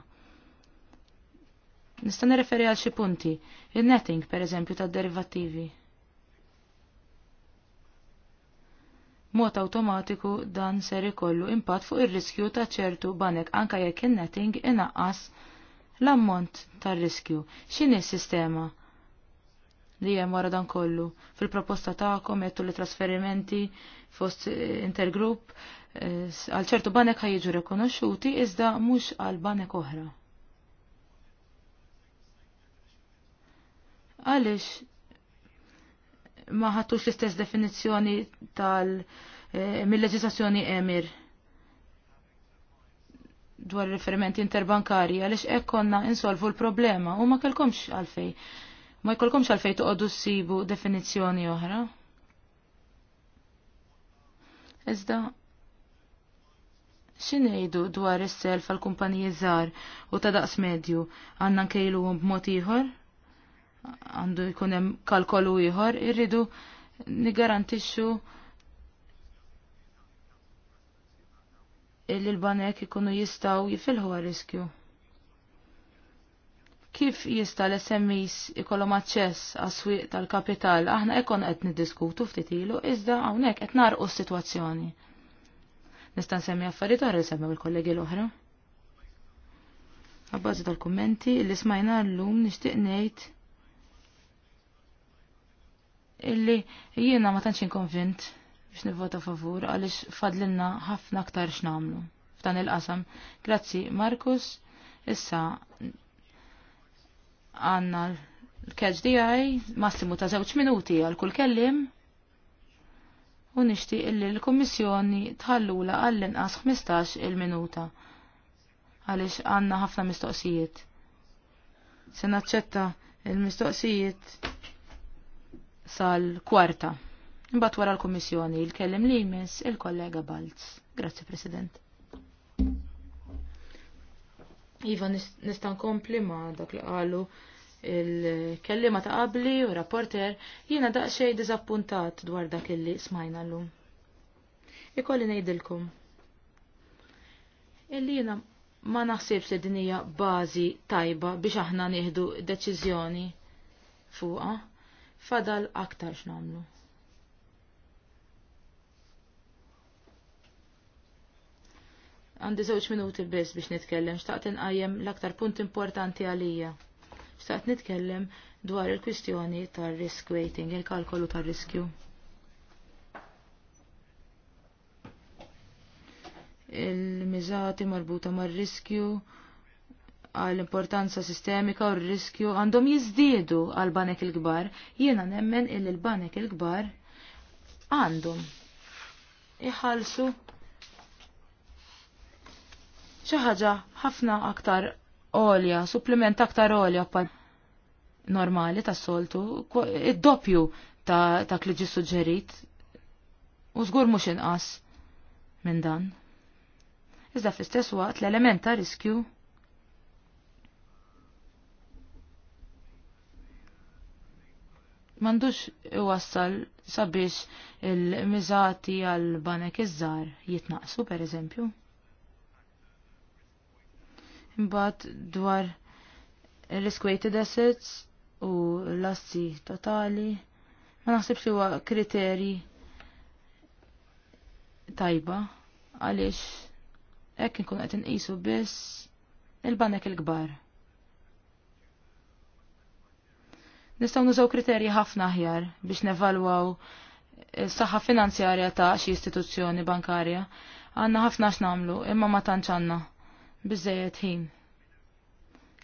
Nista' nirreferi għal xi punti, il-netting pereżempju tad-derivattivi. mod awtomatiku dan ser ikollu impatt fuq ir-riskju ta' ċertu banek anka jekk in-netting inaqqas l-ammont tar-riskju. X'inhi s-sistema? li hemm wara dan kollu. Fil-proposta tagħkom jettu li trasferimenti fost eh, intergrupp eh, għal ċertu banek ħajġu rekonoxxuti iżda mhux għal banek oħra. Għaliex ma ħattux l-istess definizzjoni tal eh, mill-leġislazzjoni emir dwar riferimenti interbankari għaliex ekkonna konna insolvu l-problema u ma kelkomx għalfej. Ma jkolkomx għalfej s ssibu definizzjoni oħra. Iżda x'ingħidu dwar is-self għall kumpaniji żgħar u ta' daqs medju għandna nkejlu b'mod ieħor? għandu jkun hemm kalkolu ieħor, irridu nigarantixxu illi l-banek ikunu jistaw jifilħu għal-riskju. Kif jista l-SMEs ikolom aċċess għas-swieq tal-kapital, aħna ekon qed niddiskutu ftit ilu, iżda hawnhekk qed narqu s-sitwazzjoni. Nista' nsemmi affarijiet oħra li semmew il-kollegi l-oħra. Għabbażi tal-kummenti li smajna llum nixtieq ngħid illi jiena ma tantx inkonvint biex nivvota favur għaliex fadlinna ħafna aktar x'namlu f'dan il-qasam. Grazzi Markus, issa għanna l-catch DI massimu ta' żewġ minuti għal kull kellim u nixtieq illi l-Kummissjoni tħallula għall-inqas 15 il-minuta għaliex għanna ħafna mistoqsijiet. Se naċċetta il-mistoqsijiet sal-kwarta. Mbagħad wara l-Kummissjoni il kellem li jmiss il-kollega Balz. Grazzi President. Iva nista' nkompli ma' dak li qalu il-kellima ta' qabli u rapporter jiena daqsxej diżappuntat dwar dak li smajna llum. Ikolli ngħidilkom. Illi jina ma naħsibx li din hija bażi tajba biex aħna nieħdu deċiżjoni fuqha fadal aktar x'namlu. Għandi żewġ minuti biss biex nitkellem, xtaqt inqajjem l-aktar punt importanti għalija. Xtaqt nitkellem dwar il-kwistjoni tar-risk weighting, il-kalkolu tar-riskju. il miżati marbuta mar-riskju, għall-importanza sistemika u r-riskju għandhom jizdiedu għal-banek il-kbar, jiena nemmen il l-banek il-kbar għandhom iħalsu ħaġa ħafna aktar olja, supplement aktar olja pal normali ta' soltu, id-doppju ta' dak li suġġerit. U żgur mhux inqas minn dan. Iżda fl-istess waqt l elementa ta' riskju mandux iwassal sabiex il-mizati għal banek iż-żar jitnaqsu per eżempju. Imbagħad dwar risk-weighted assets u l-assi totali ma naħsibx li huwa kriteri tajba għaliex hekk inkun qed inqisu biss il-banek il-kbar. il banek il kbar Nistgħu nużaw kriterji ħafna aħjar biex nevalwaw saħħa finanzjarja ta' xi istituzzjoni bankarja. Għandna ħafna x'namlu, imma ma tantx għandna. Biżejjed ħin.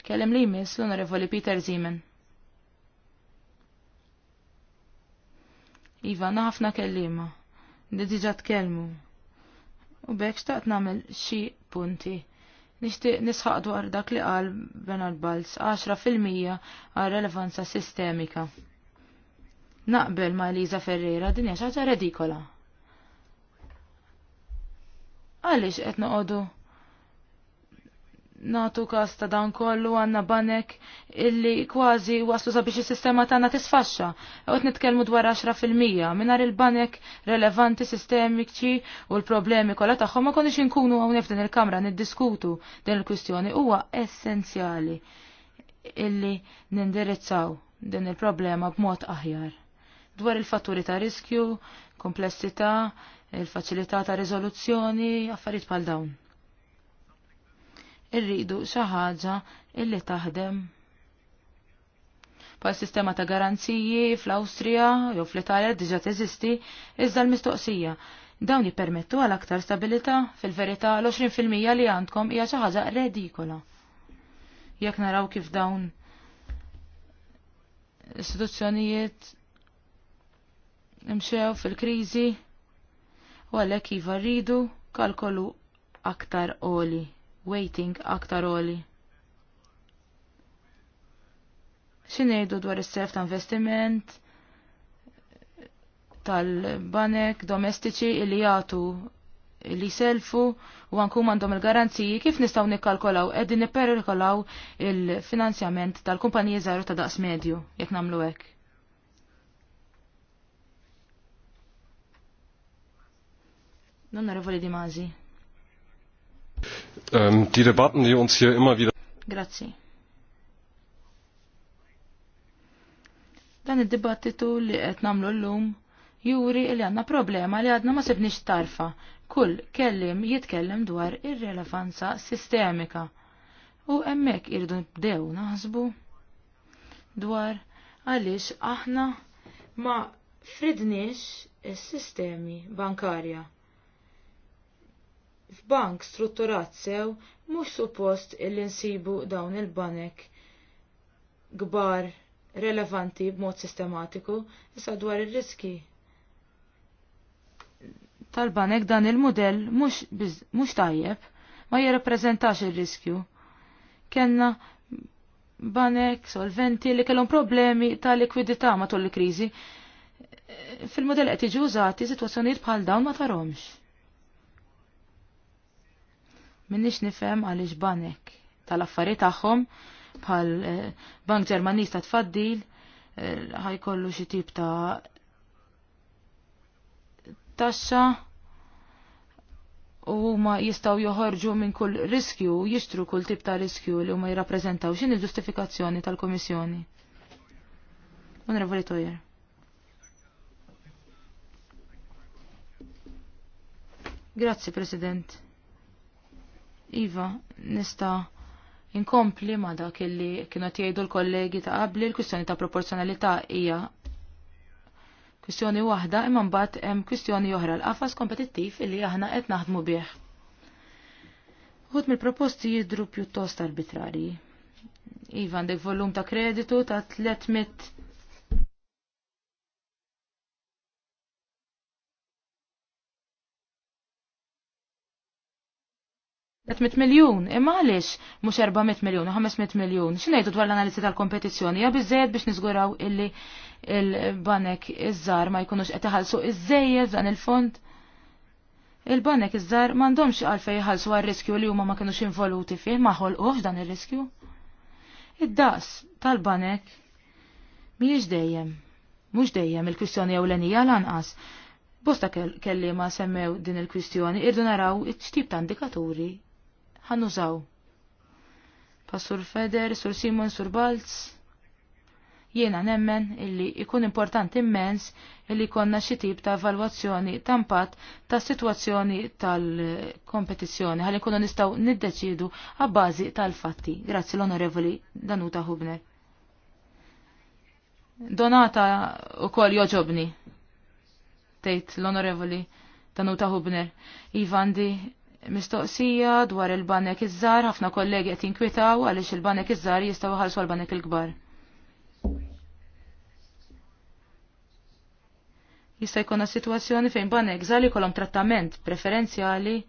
Kellem li jmiss l-Onorevoli Peter Zimen. Iva, ħafna kellima. li diġa tkellmu. U bekk xtaqt namel xi punti. Nixtieq nisħaq dwar dak li qal Bernard Balz 10% għal relevanza sistemika. Naqbel ma' Eliza Ferreira din hija xi ħaġa redikola. Għaliex qed noqogħdu natu kas ta' dan kollu għanna banek illi kważi waslu sabiex il-sistema tagħna tisfaxxa. Għot nitkellmu dwar 10% mingħajr il-banek relevanti sistemiċi u l-problemi kollha tagħhom ma konniex inkunu hawnhekk f'din il-kamra niddiskutu din il-kwistjoni huwa essenzjali illi nindirizzaw din il-problema b'mod aħjar. Dwar il-fatturi ta' riskju, komplessità, il-faċilità ta' riżoluzzjoni, affarijiet bħal dawn irridu xi ħaġa illi taħdem. Pa sistema ta' garanziji fl-Awstrija jew fl-Italja diġà teżisti, iżda l-mistoqsija. Dawn jippermettu għal aktar stabilità, fil-verità l-20% li għandkom hija xi ħaġa redikola. Jekk naraw kif dawn istituzzjonijiet imxew fil-kriżi u għalhekk iva rridu kalkolu aktar oli Waiting aktar oli. Xinejdu dwar is-self ta' investiment tal-banek domestiċi li jagħtu li selfu u għankum għandhom il-garanziji kif nistaw nikkalkolaw eddi nipperikolaw il-finanzjament tal-kumpaniji zaru ta' daqs medju, jek namlu hekk. Non narevoli di mażi. Ähm, die Debatten, die uns hier immer wieder. Grazie. Dan id-dibattitu li qed nagħmlu llum juri li għandna problema li għadna ma sibniex tarfa. Kull kellim jitkellem dwar ir-relevanza sistemika. U hemmhekk irdu bdew naħsbu dwar għaliex aħna ma fridniex is-sistemi bankarja. F'bank strutturat sew mhux suppost illi nsibu dawn il-banek kbar relevanti b'mod sistematiku issa dwar ir-riski. Tal-banek dan il-modell mhux tajjeb ma jirrappreżentax ir-riskju. Kenna banek, solventi li kellhom problemi ta' likwidità matul il-kriżi. Fil-modell qed jiġu użati sitwazzjonijiet bħal dawn ma tarhomx. Minnix nifhem għaliex banek tal-affarijiet tagħhom bħal eh, Bank ġermanista ta' tfaddil eh, ħajkollu xi tip ta' taxxa u huma jistgħu joħorġu minn kull riskju, jixtru kull tip ta' riskju li huma jirrappreżentaw x'inhi il ġustifikazzjoni tal-Kummissjoni. Onorevoli Tojer. Grazzi, President. Iva, nista' inkompli ma dak illi kienu jgħidu l-kollegi ta' qabli l-kwistjoni ta' proporzjonalità hija kwistjoni waħda imma mbagħad hemm kwistjoni oħra l-qafas kompetittiv illi aħna qed naħdmu bih. Uħud mill-proposti jidru pjuttost arbitrarji. Iva għandek volum ta' kreditu ta' 300 300 miljon, imma għaliex mhux 400 miljun u 500 miljun. X'ngħidu dwar l analizi tal-kompetizzjoni ja biżejjed biex niżguraw illi il-banek iż-żar ma jkunux qed iħallsu iż dan il-fond. Il-banek iż-żar m'għandhomx għalfejn jħallsu għal riskju li huma ma kinux involuti fih maħol ħolqux dan ir-riskju. Id-daqs tal-banek mhijiex dejjem. Mhux dejjem il-kwistjoni ewlenija lanqas. Bosta kelli ma semmew din il-kwistjoni irdu naraw it-ċtib ta' indikaturi ħanużaw. Pa' Sur Feder, Sur Simon, Sur Balz. Jiena nemmen illi ikun importanti immens illi konna xi tip ta' evalwazzjoni tampat ta' situazzjoni tal-kompetizzjoni ħalli nkunu nistgħu niddeċidu għabbażi tal-fatti. Grazzi l-Onorevoli Danuta Hubner. Donata kol joġobni, tgħid l-Onorevoli Danuta Hubner. Ivandi mistoqsija dwar il-banek iż-żar, ħafna kollegi qed jinkwitaw għaliex il-banek iż-żar jistgħu ħarsu għall-banek il-kbar. Jista' jkun sitwazzjoni fejn banek żgħar jkollhom trattament preferenzjali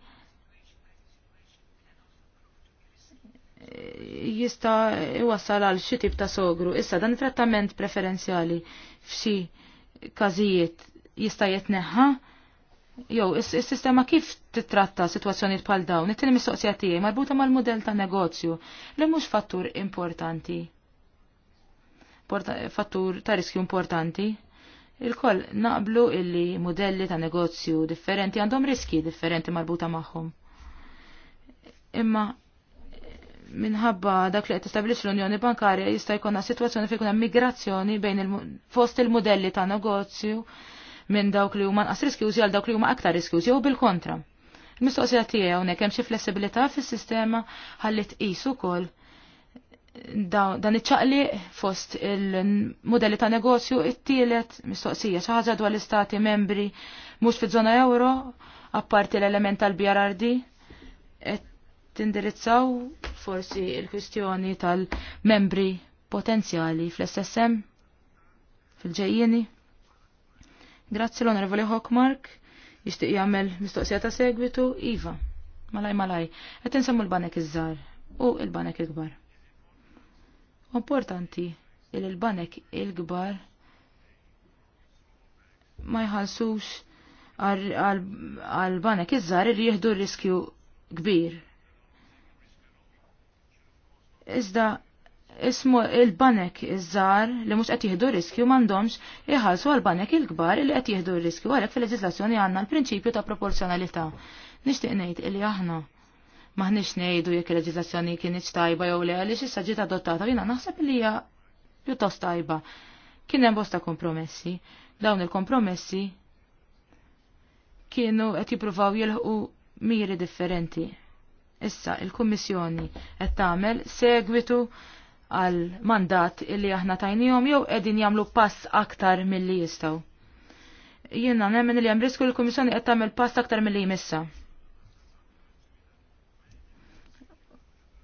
jista' iwassal għal xi tip ta' sogru. Issa dan trattament preferenzjali f'xi każijiet jista' jitneħħa Jo, is-sistema kif titratta situazzjoni bħal dawn, it-tieni mistoqsija tiegħi marbuta mal-mudell ta' negozju li mhux fattur importanti. Fattur ta' riskju importanti. Il-koll naqblu illi modelli ta' negozju differenti għandhom riski differenti marbuta magħhom. Imma minħabba dak li qed tistabbilix l-Unjoni Bankarja jista' jkollna sitwazzjoni fejn hemm migrazzjoni bejn il fost il-modelli ta' negozju minn dawk li huma nqas riskjużi għal dawk li huma aktar riskjużi u bil-kontra. Mistoqsija tiegħi hawnhekk hemm xi flessibilità fis-sistema ħalli tqis ukoll dan iċċaqli fost il-modelli ta' negozju it-tielet mistoqsija xi ħaġa dwar l-istati membri mhux fiż-żona euro apparti l-element tal-BRRD qed tindirizzaw forsi il-kwistjoni tal-membri potenzjali fl-SSM fil-ġejjieni. Grazzi l-Onorevoli Hockmark, jixtieq jagħmel mistoqsija ta' segwitu, Iva. Malaj malaj, qed insemmu l-banek iż-żar u l-banek il-kbar. Importanti il l-banek il-kbar ma jħallsux għal-banek iż-żar li jieħdu riskju kbir. Iżda ismu il-banek iż-żar li mhux qed jieħdu riskju m'għandhomx iħalsu għall-banek il-kbar li qed jieħdu riskju għalek fil leġislazzjoni għandna l-prinċipju ta' proporzjonalità. Nixtieq ngħid li aħna maħniex ngħidu jekk il leġislazzjoni kienieċ tajba jew le għaliex issa ġiet adottata jiena naħseb li hija pjuttost tajba. Kien hemm bosta kompromessi. Dawn il-kompromessi kienu qed jippruvaw jilħqu miri differenti. Issa il-Kummissjoni qed tagħmel segwitu għal mandat illi aħna tajnijom jew qegħdin jagħmlu pass aktar milli jistgħu. Jiena nemmen li hemm l-Kummissjoni qed tagħmel pass aktar milli jmissa.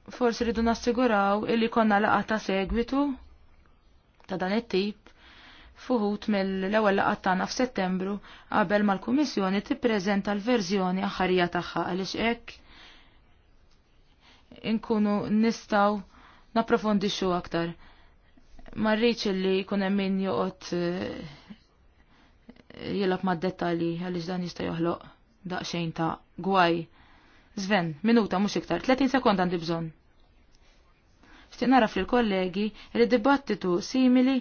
Forsi rridu nassiguraw illi konna laqa ta' segwitu ta' dan it-tip fuħut mill-ewwel laqgħa tagħna f'Settembru qabel mal-Kummissjoni tippreżenta l-verżjoni aħħarija tagħha għaliex hekk inkunu nistgħu naprofondixxu aktar. Ma rridx li jkun hemm min joqgħod eh, jilab mad dettalji għaliex dan jista' joħloq daqsxejn ta' gwaj. Zven, minuta mhux iktar, 30 sekond għandi bżonn. Xtieq naraf l kollegi li dibattitu simili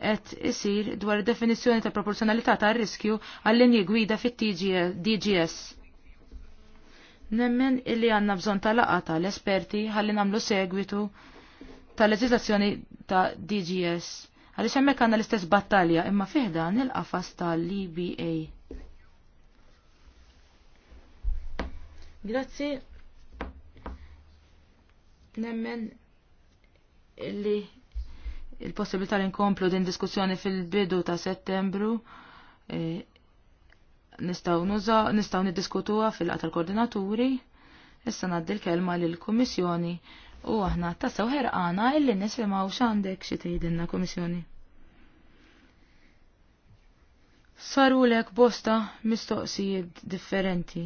qed isir dwar definizzjoni ta' proporzjonalità ta' riskju għall-linji gwida fit-DGS. Nemmen illi għanna bżon tal laqata tal-esperti ħalli għamlu segwitu tal-leġislazzjoni ta' DGS. Għaliex hemmhekk għandna l-istess battalja imma fih dan il-qafas tal-EBA. Grazzi. Nemmen li il-possibilità li nkomplu din diskussjoni fil-bidu ta' settembru eh, nistaw nuża, nistaw niddiskutuha fil-qata tal-koordinaturi. Issa ngħaddi l-kelma lill-Kummissjoni U aħna tassaw ħerqana illi nisfimaw x'għandek xi tgħidilna Kummissjoni. Sarulek bosta mistoqsijiet differenti.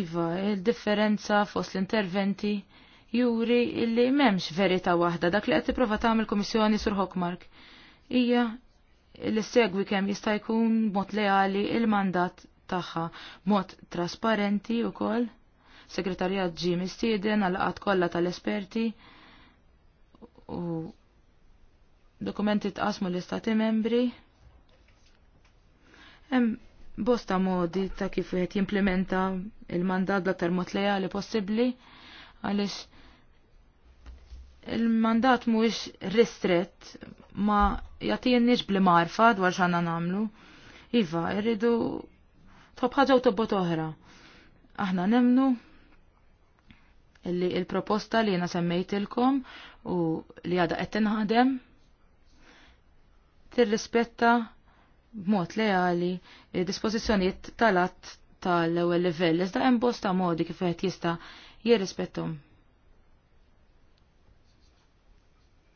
Iva, il-differenza fost l-interventi juri illi memx verita waħda dak li qed tipprova tagħmel kummissjoni sur Hokmark. Hija li segwi kemm jista' jkun mod leali il-mandat tagħha, mod trasparenti wkoll segretarjat ġi mistieden għal għat kollha tal-esperti u dokumenti tqasmu l-istati membri. Hemm bosta modi ta' kif wieħed jimplementa il-mandat l-aktar mod lejali possibbli għaliex il-mandat mhuwiex ristret ma jagħtinix bli marfa dwar x'għandna nagħmlu. Iva, irridu tħobb ġew u tobbot oħra. Aħna nemnu li il-proposta li jena semmejtilkom u li għada qed tinħadem tirrispetta b'mod leali dispożizzjonijiet tal-att tal-ewwel livell iżda hemm bosta modi kif qed jista' jirrispettom.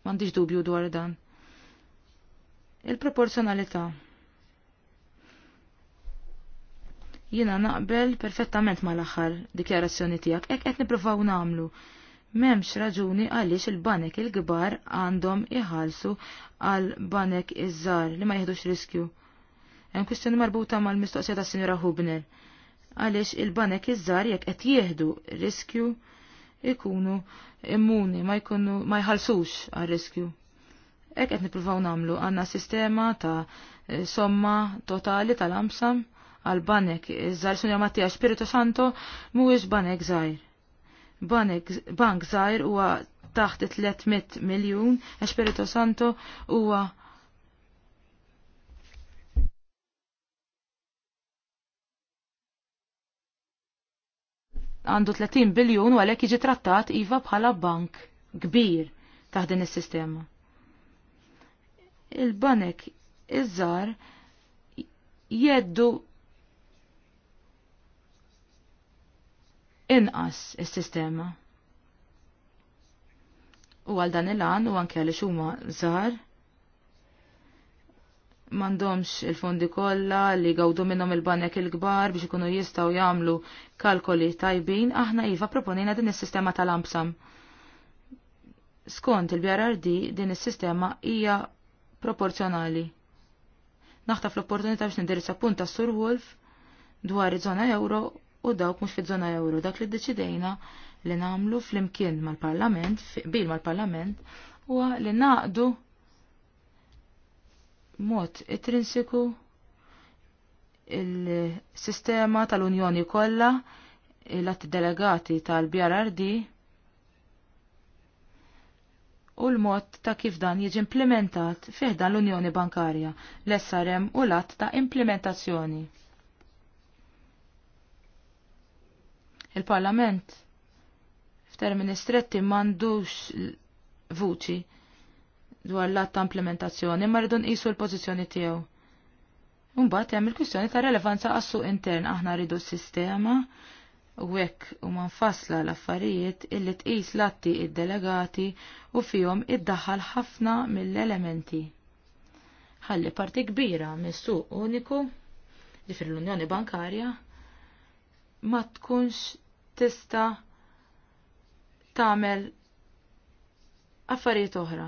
M'għandix dubju dwar dan. Il-proporzjonalità. Jina naqbel perfettament ma l-axar dikjarazzjoni tijak, ek qed provaw namlu. Memx raġuni għaliex il-banek il-gbar għandhom iħalsu għal banek iż-żar li ma jihdux riskju. Hemm kwistjoni marbuta mal-mistoqsija ta' Sinjora Hubner. Għaliex il-banek iż-żar jekk qed jieħdu riskju ikunu immuni ma jkunu ma jħalsux għal riskju. Ek qed nippruvaw namlu għandna sistema ta' somma totali tal-amsam għal banek zaħir, Sunja Mattija, Spirito Santo mhuwiex banek żgħir. Banek bank żgħir huwa taħt 300 miljun, e Spiritu Santo huwa għandu 30 biljun u għalhekk jiġi trattat iva bħala bank kbir taħt din is-sistema. Il-banek iż-żar jeddu inqas is-sistema. U għal dan il-għan u anke għaliex huma żgħar mandomx il-fondi kollha li gawdu minnhom il-banek il-kbar biex ikunu jistgħu jagħmlu kalkoli tajbin, aħna iva proponina din is-sistema tal-amsam. Skont il-BRRD din is-sistema hija proporzjonali. Naħtaf l-opportunità biex nindirizza punt Sur Wolf dwar iż-żona euro u dawk mhux fiż zona euro. Dak li deċidejna li nagħmlu flimkien mal-Parlament, bil mal-Parlament, huwa li naqdu mod intrinsiku il-sistema tal-Unjoni kollha l-att delegati tal-BRRD u l-mod ta' kif dan jiġi implementat fiħdan l-Unjoni Bankarja, l-SRM u l-att ta' implementazzjoni. Il-Parlament f'termini stretti m'għandux vuċi dwar l-att ta' implementazzjoni ma rridu nqisu l-pożizzjoni tiegħu. Imbagħad hemm il-kwistjoni ta' relevanza għas-suq intern aħna rridu s-sistema u hekk huma nfassla l-affarijiet illi tqis l-atti id-delegati u fihom iddaħħal ħafna mill-elementi. Ħalli parti kbira mis-suq uniku ġifir l-Unjoni Bankarja ma tkunx tista tagħmel affarijiet oħra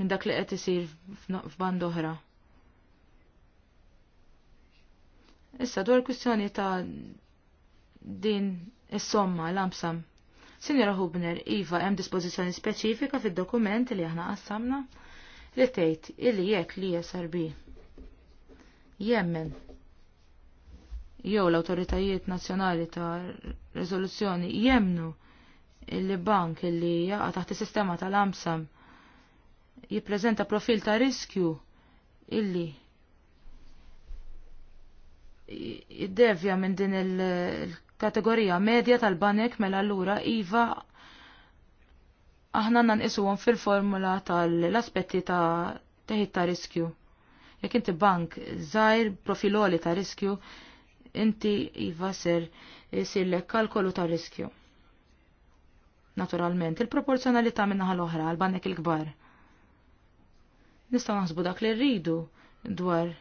minn dak li qed isir f'band oħra. Issa dwar kwistjoni ta' din is-somma l-amsam. Sinjora Hubner, Iva, hemm dispożizzjoni speċifika fid-dokument li aħna qassamna li tgħid illi jekk li SRB jemmen jew l-autoritajiet nazzjonali ta' rezoluzzjoni jemnu illi bank illi jaqa taħt is-sistema tal-amsam jippreżenta profil ta' riskju illi jiddevja minn din il-kategorija medja tal-banek mela allura iva aħna nanqisuhom fil-formula tal-aspetti ta' teħid ta' riskju. Jekk inti bank żgħir profiloli ta' riskju, inti iva ser sillek kalkolu ta' riskju. Naturalment, il-proporzjonalità minnaħa l-oħra għal-banek il-kbar. Nistaw naħsbu dak li rridu dwar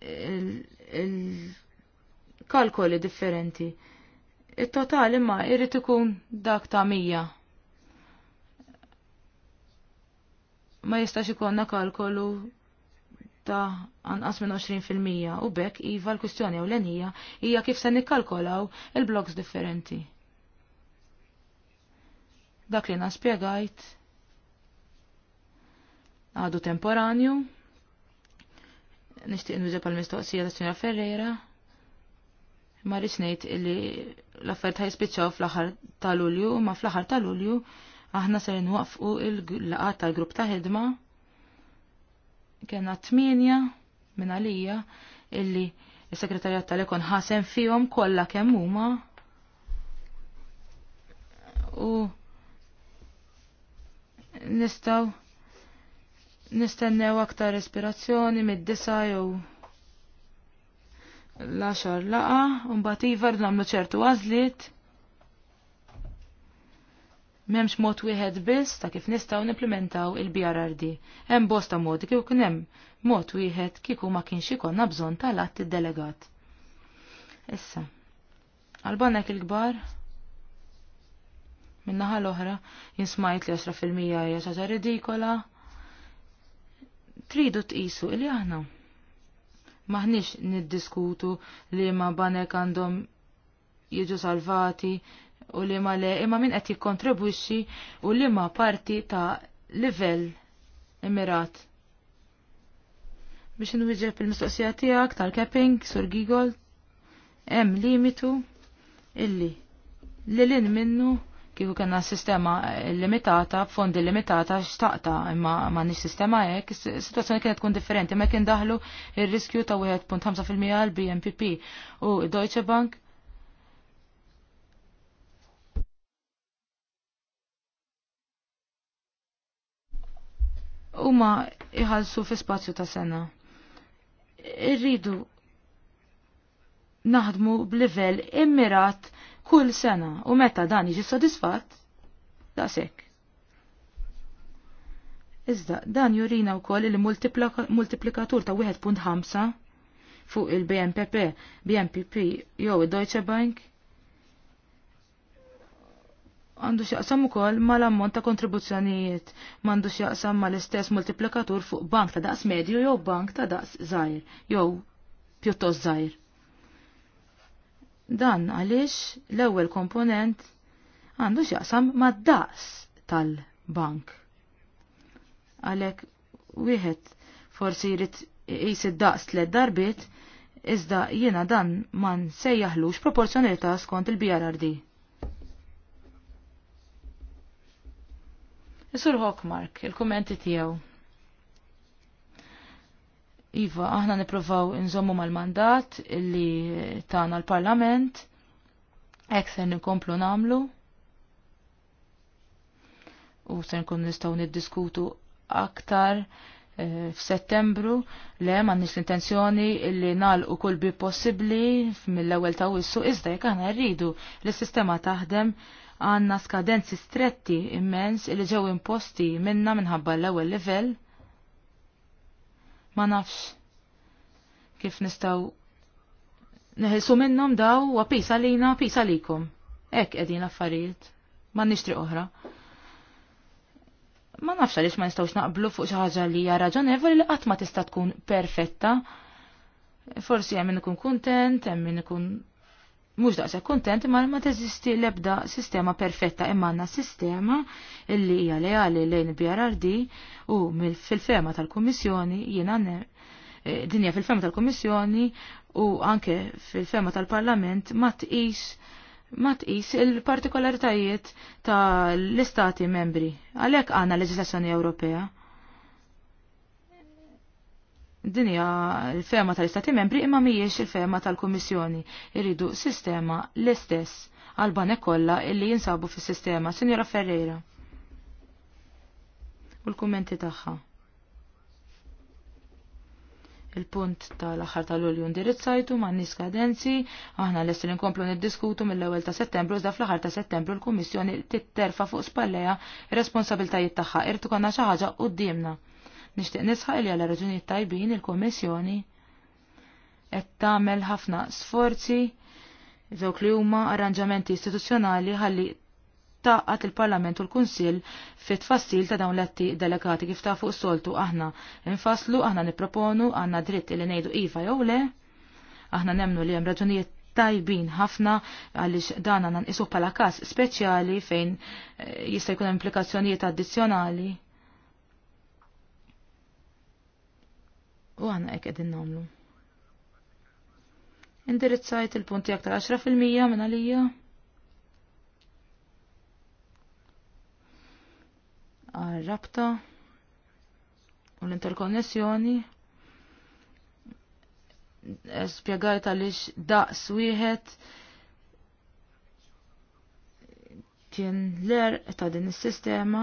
il-kalkoli differenti. Il-total imma irrit ikun dak ta' mija. Ma jistax ikonna kalkolu ta' anqas minn 20% u bekk iva l-kwistjoni ewlenija hija kif se nikkalkolaw il blocks differenti. Dak li naspjegajt għadu temporanju, nishtiq nwiġa pal-mistoqsija ta' Sinja Ferreira, ma ngħid illi l ta' ħajspiċċaw fl aħħar ta' Lulju, ma fl aħħar ta' Lulju aħna ser nwaqfu il-laqat tal-grupp ta' ħidma kena tminja minn għalija illi il-segretarjat tal-ekon ħasem fihom kollha kemm huma u nistaw nistennew aktar respirazzjoni mid-disa jew l axar laqa, un bati iver namlu ċertu għazlit. Memx mod wieħed biss ta' kif nistgħu nimplementaw il-BRRD. Hemm bosta modi kif kien hemm mod wieħed kieku ma kienx ikonna bżonn tal-att id-delegat. Issa. Għalbanek il-kbar minnaħa l-oħra jinsmajt li 10% hija xaġa ridikola. Tridu tqisu illi aħna maħniex niddiskutu li ma banek għandhom jiġu salvati u li ma le imma min qed jikkontribwixxi u li ma parti ta' livell immirat. Biex inwiġġeb il-mistoqsija tiegħek tal-capping sur Gigol hemm limitu illi li lin minnu kieku kena sistema limitata, fondi limitata, xtaqta, imma ma nix sistema jek, situazzjoni kienet tkun differenti, ma kien daħlu il-riskju ta' 1.5% għal BNPP u Deutsche Bank huma iħallsu fi spazju ta' sena. Irridu naħdmu b'livell immirat kull sena u meta dan jiġi sodisfatt da' sekk. Iżda, dan jurina u koll il-multiplikatur ta' 1.5 fuq il-BNPP, BNPP jew il-Deutsche Bank għandu xjaqsam ukoll mal-ammont ta' kontribuzzjonijiet, xaqsam ma mal-istess multiplikatur fuq bank ta' daqs medju jew bank ta' daqs żgħir, jew pjuttost zaħir. Dan għaliex l-ewwel komponent għandu xjaqsam ma' daqs tal-bank. Għalhekk wieħed forsi jrid jqis id-daqs tliet darbit, iżda jiena dan ma nsejjaħlux proporzjonalità skont il-BRRD. Isur Hokmark, il-kommenti tiegħu. Iva, aħna niprofaw inżommu mal-mandat illi tana l-parlament, ek se nkomplu namlu, u se nkun nistaw niddiskutu aktar e, f'Settembru le m'għandniex l-intenzjoni illi nagħlqu kull bi possibbli mill-ewwel ta' wissu iżda jekk aħna rridu li s-sistema taħdem għanna skadenzi stretti immens li ġew imposti minna minħabba l-ewwel livell. Ma nafx kif nistaw neħilsu minnom daw wa pisa lina, pisa likum. Ek edin affarijiet. Ma nishtri oħra. Ma nafx għaliex ma nistawx naqblu fuq xi ħaġa li hija raġonevoli li qatt ma tista' tkun perfetta. Forsi hemm min ikun kuntent, hemm min ikun mhux daqshekk kuntent imma ma teżisti l-ebda sistema perfetta imma għandna sistema illi hija leali lejn il-BRRD u fil-fema tal-Kummissjoni jiena eh, dinja fil-fema tal-Kummissjoni u anke fil-fema tal-Parlament ma tqis ma tqis il-partikolaritajiet tal-istati membri. Għalhekk għandna leġislazzjoni Ewropea dinja il-fema tal-Istati membri imma mhijiex il-fema tal-Kummissjoni. Irridu sistema l-istess għal-banek kollha illi jinsabu fis-sistema. Signora Ferreira. U l-kummenti tagħha. Il-punt tal-aħħar tal-Lulju ndirizzajtu ma' nies kadenzi, aħna lest inkomplu nkomplu niddiskutu mill-ewwel ta' Settembru zda fl-aħħar ta' Settembru l-Kummissjoni titterfa fuq spalleja responsabiltajiet responsabiltajiet tagħha konna xaħġa xi ħaġa dimna Nixtieq nisħaq li għal raġunijiet tajbin il-Kummissjoni qed tagħmel ħafna sforzi żewk li huma arranġamenti istituzzjonali ħalli taqqat il-Parlament u l-Kunsill fit tfassil ta' dawn l-atti delegati kif ta' fuq soltu aħna infaslu, aħna niproponu, għanna dritt li nejdu iva jew le, aħna nemnu li hemm raġunijiet tajbin ħafna għaliex dan għandna nqisu bħala każ speċjali fejn eh, jista' jkun implikazzjonijiet addizzjonali U għana ek edin namlu. Indirizzajt il-punti aktar 10% minn għalija. Għal-rabta u l-interkonnessjoni. Spiegajt għalix daqs wieħed kien l-er ta' din is-sistema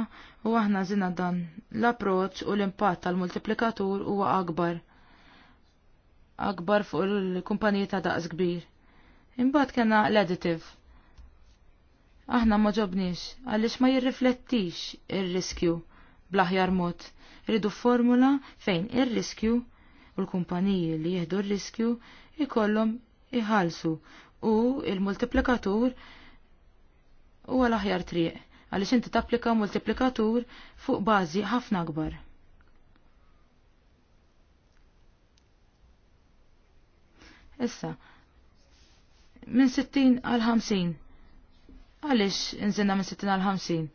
u aħna zina dan l-approċ u l-impatt tal-multiplikatur huwa akbar. Akbar fuq il-kumpaniji ta' daqs kbir. Imbagħad kena l-additive. Aħna ma ġobniex għaliex ma jirriflettix ir-riskju bl-aħjar mod. Ridu formula fejn ir-riskju u l-kumpaniji li jieħdu r-riskju ikollhom iħalsu u il-multiplikatur il multiplikatur huwa l-aħjar triq għaliex inti tapplika multiplikatur fuq bażi ħafna akbar. Issa, minn 60 għal 50. Għaliex inżinna minn 60 għal 50?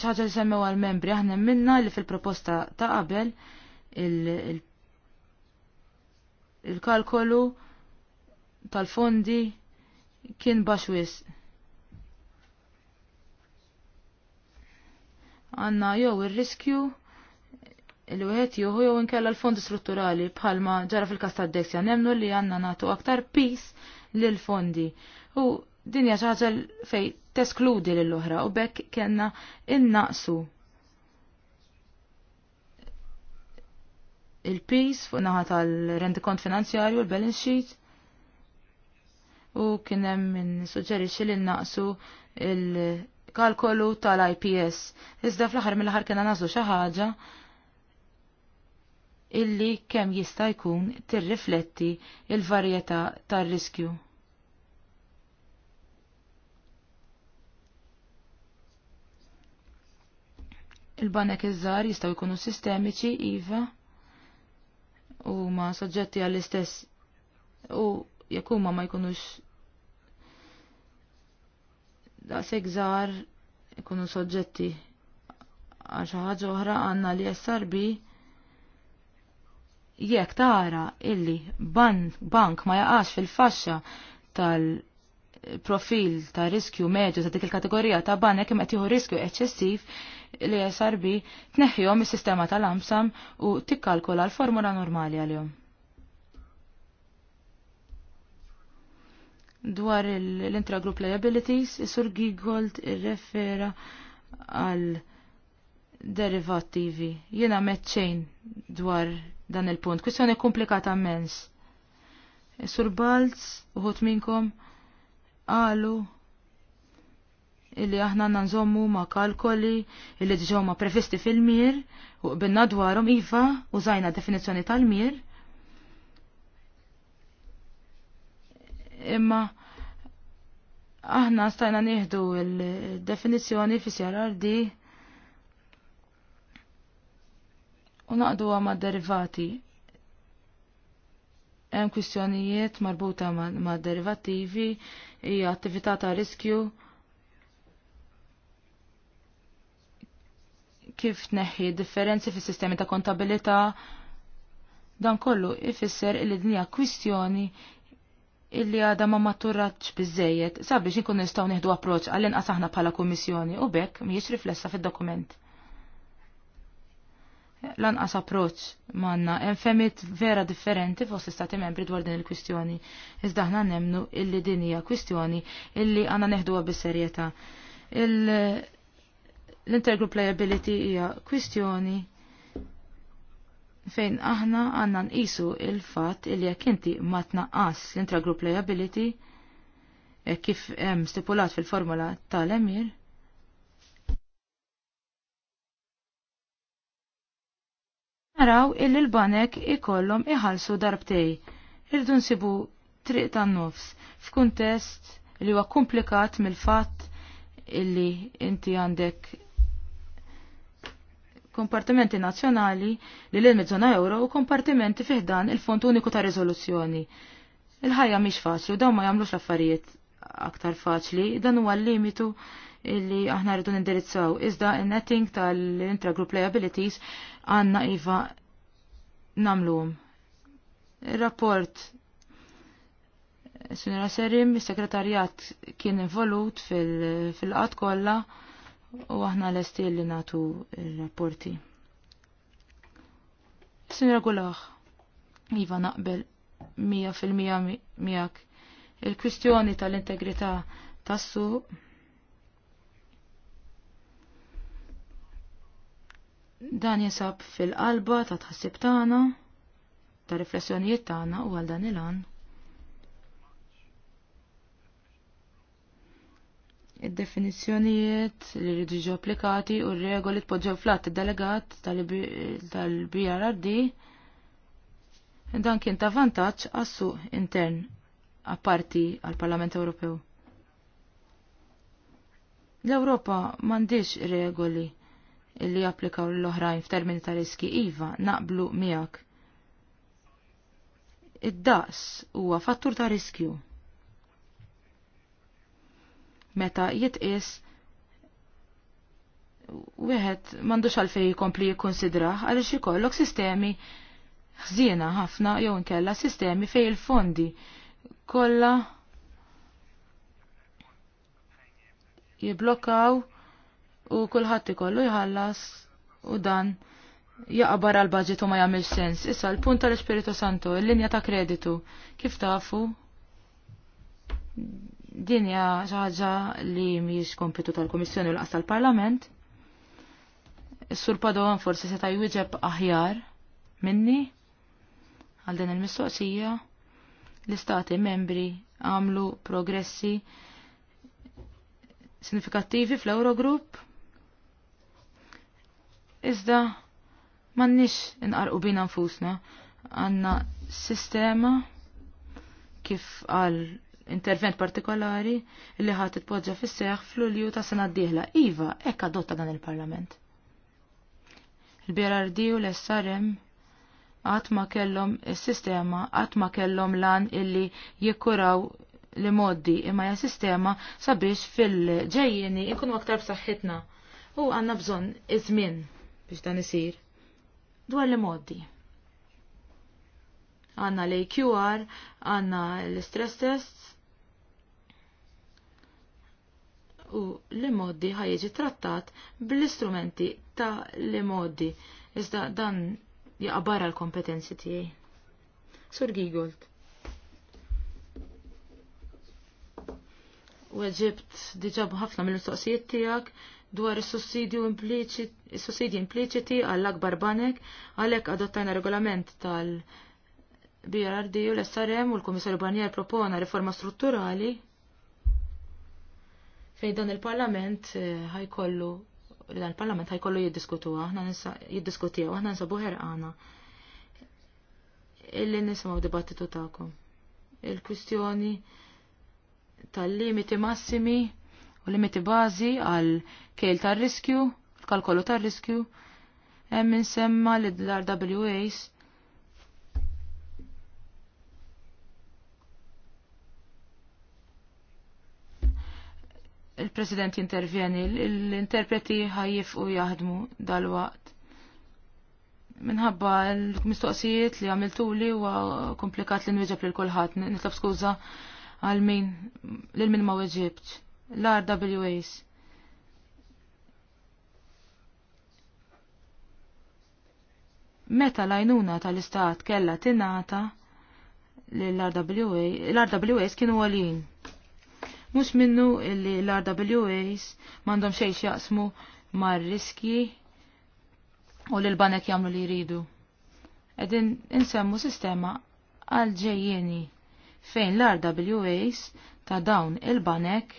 Xaġa li semmew għal-membri, aħna minna li fil-proposta ta' qabel il-kalkolu il il tal-fondi kien baxwis. għanna jew ir-riskju il wieħed juhu jew inkella l-fondi strutturali bħalma ġara fil kasta tad deksja nemnu li għanna nagħtu aktar pis l fondi. U dinja ħaġa fej teskludi lill oħra u bekk kellna innaqsu il-pis fuq naħa tal-rendikont finanzjarju, l-balance sheet, u kienem minn suġġerixi li naqsu il- kalkolu tal-IPS. Iżda fl-aħħar mill ħar kena nazlu xi ħaġa illi kemm jista' jkun tirrifletti il-varjetà tar-riskju. Il-banek iż-żgħar jistgħu jkunu sistemiċi iva u ma soġġetti għall-istess u jekk huma ma jkunux da segżar ikunu soġġetti għal xi ħaġa oħra għandna li SRB jekk tara illi bank ma jaqax fil-faxxa tal-profil ta' riskju medju ta' dik il-kategorija ta' banek imma qed riskju eċċessiv li SRB tneħħihom is-sistema tal-amsam u tikkalkula l-formula normali għalihom. dwar l-intragroup liabilities, is-sur Gigold irrefera għal derivativi. Jena meċċejn dwar dan il-punt. Kwissjoni komplikata mens. Is-sur Balz, uħut minkom, għalu illi aħna nanżommu ma kalkoli illi ma previsti fil-mir u binna dwarhom iva użajna definizzjoni tal-mir imma aħna stajna nieħdu il-definizzjoni fi CRRD u naqdu għama derivati. Hemm kwistjonijiet marbuta ma', derivativi derivattivi hija attività ta' riskju kif tneħħi differenzi fis sistemi ta' kontabilità dan kollu ifisser li dinja kwistjoni illi għada ma maturraċ bizzejiet sabiex nkun nistgħu neħdu approċċ għallin inqas aħna bħala kummissjoni u bekk mhijiex riflessa fid-dokument. Lanqas approċċ manna hemm femmit vera differenti fost istati membri dwar din il-kwistjoni. Iżda aħna nemnu illi din hija kwistjoni illi għandna neħdu bis-serjetà. L-intergroup liability hija kwistjoni fejn aħna għanna nqisu il-fat il jekk inti ma tnaqqas l group liability e kif hemm stipulat fil-formula tal-emir. Naraw li l-banek ikollhom iħallsu darbtej. Irdu nsibu triq tan-nofs f'kuntest li huwa komplikat mill-fatt illi inti għandek kompartimenti nazzjonali li l żona euro u kompartimenti fiħdan il-Fond Uniku ta' Rizoluzzjoni. Il-ħajja mhix faċli u dawn ma jagħmlux l-affarijiet aktar faċli, dan huwa l-limitu li aħna rridu nindirizzaw. Iżda in-netting tal-intragroup liabilities għandna iva namluhom. Il-rapport Sinjora Serim, il-sekretarjat kien involut fil-qat fil kollha u aħna l-esti li natu rapporti. Sinra Gulaħ, Iva naqbel 100% miegħek il-kwistjoni tal-integrità tas-suq dan jinsab fil-qalba ta' tħassib tagħna ta' riflessjonijiet tagħna u għal dan il-għan. id-definizzjonijiet li rridu ġo applikati u r-regoli tpoġġew flatt id-delegat tal-BRRD dan kien ta' vantaġġ għassu intern apparti għal-Parlament Ewropew. L-Ewropa m'għandix regoli li japplikaw l-oħrajn f'termini ta' riski iva naqblu miegħek. Id-daqs huwa fattur ta' riskju meta jitqis wieħed m'għandux għalfej jkompli jikkonsidrah għaliex ikollok sistemi ħżiena ħafna jew inkella sistemi fej il-fondi kollha jiblokkaw u kulħadd ikollu jħallas u dan jaqbar għal budget u ma jagħmilx sens. Issa l-punt tal ispiritu Santo, il-linja ta' kreditu, kif tafu? Din hija xi ħaġa li mhijiex kompitu tal-Kummissjoni u laqas tal-Parlament. Is-Sur Padovan forsi seta' jwieġeb aħjar minni għal din il-mistoqsija l-istati membri għamlu progressi sinifikattivi fl eurogrupp Iżda mannix inqarqu bina nfusna għanna sistema kif għal intervent partikolari li ħat titpoġġa fis seħħ fl-ulju ta' sena d-dieħla. Iva, hekk adotta dan il-Parlament. il berardi u l-SRM għat ma kellhom is-sistema, għat ma kellhom lan illi jikkuraw li moddi imma hija sistema sabiex fil-ġejjeni ikunu aktar b'saħħitna u għandna bżonn iż-żmien biex dan isir. Dwar li moddi għanna l-AQR, għanna l-stress tests, u li modi ħajġi trattat bl-istrumenti ta' li modi. Iżda dan jaqbara l-kompetenzi tiegħi. Sur Gigold. U diġab ħafna mill istoqsijiet tiegħek dwar is-sussidju sussidji impliċiti għall-akbar banek għalhekk adottajna regolament tal- BRD u l-SRM u l komissar Barnier propona riforma strutturali fej dan il-parlament eh, ħajkollu dan il-parlament ħajkollu jiddiskutu aħna nisa jiddiskutiju aħna nsabu għana illi nisimgħu dibattitu tagħkom. Il-kwistjoni tal-limiti massimi u limiti bażi għal kejl tar-riskju, kalkolu tar-riskju, hemm insemma l-RWAs il-President jintervjeni, l-interpreti ħajjif u jaħdmu dal-waqt. Minħabba l-mistoqsijiet li għamiltu li u komplikat li nwieġeb li l-kolħat, nitlob skuza għal-min, l-min ma weġibċ, l-RWAs. Meta lajnuna tal-istat kella tinata l-RWAs kienu għalin Mux minnu illi l-RWAs mandom xej jaqsmu mar riski u li l-banek jamlu li jridu. Edin insemmu sistema għal-ġejjeni fejn l-RWAs ta' dawn il-banek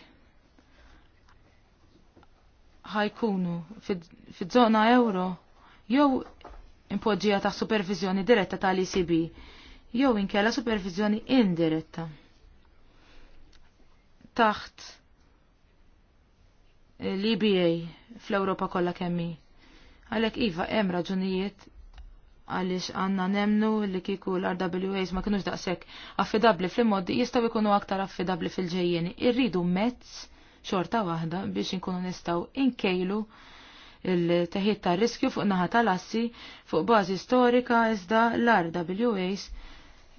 ħajkunu fid żona euro jew impoġġija ta' supervizjoni diretta tal-ECB jew inkella supervizjoni indiretta taħt l-EBA fl-Ewropa kollha kemmi. Għalhekk iva hemm raġunijiet għaliex għanna nemnu li kiku l-RWAs ma kienux daqshekk affidabli fil moddi jistgħu jkunu aktar affidabli fil-ġejjeni. Irridu mezz xorta waħda biex inkunu nistgħu inkejlu il-teħid ta' riskju fuq naħa tal-assi fuq bażi storika iżda l-RWAs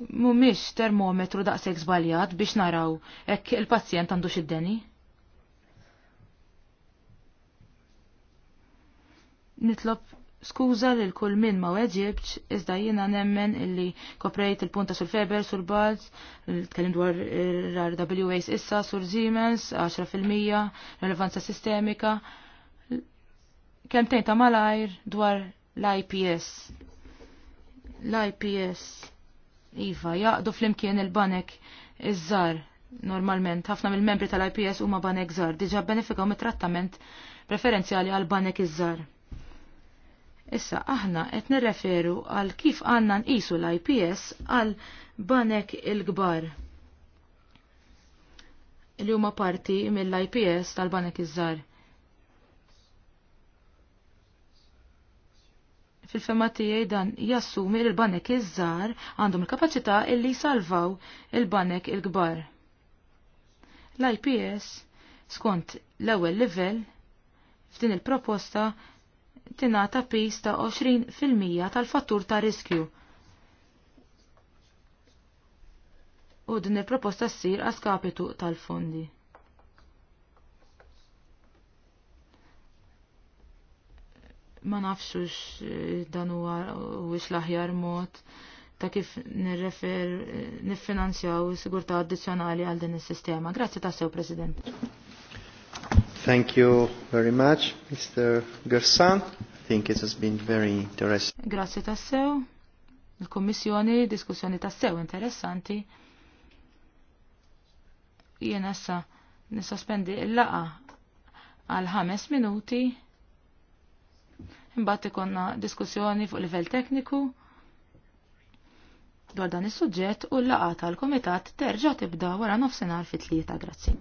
mumiex termometru daqseg zbaljat biex naraw ek il-pazjent għandu xiddeni. Nitlob skuża lil kull minn ma weġibċ, iżda jiena nemmen illi koprejt il-punta sul Feber, sul Balz, tkellim dwar RWAs issa, sur Siemens, 10% relevanza sistemika, kemtejn ta' malajr dwar l-IPS. L-IPS Iva, jaqdu flimkien il-banek iż-żar normalment. ħafna mill-membri tal-IPS huma banek żar, diġà benefikaw mit-trattament preferenzjali għal banek iż-żar. Issa aħna qed nirreferu għal kif għandna nqisu l-IPS għal banek il-kbar li huma parti mill-IPS tal-banek iż-żar. fil-fema tiegħi dan jassumi li l-banek iż-żgħar għandhom il-kapaċità illi jsalvaw il-banek il-kbar. L-IPS skont l-ewwel livell f'din il-proposta tingħata pis ta' 20% tal-fattur ta' riskju. U din il-proposta ssir għaskapitu tal-fondi. ma nafxux eh, dan huwa wix l-aħjar mod ta' kif nirrefer eh, niffinanzjaw sigurtà addizzjonali għal din is-sistema. Grazzi ta' sew, President. Thank you very much, Mr. Gersan. I think it has been very interesting. Grazzi ta' sew. Il-Kommissjoni, diskussjoni ta' sew interessanti. Jien issa nisospendi il-laqa għal ħames minuti. Mbagħad ikonna diskussjoni fuq livell tekniku dwar dan is-suġġett u l-laqgħa tal-Kumitat terġa' tibda wara nofsinhar fit-tlieta grazzi.